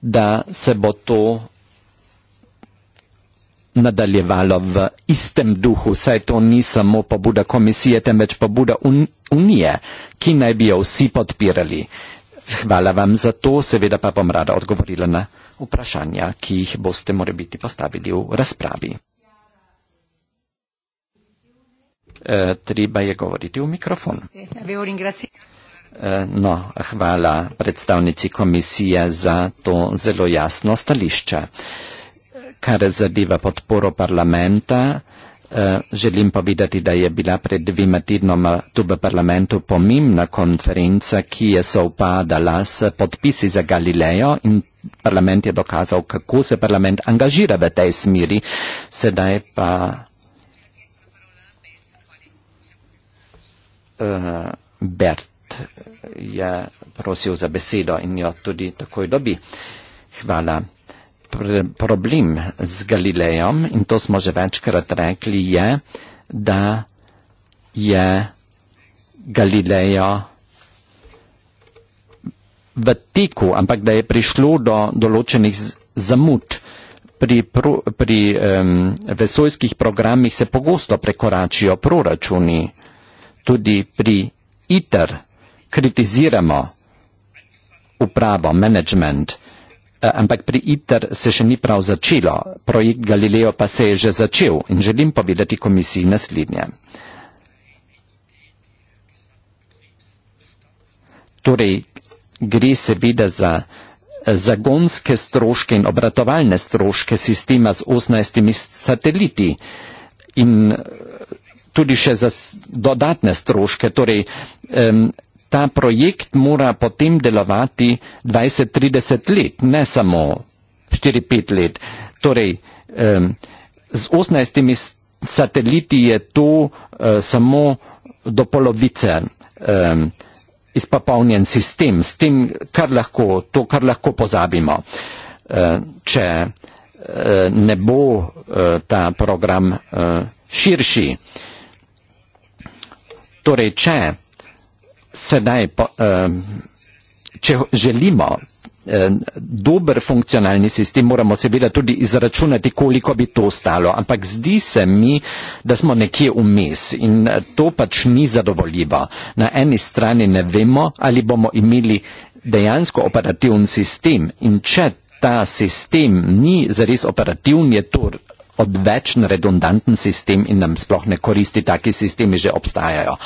da se bo to nadaljevalo v istem duhu, saj to ni samo pobuda komisije, temveč pobuda un Unije, ki naj bi jo vsi podpirali. Hvala vam za to, seveda pa bom rada odgovorila na vprašanja, ki jih boste morebiti postavili v razpravi. Eh, treba je govoriti v mikrofon. Eh, eh, no, hvala predstavnici komisije za to zelo jasno stališče. Kar zadeva podporo parlamenta, želim povedati, da je bila pred dvima tednoma tu v parlamentu pomembna konferenca, ki je sovpadala s podpisi za Galilejo in parlament je dokazal, kako se parlament angažira v tej smeri. Sedaj pa Bert je prosil za besedo in jo tudi takoj dobi. Hvala. Problem z Galilejem, in to smo že večkrat rekli, je, da je Galilejo v teku, ampak da je prišlo do določenih zamud. Pri, pri um, vesoljskih programih se pogosto prekoračijo proračuni tudi pri ITER kritiziramo upravo, management, eh, ampak pri ITER se še ni prav začelo, projekt Galileo pa se je že začel in želim povedati komisiji naslednje. Torej, gre seveda za eh, zagonske stroške in obratovalne stroške sistema z 18 sateliti in tudi še za dodatne stroške. Torej, um, ta projekt mora potem delovati 20-30 let, ne samo 4-5 let. Torej, um, z 18 sateliti je to uh, samo do polovice um, izpopolnjen sistem, s tem, kar lahko, to, kar lahko pozabimo. Uh, če, uh, Eh, ne bo eh, ta program eh, širši. Torej, če sedaj, če želimo dober funkcionalni sistem, moramo seveda tudi izračunati, koliko bi to stalo. Ampak zdi se mi, da smo nekje vmes in to pač ni zadovoljivo. Na eni strani ne vemo, ali bomo imeli dejansko operativni sistem in če ta sistem ni zares operativen, je to odvečen, redundanten sistem in nam sploh ne koristi, taki sistemi že obstajajo.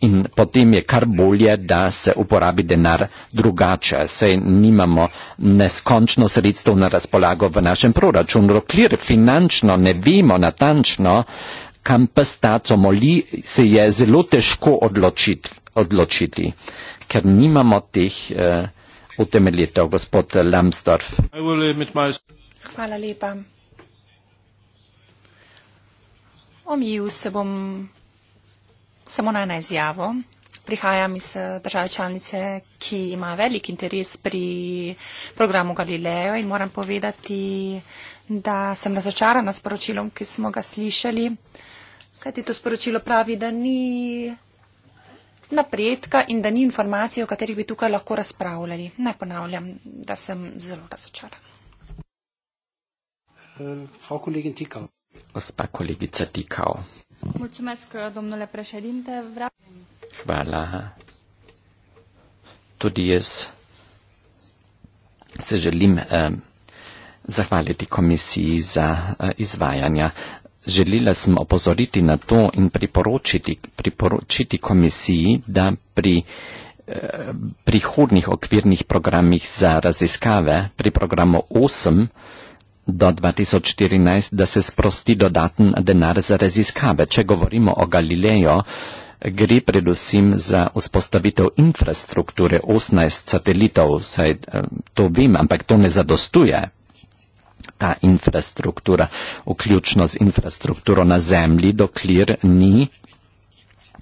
In potem je kar bolje, da se uporabi denar drugače. Sej nimamo neskončno sredstev na razpolago v našem proračunu. Rokljer finančno ne vemo natančno, kam pesta, co moli, se je zelo težko odločit, odločiti, ker nimamo teh. Eh, utemeljitev. Gospod Lambsdorff. Hvala lepa. Omijil se bom samo na eno izjavo. Prihajam iz eh, države članice, ki ima velik interes pri programu Galileo in moram povedati, da sem razočarana s poročilom, ki smo ga slišali. Kaj ti to sporočilo pravi, da ni napredka in da ni informacij, o katerih bi tukaj lahko razpravljali. Ne ponavljam, da sem zelo razočaran. Eh, frau Kollegin Tikau. Gospa kolegica Tikau. Mulțumesc, domnule președinte. Vreau... Hvala. Tudi jaz se želim eh, zahvaliti komisiji za eh, izvajanja želela sem opozoriti na to in priporočiti, priporočiti komisiji, da pri eh, prihodnih okvirnih programih za raziskave, pri programu 8 do 2014, da se sprosti dodaten denar za raziskave. Če govorimo o Galileju, gre predvsem za vzpostavitev infrastrukture 18 satelitov, saj eh, to vem, ampak to ne zadostuje ta infrastruktura, vključno z infrastrukturo na zemlji, dokler ni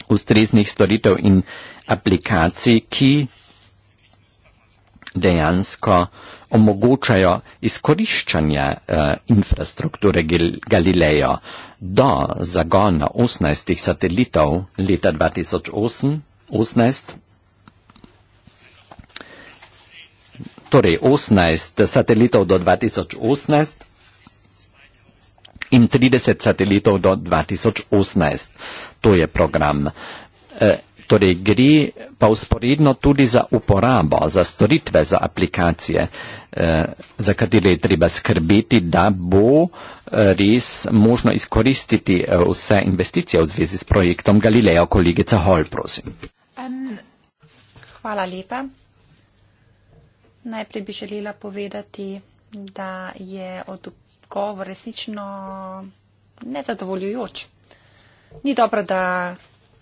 ustreznih storitev in aplikacij, ki dejansko omogočajo izkoriščanje eh, infrastrukture Galileo do zagona 18 satelitov leta 2018, 18, torej 18 satelitov do 2018 in 30 satelitov do 2018. To je program. E, torej gre pa usporedno tudi za uporabo, za storitve, za aplikacije, e, za katere je treba skrbeti, da bo e, res možno izkoristiti vse investicije v zvezi s projektom Galileo. Kolegica Hol, prosim. Hvala lepa. Najprej bi želela povedati, da je odgovor resnično nezadovoljujoč. Ni dobro, da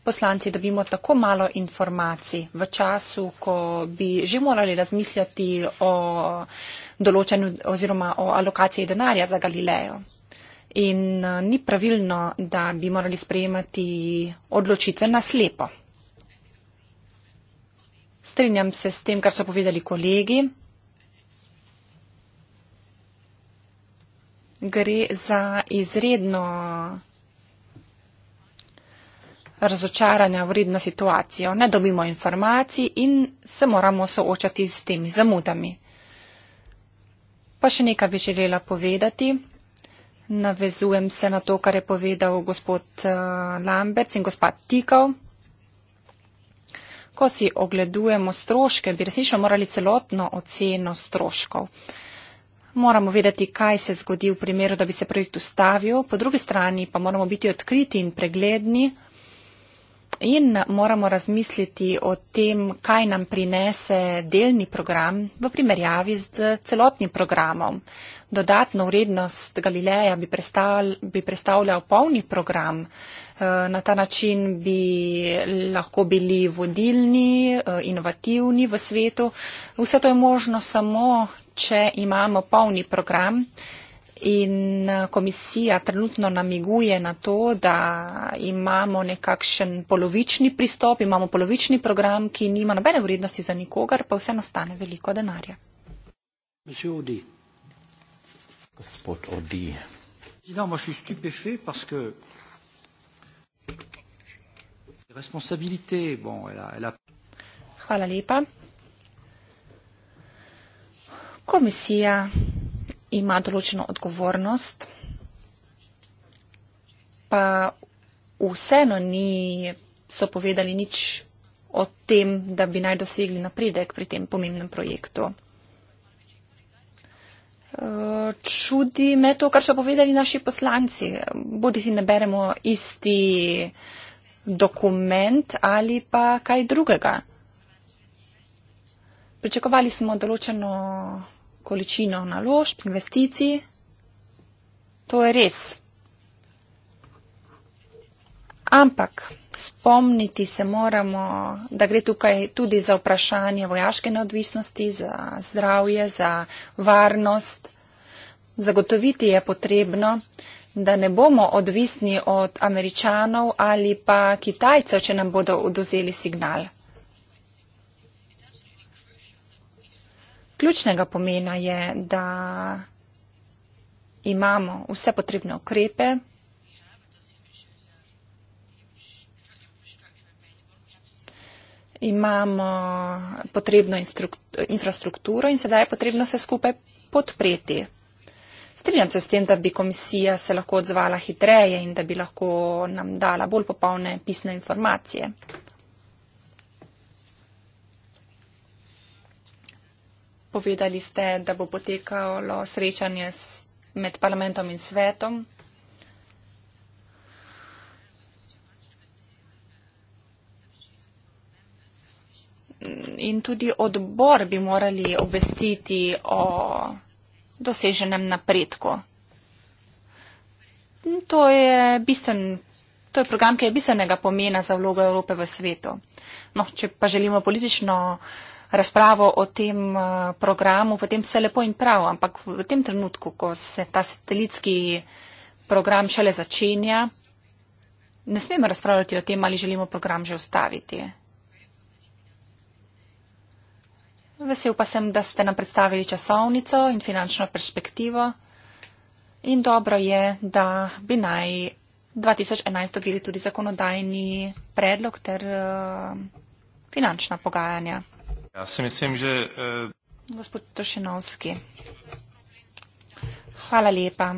poslanci dobimo tako malo informacij v času, ko bi že morali razmišljati o določenju oziroma o alokaciji denarja za Galilejo. In eh, ni pravilno, da bi morali sprejemati odločitve na slepo. Strinjam se s tem, kar so povedali kolegi. Gre za izredno razočaranja vredno situacijo. Ne dobimo informacij in se moramo soočati s temi zamudami. Pa še nekaj bi želela povedati. Navezujem se na to, kar je povedal gospod eh, Lamberc in gospod Tikov ko si ogledujemo stroške, bi resnično morali celotno oceno stroškov. Moramo vedeti, kaj se zgodi v primeru, da bi se projekt ustavil, po drugi strani pa moramo biti odkriti in pregledni in moramo razmisliti o tem, kaj nam prinese delni program v primerjavi z celotnim programom. Dodatno vrednost Galileja bi predstavljal polni program, Eh, na ta način bi lahko bili vodilni, eh, inovativni v svetu. Vse to je možno samo, če imamo polni program. In eh, komisija trenutno namiguje na to, da imamo nekakšen polovični pristop, imamo polovični program, ki nima nobene vrednosti za nikogar, pa vseeno stane veliko denarja. Gospod Odi. Gospod Odi. Hvala lepa. Komisija ima določeno odgovornost, pa vseeno ni so povedali nič o tem, da bi naj dosegli napredek pri tem pomembnem projektu. Čudi me to, kar so povedali naši poslanci. Bodi si naberemo isti dokument ali pa kaj drugega. Pričakovali smo določeno količino naložb, investicij. To je res. Ampak spomniti se moramo, da gre tukaj tudi za vprašanje vojaške neodvisnosti, za zdravje, za varnost. Zagotoviti je potrebno, da ne bomo odvisni od američanov ali pa kitajcev, če nam bodo odozeli signal. Ključnega pomena je, da imamo vse potrebne ukrepe, imamo potrebno infrastrukturo in sedaj je potrebno vse skupaj podpreti. Strinjam se s tem, da bi komisija se lahko odzvala hitreje in da bi lahko nam dala bolj popolne pisne informacije. Povedali ste, da bo potekalo srečanje med parlamentom in svetom. in tudi odbor bi morali obvestiti o doseženem napredku. To je, bistven, to je program, ki je bistvenega pomena za vlogo Evrope v svetu. No, če pa želimo politično razpravo o tem eh, programu, potem vse lepo in prav, ampak v tem trenutku, ko se ta satelitski program šele začenja, ne smemo razpravljati o tem, ali želimo program že ustaviti. Vesel pa sem, da ste nam predstavili časovnico in finančno perspektivo. In dobro je, da bi naj 2011 dobili tudi zakonodajni predlog ter uh, finančna pogajanja. Ja, se mislim, že. Uh... Gospod Tošinovski. Hvala lepa.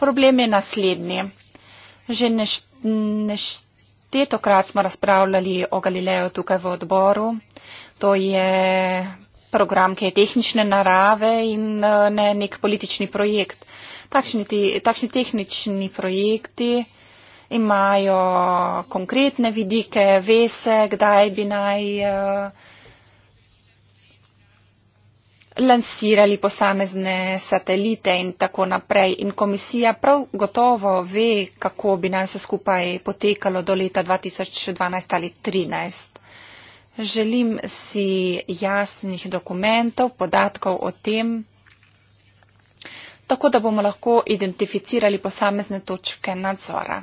Problem je naslednji. Že nešteto. Neš, Tretokrat smo razpravljali o Galileju tukaj v odboru. To je program, ki je tehnične narave in eh, ne nek politični projekt. Takšni, te, takšni tehnični projekti imajo konkretne vidike, vese, kdaj bi naj. Uh, lansirali posamezne satelite in tako naprej. In komisija prav gotovo ve, kako bi naj vse skupaj potekalo do leta 2012 ali 2013. Želim si jasnih dokumentov, podatkov o tem, tako da bomo lahko identificirali posamezne točke nadzora.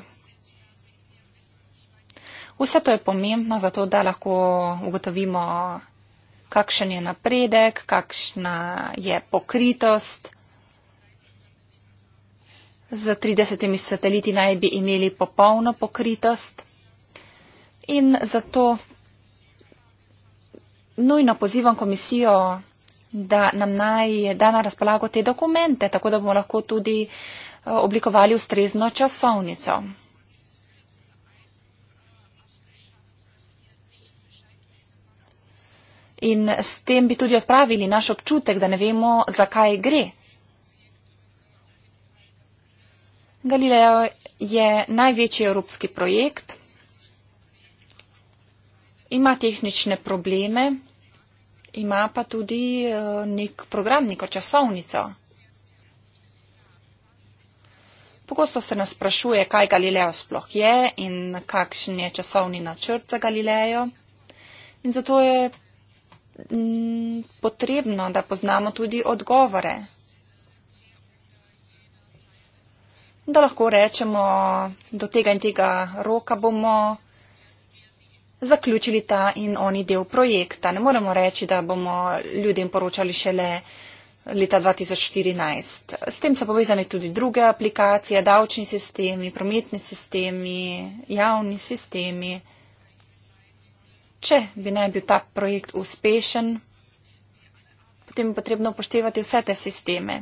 Vse to je pomembno, zato da lahko ugotovimo kakšen je napredek, kakšna je pokritost. Z 30 sateliti naj bi imeli popolno pokritost in zato nujno pozivam komisijo, da nam naj da na razpolago te dokumente, tako da bomo lahko tudi eh, oblikovali ustrezno časovnico. in s tem bi tudi odpravili naš občutek, da ne vemo, zakaj gre. Galileo je največji evropski projekt, ima tehnične probleme, ima pa tudi eh, nek program, neko časovnico. Pogosto se nas sprašuje, kaj Galileo sploh je in kakšen je časovni načrt za Galileo. In zato je Mm, potrebno, da poznamo tudi odgovore. Da lahko rečemo, do tega in tega roka bomo zaključili ta in oni del projekta. Ne moremo reči, da bomo ljudem poročali šele leta 2014. S tem so povezane tudi druge aplikacije, davčni sistemi, prometni sistemi, javni sistemi če bi ne bil ta projekt uspešen, potem je potrebno upoštevati vse te sisteme.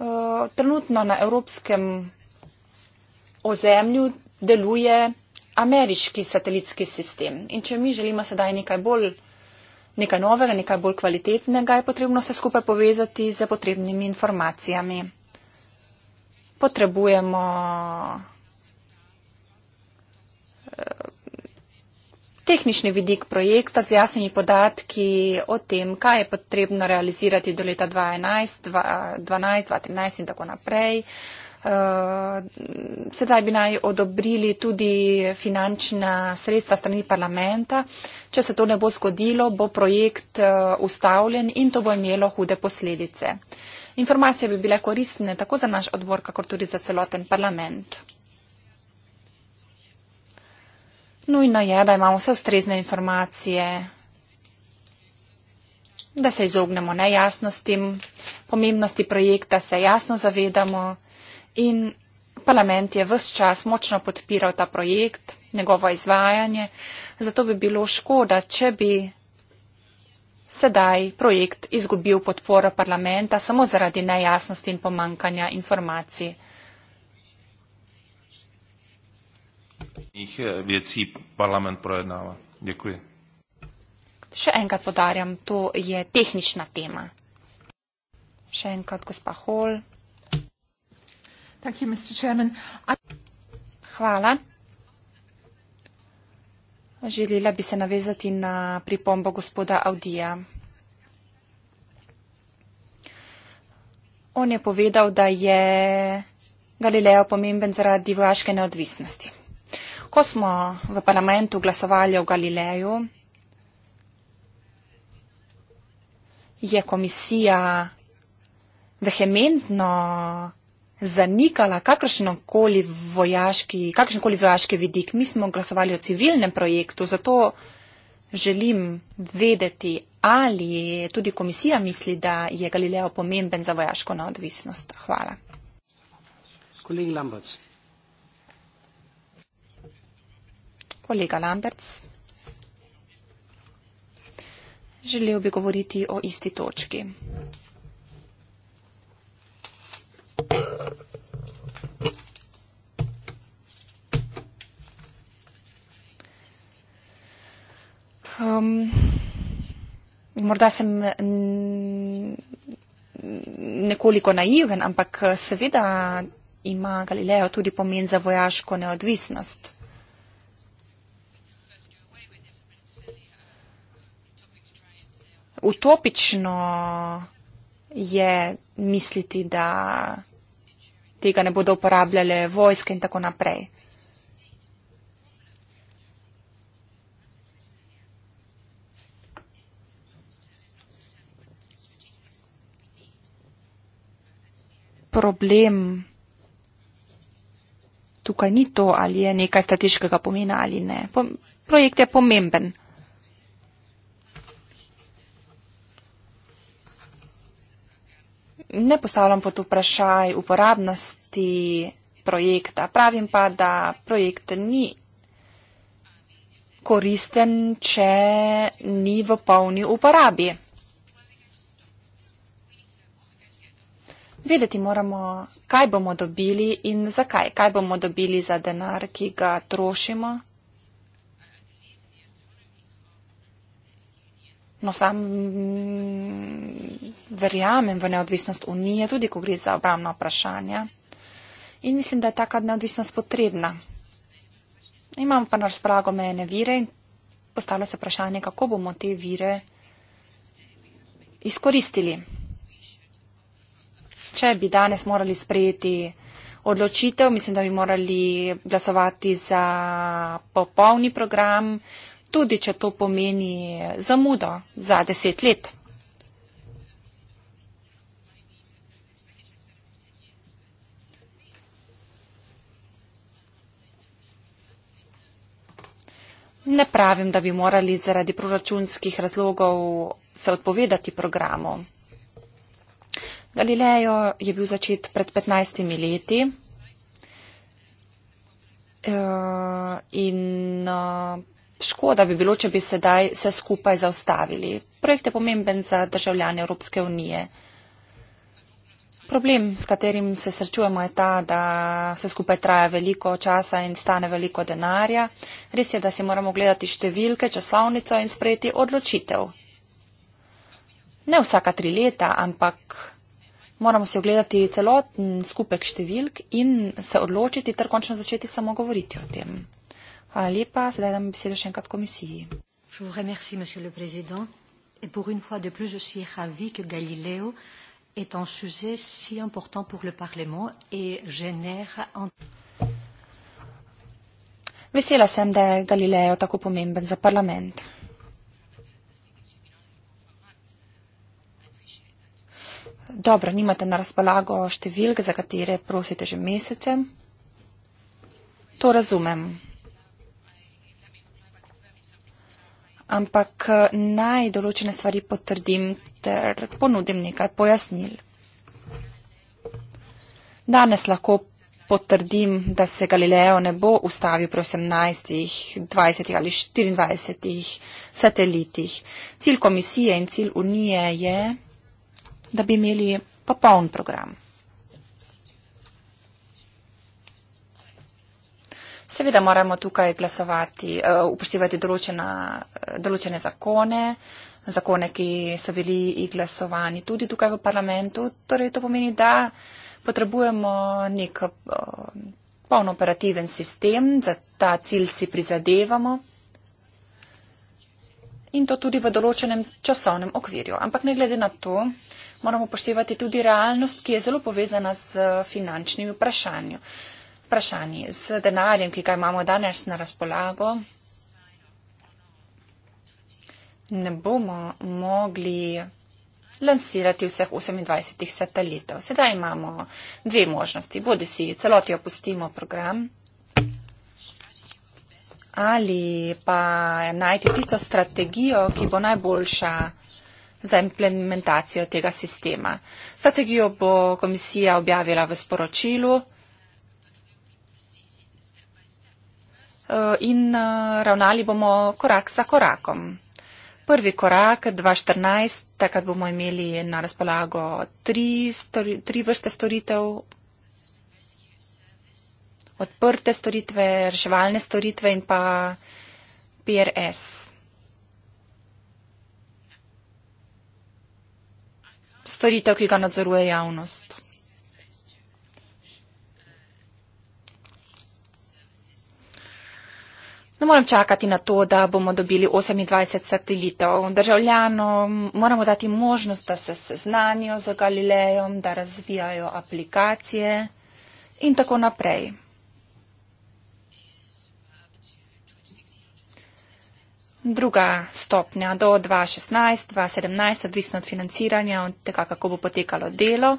Uh, trenutno na evropskem ozemlju deluje ameriški satelitski sistem. In če mi želimo sedaj nekaj bolj nekaj novega, nekaj bolj kvalitetnega, je potrebno se skupaj povezati z potrebnimi informacijami. Potrebujemo tehnični vidik projekta z jasnimi podatki o tem, kaj je potrebno realizirati do leta 2011, 2012, 2013 in tako naprej. Eh, sedaj bi naj odobrili tudi finančna sredstva strani parlamenta. Če se to ne bo zgodilo, bo projekt eh, ustavljen in to bo imelo hude posledice. Informacije bi bile koristne tako za naš odbor, kakor tudi za celoten parlament. Nujno je, da imamo vse ustrezne informacije, da se izognemo nejasnostim, pomembnosti projekta se jasno zavedamo in parlament je vse čas močno podpiral ta projekt, njegovo izvajanje, zato bi bilo škoda, če bi sedaj projekt izgubil podporo parlamenta samo zaradi nejasnosti in pomankanja informacij. jednotlivih eh, věcí parlament projednává. Děkuji. Še enkrat podarjam, to je tehnična tema. Še enkrat, gospa Hol. You, Mr. Chairman. A... Hvala. Želela bi se navezati na pripombo gospoda Audija. On je povedal, da je Galileo pomemben zaradi vojaške neodvisnosti. Ko smo v parlamentu glasovali o Galileju, je komisija vehementno zanikala kakršenkoli vojaški, kakršenkoli vojaški vidik. Mi smo glasovali o civilnem projektu, zato želim vedeti, ali tudi komisija misli, da je Galileo pomemben za vojaško neodvisnost. Hvala. Kolega Lambert. Kolega Lamberts. Želel bi govoriti o isti točki. Um, morda sem nekoliko naiven, ampak seveda ima Galileo tudi pomen za vojaško neodvisnost. utopično je misliti, da tega ne bodo uporabljale vojske in tako naprej. Problem tukaj ni to, ali je nekaj strateškega pomena ali ne. Projekt je pomemben. ne postavljam pod vprašaj uporabnosti projekta. Pravim pa, da projekt ni koristen, če ni v polni uporabi. Vedeti moramo, kaj bomo dobili in zakaj. Kaj bomo dobili za denar, ki ga trošimo. No, sam verjamem v neodvisnost Unije, tudi ko gre za obramna vprašanja. In mislim, da je taka neodvisnost potrebna. Imam pa na razpolago mejene vire in postavlja se vprašanje, kako bomo te vire izkoristili. Če bi danes morali sprejeti odločitev, mislim, da bi morali glasovati za popolni program tudi če to pomeni zamudo za deset let. Ne pravim, da bi morali zaradi proračunskih razlogov se odpovedati programu. Galileo je bil začet pred 15 leti eh, in Škoda bi bilo, če bi sedaj vse skupaj zaustavili. Projekt je pomemben za državljane Evropske unije. Problem, s katerim se srečujemo, je ta, da vse skupaj traja veliko časa in stane veliko denarja. Res je, da si moramo gledati številke, časovnico in sprejeti odločitev. Ne vsaka tri leta, ampak moramo se ogledati celoten skupek številk in se odločiti ter končno začeti samo govoriti o tem. Hvala lepa. Sedaj dam besedo še enkrat komisiji. Je vous remercie, monsieur le président. Et pour une fois de plus, je suis ravi que Galileo est un sujet si important pour le Parlement et génère un... Vesela sem, da je Galileo tako pomemben za parlament. Dobro, nimate na razpolago številk, za katere prosite že mesece. To razumem. ampak eh, naj določene stvari potrdim ter ponudim nekaj pojasnil. Danes lahko potrdim, da se Galileo ne bo ustavil pri 18, 20 ali 24 satelitih. Cilj komisije in cilj unije je, da bi imeli popoln program. Seveda moramo tukaj glasovati, uh, upoštevati določena, eh, določene zakone, zakone, ki so bili glasovani tudi tukaj v parlamentu. Torej, to pomeni, da potrebujemo nek uh, eh, polno operativen sistem, za ta cilj si prizadevamo in to tudi v določenem časovnem okvirju. Ampak ne glede na to, moramo upoštevati tudi realnost, ki je zelo povezana z finančnimi vprašanji. Uh, vprašanji. Z denarjem, ki ga imamo danes na razpolago, ne bomo mogli lansirati vseh 28 satelitov. Sedaj imamo dve možnosti. Bodi si celoti opustimo program ali pa najti tisto strategijo, ki bo najboljša za implementacijo tega sistema. Strategijo bo komisija objavila v sporočilu. Eh, in eh, ravnali bomo korak za korakom. Prvi korak, 2014, takrat bomo imeli na razpolago tri, stori, tri vrste storitev, odprte storitve, reševalne storitve in pa PRS. Storitev, ki ga nadzoruje javnost. Ne morem čakati na to, da bomo dobili 28 satelitov. Državljanom moramo dati možnost, da se seznanijo z Galilejem, da razvijajo aplikacije in tako naprej. Druga stopnja do 2016, 2017, odvisno od financiranja, od tega, kako bo potekalo delo.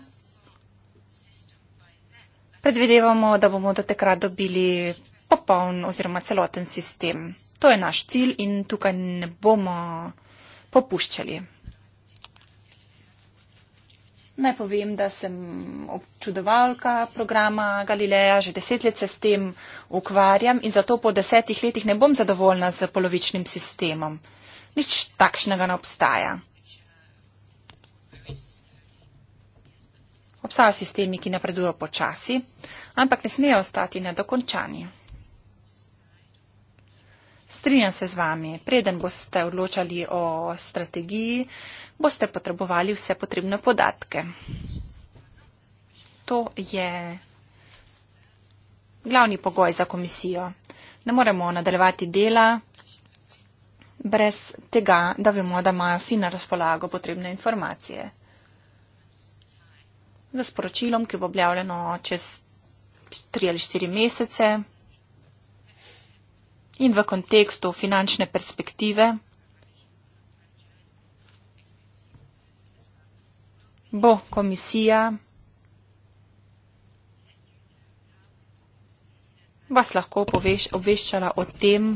Predvidevamo, da bomo do takrat dobili popoln oziroma celoten sistem. To je naš cilj in tukaj ne bomo popuščali. Naj povem, da sem občudovalka programa Galileja, že deset let se s tem ukvarjam in zato po desetih letih ne bom zadovoljna z polovičnim sistemom. Nič takšnega ne obstaja. Obstajajo sistemi, ki napredujejo počasi, ampak ne smejo ostati nedokončani. Strinjam se z vami, preden boste odločali o strategiji, boste potrebovali vse potrebne podatke. To je glavni pogoj za komisijo. Ne moremo nadaljevati dela brez tega, da vemo, da imajo vsi na razpolago potrebne informacije. Za sporočilom, ki bo objavljeno čez tri ali štiri mesece, in v kontekstu finančne perspektive bo komisija vas lahko poveš, obveščala o tem,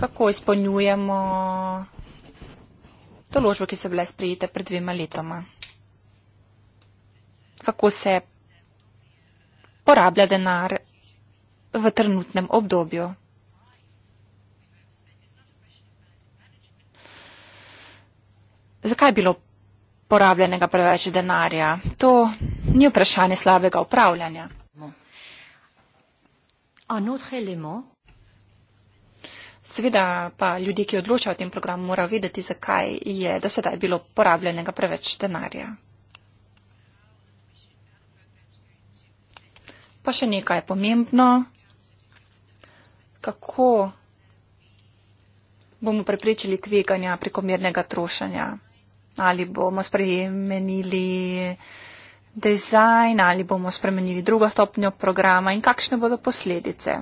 kako izpolnjujemo določbe, ki so bile sprejete pred dvema letoma. Kako se je porablja denar v trenutnem obdobju. Zakaj je bilo porabljenega preveč denarja? To ni vprašanje slabega upravljanja. Seveda pa ljudje, ki odločajo o tem programu, morajo vedeti, zakaj je do sedaj bilo porabljenega preveč denarja. Pa še nekaj je pomembno, kako bomo preprečili tveganja prekomernega trošanja. Ali bomo spremenili dizajn, ali bomo spremenili drugo stopnjo programa in kakšne bodo posledice.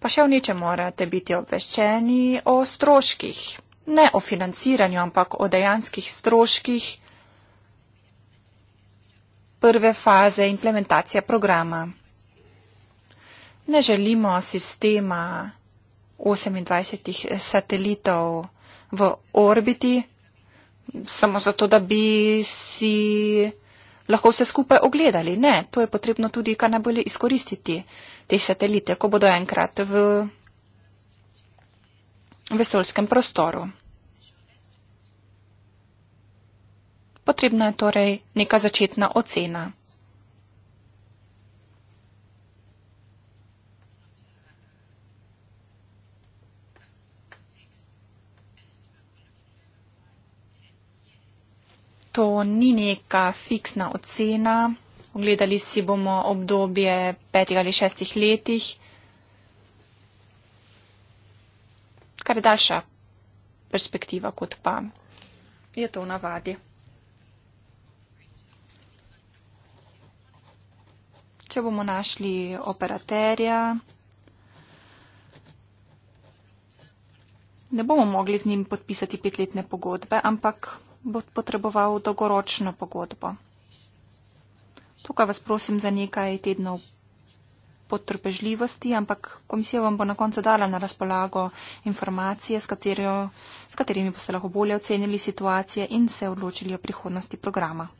Pa še v ničem morate biti obveščeni o stroških. Ne o financiranju, ampak o dejanskih stroških prve faze implementacije programa. Ne želimo sistema 28 satelitov v orbiti, samo zato, da bi si lahko vse skupaj ogledali. Ne, to je potrebno tudi, kar najbolj izkoristiti te satelite, ko bodo enkrat v vesolskem prostoru. Potrebna je torej neka začetna ocena. To ni neka fiksna ocena. Ogledali si bomo obdobje petih ali šestih letih, kar je daljša perspektiva kot pa je to v navadi. če bomo našli operaterja. Ne bomo mogli z njim podpisati petletne pogodbe, ampak bo potreboval dolgoročno pogodbo. Tukaj vas prosim za nekaj tednov potrpežljivosti, ampak komisija vam bo na koncu dala na razpolago informacije, s, katerjo, s katerimi boste lahko bolje ocenili situacije in se odločili o prihodnosti programa.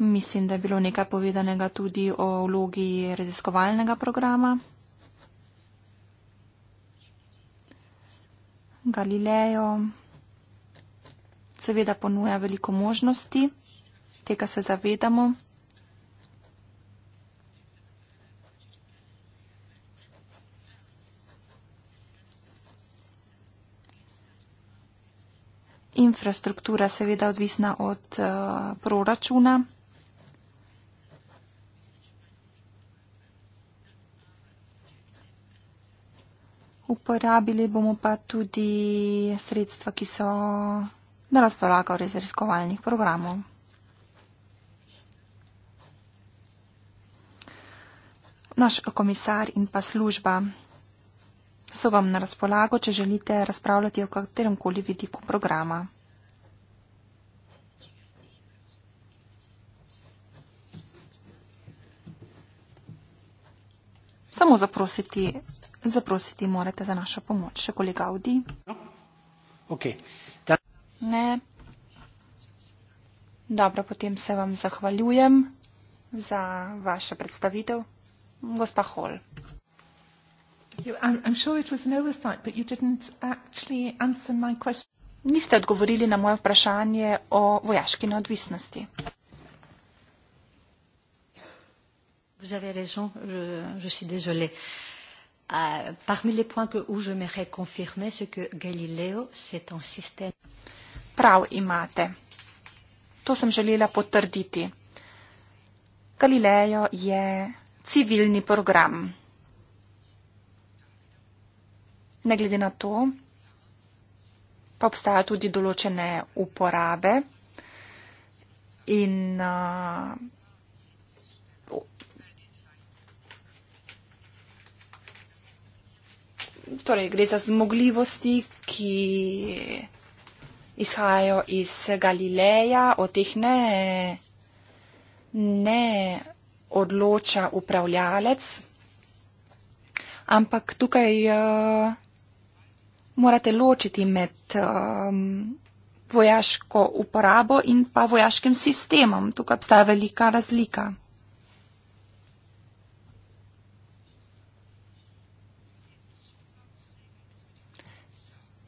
Mislim, da je bilo nekaj povedanega tudi o vlogi raziskovalnega programa. Galileo seveda ponuja veliko možnosti, tega se zavedamo. Infrastruktura seveda odvisna od uh, proračuna. Uporabili bomo pa tudi sredstva, ki so na razpolago iz raziskovalnih programov. Naš komisar in pa služba so vam na razpolago, če želite razpravljati o katerem koli vidiku programa. Samo zaprositi zaprositi morate za našo pomoč. Še kolega Audi. No. Okay. Da... Ne. Dobro, potem se vam zahvaljujem za vašo predstavitev. Gospa Hol. Niste odgovorili na moje vprašanje o vojaški neodvisnosti. Vous avez raison, je, je suis désolée parmi les points que, où je me réconfirme, c'est que Galileo, c'est un système. Prav imate. To sem želela potrditi. Galileo je civilni program. Ne glede na to, pa obstajajo tudi določene uporabe in uh, torej gre za zmogljivosti, ki izhajajo iz Galileja, o teh ne, ne odloča upravljalec, ampak tukaj uh, morate ločiti med um, vojaško uporabo in pa vojaškim sistemom. Tukaj obstaja velika razlika.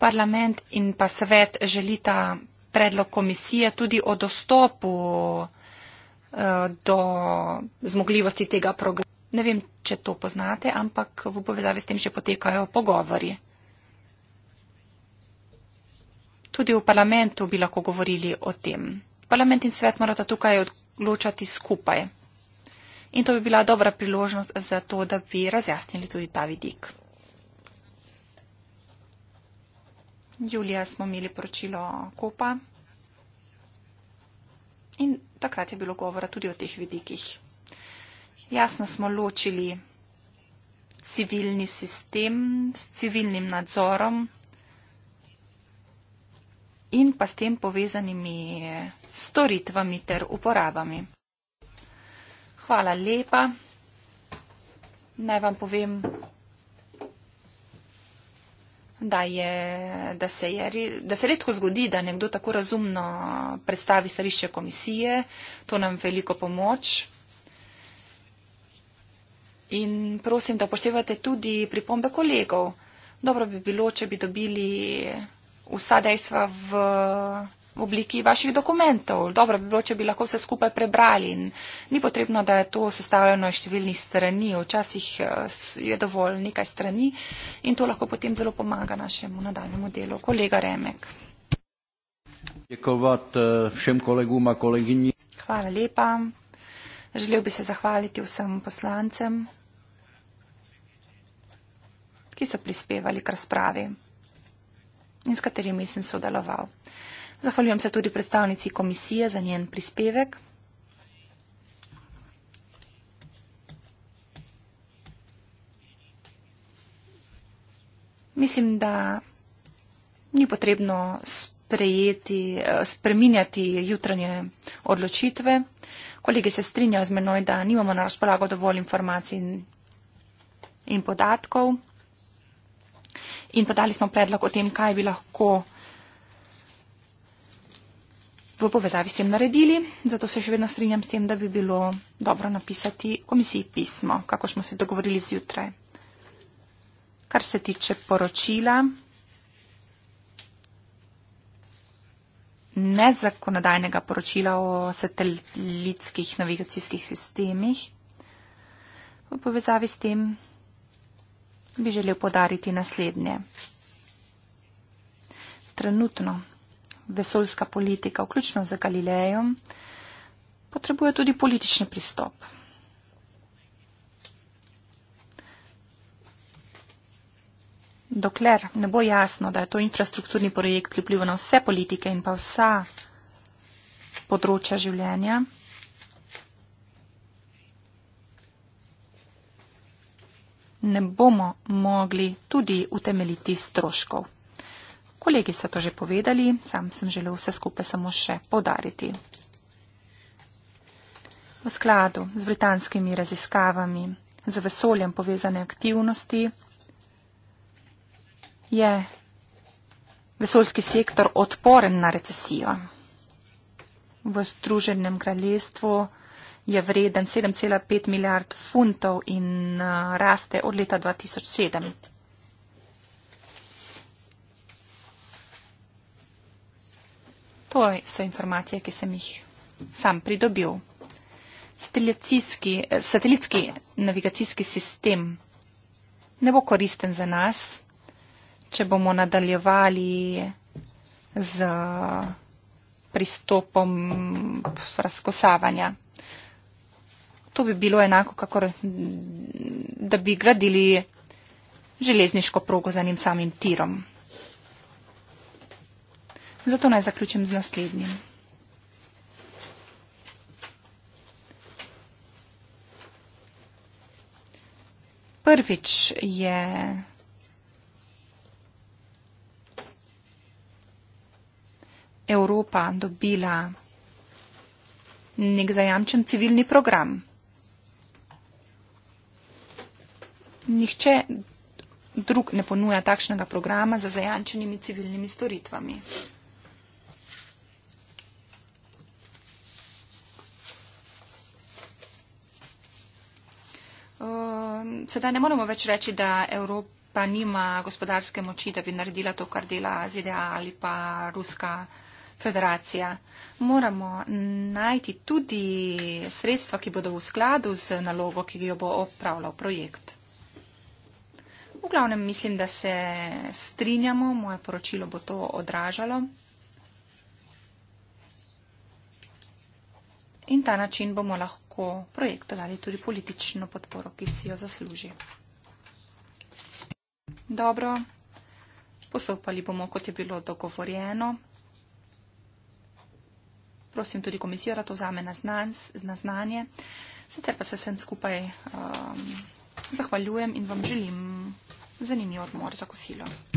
parlament in pa svet želita predlog komisije tudi o dostopu eh, do zmogljivosti tega programa. Ne vem, če to poznate, ampak v povezavi s tem še potekajo pogovori. Tudi v parlamentu bi lahko govorili o tem. Parlament in svet morata tukaj odločati skupaj. In to bi bila dobra priložnost za to, da bi razjasnili tudi ta vidik. julija smo imeli poročilo Kopa in takrat je bilo govora tudi o teh vidikih. Jasno smo ločili civilni sistem s civilnim nadzorom in pa s tem povezanimi storitvami ter uporabami. Hvala lepa. Naj vam povem da, je, da, se je, da se redko zgodi, da nekdo tako razumno predstavi stališče komisije. To nam veliko pomoč. In prosim, da poštevate tudi pripombe kolegov. Dobro bi bilo, če bi dobili vsa dejstva v v obliki vaših dokumentov. Dobro bi bilo, če bi lahko vse skupaj prebrali in ni potrebno, da je to sestavljeno iz številnih strani. Včasih eh, je dovolj nekaj strani in to lahko potem zelo pomaga našemu nadaljemu delu. Kolega Remek. Eh, Hvala lepa. Želel bi se zahvaliti vsem poslancem, ki so prispevali k razpravi in s katerimi sem sodeloval. Zahvaljujem se tudi predstavnici komisije za njen prispevek. Mislim, da ni potrebno sprejeti, eh, spreminjati jutranje odločitve. Kolegi se strinjajo z menoj, da nimamo na razpolago dovolj informacij in, in podatkov. In podali smo predlog o tem, kaj bi lahko v povezavi s tem naredili, zato se še vedno strinjam s tem, da bi bilo dobro napisati komisiji pismo, kako smo se dogovorili zjutraj. Kar se tiče poročila, nezakonodajnega poročila o satelitskih navigacijskih sistemih, v povezavi s tem bi želel podariti naslednje. Trenutno vesoljska politika, vključno z Galilejem, potrebuje tudi politični pristop. Dokler ne bo jasno, da je to infrastrukturni projekt, ki vpliva na vse politike in pa vsa področja življenja, ne bomo mogli tudi utemeljiti stroškov. Kolegi so to že povedali, sam sem želel vse skupaj samo še podariti. V skladu z britanskimi raziskavami z vesoljem povezane aktivnosti je vesoljski sektor odporen na recesijo. V Združenem kraljestvu je vreden 7,5 milijard funtov in uh, raste od leta 2007. To so informacije, ki sem jih sam pridobil. Eh, satelitski navigacijski sistem ne bo koristen za nas, če bomo nadaljevali z pristopom razkosavanja. To bi bilo enako, kakor da bi gradili železniško progo za njim samim tirom. Zato naj zaključim z naslednjim. Prvič je Evropa dobila nek zajamčen civilni program. Nihče drug ne ponuja takšnega programa za zajamčenimi civilnimi storitvami. Ehm, sedaj ne moremo več reči, da Evropa nima gospodarske moči, da bi naredila to, kar dela ZDA ali pa Ruska federacija. Moramo najti tudi sredstva, ki bodo v skladu z nalogo, ki jo bo opravljal projekt. V glavnem mislim, da se strinjamo, moje poročilo bo to odražalo. In ta način bomo lahko lahko projektu dali tudi politično podporo, ki si jo zasluži. Dobro, postopali bomo, kot je bilo dogovorjeno. Prosim tudi komisijo, da to vzame na, znanj, na znanje. Sicer pa se vsem skupaj um, zahvaljujem in vam želim zanimiv odmor za kosilo.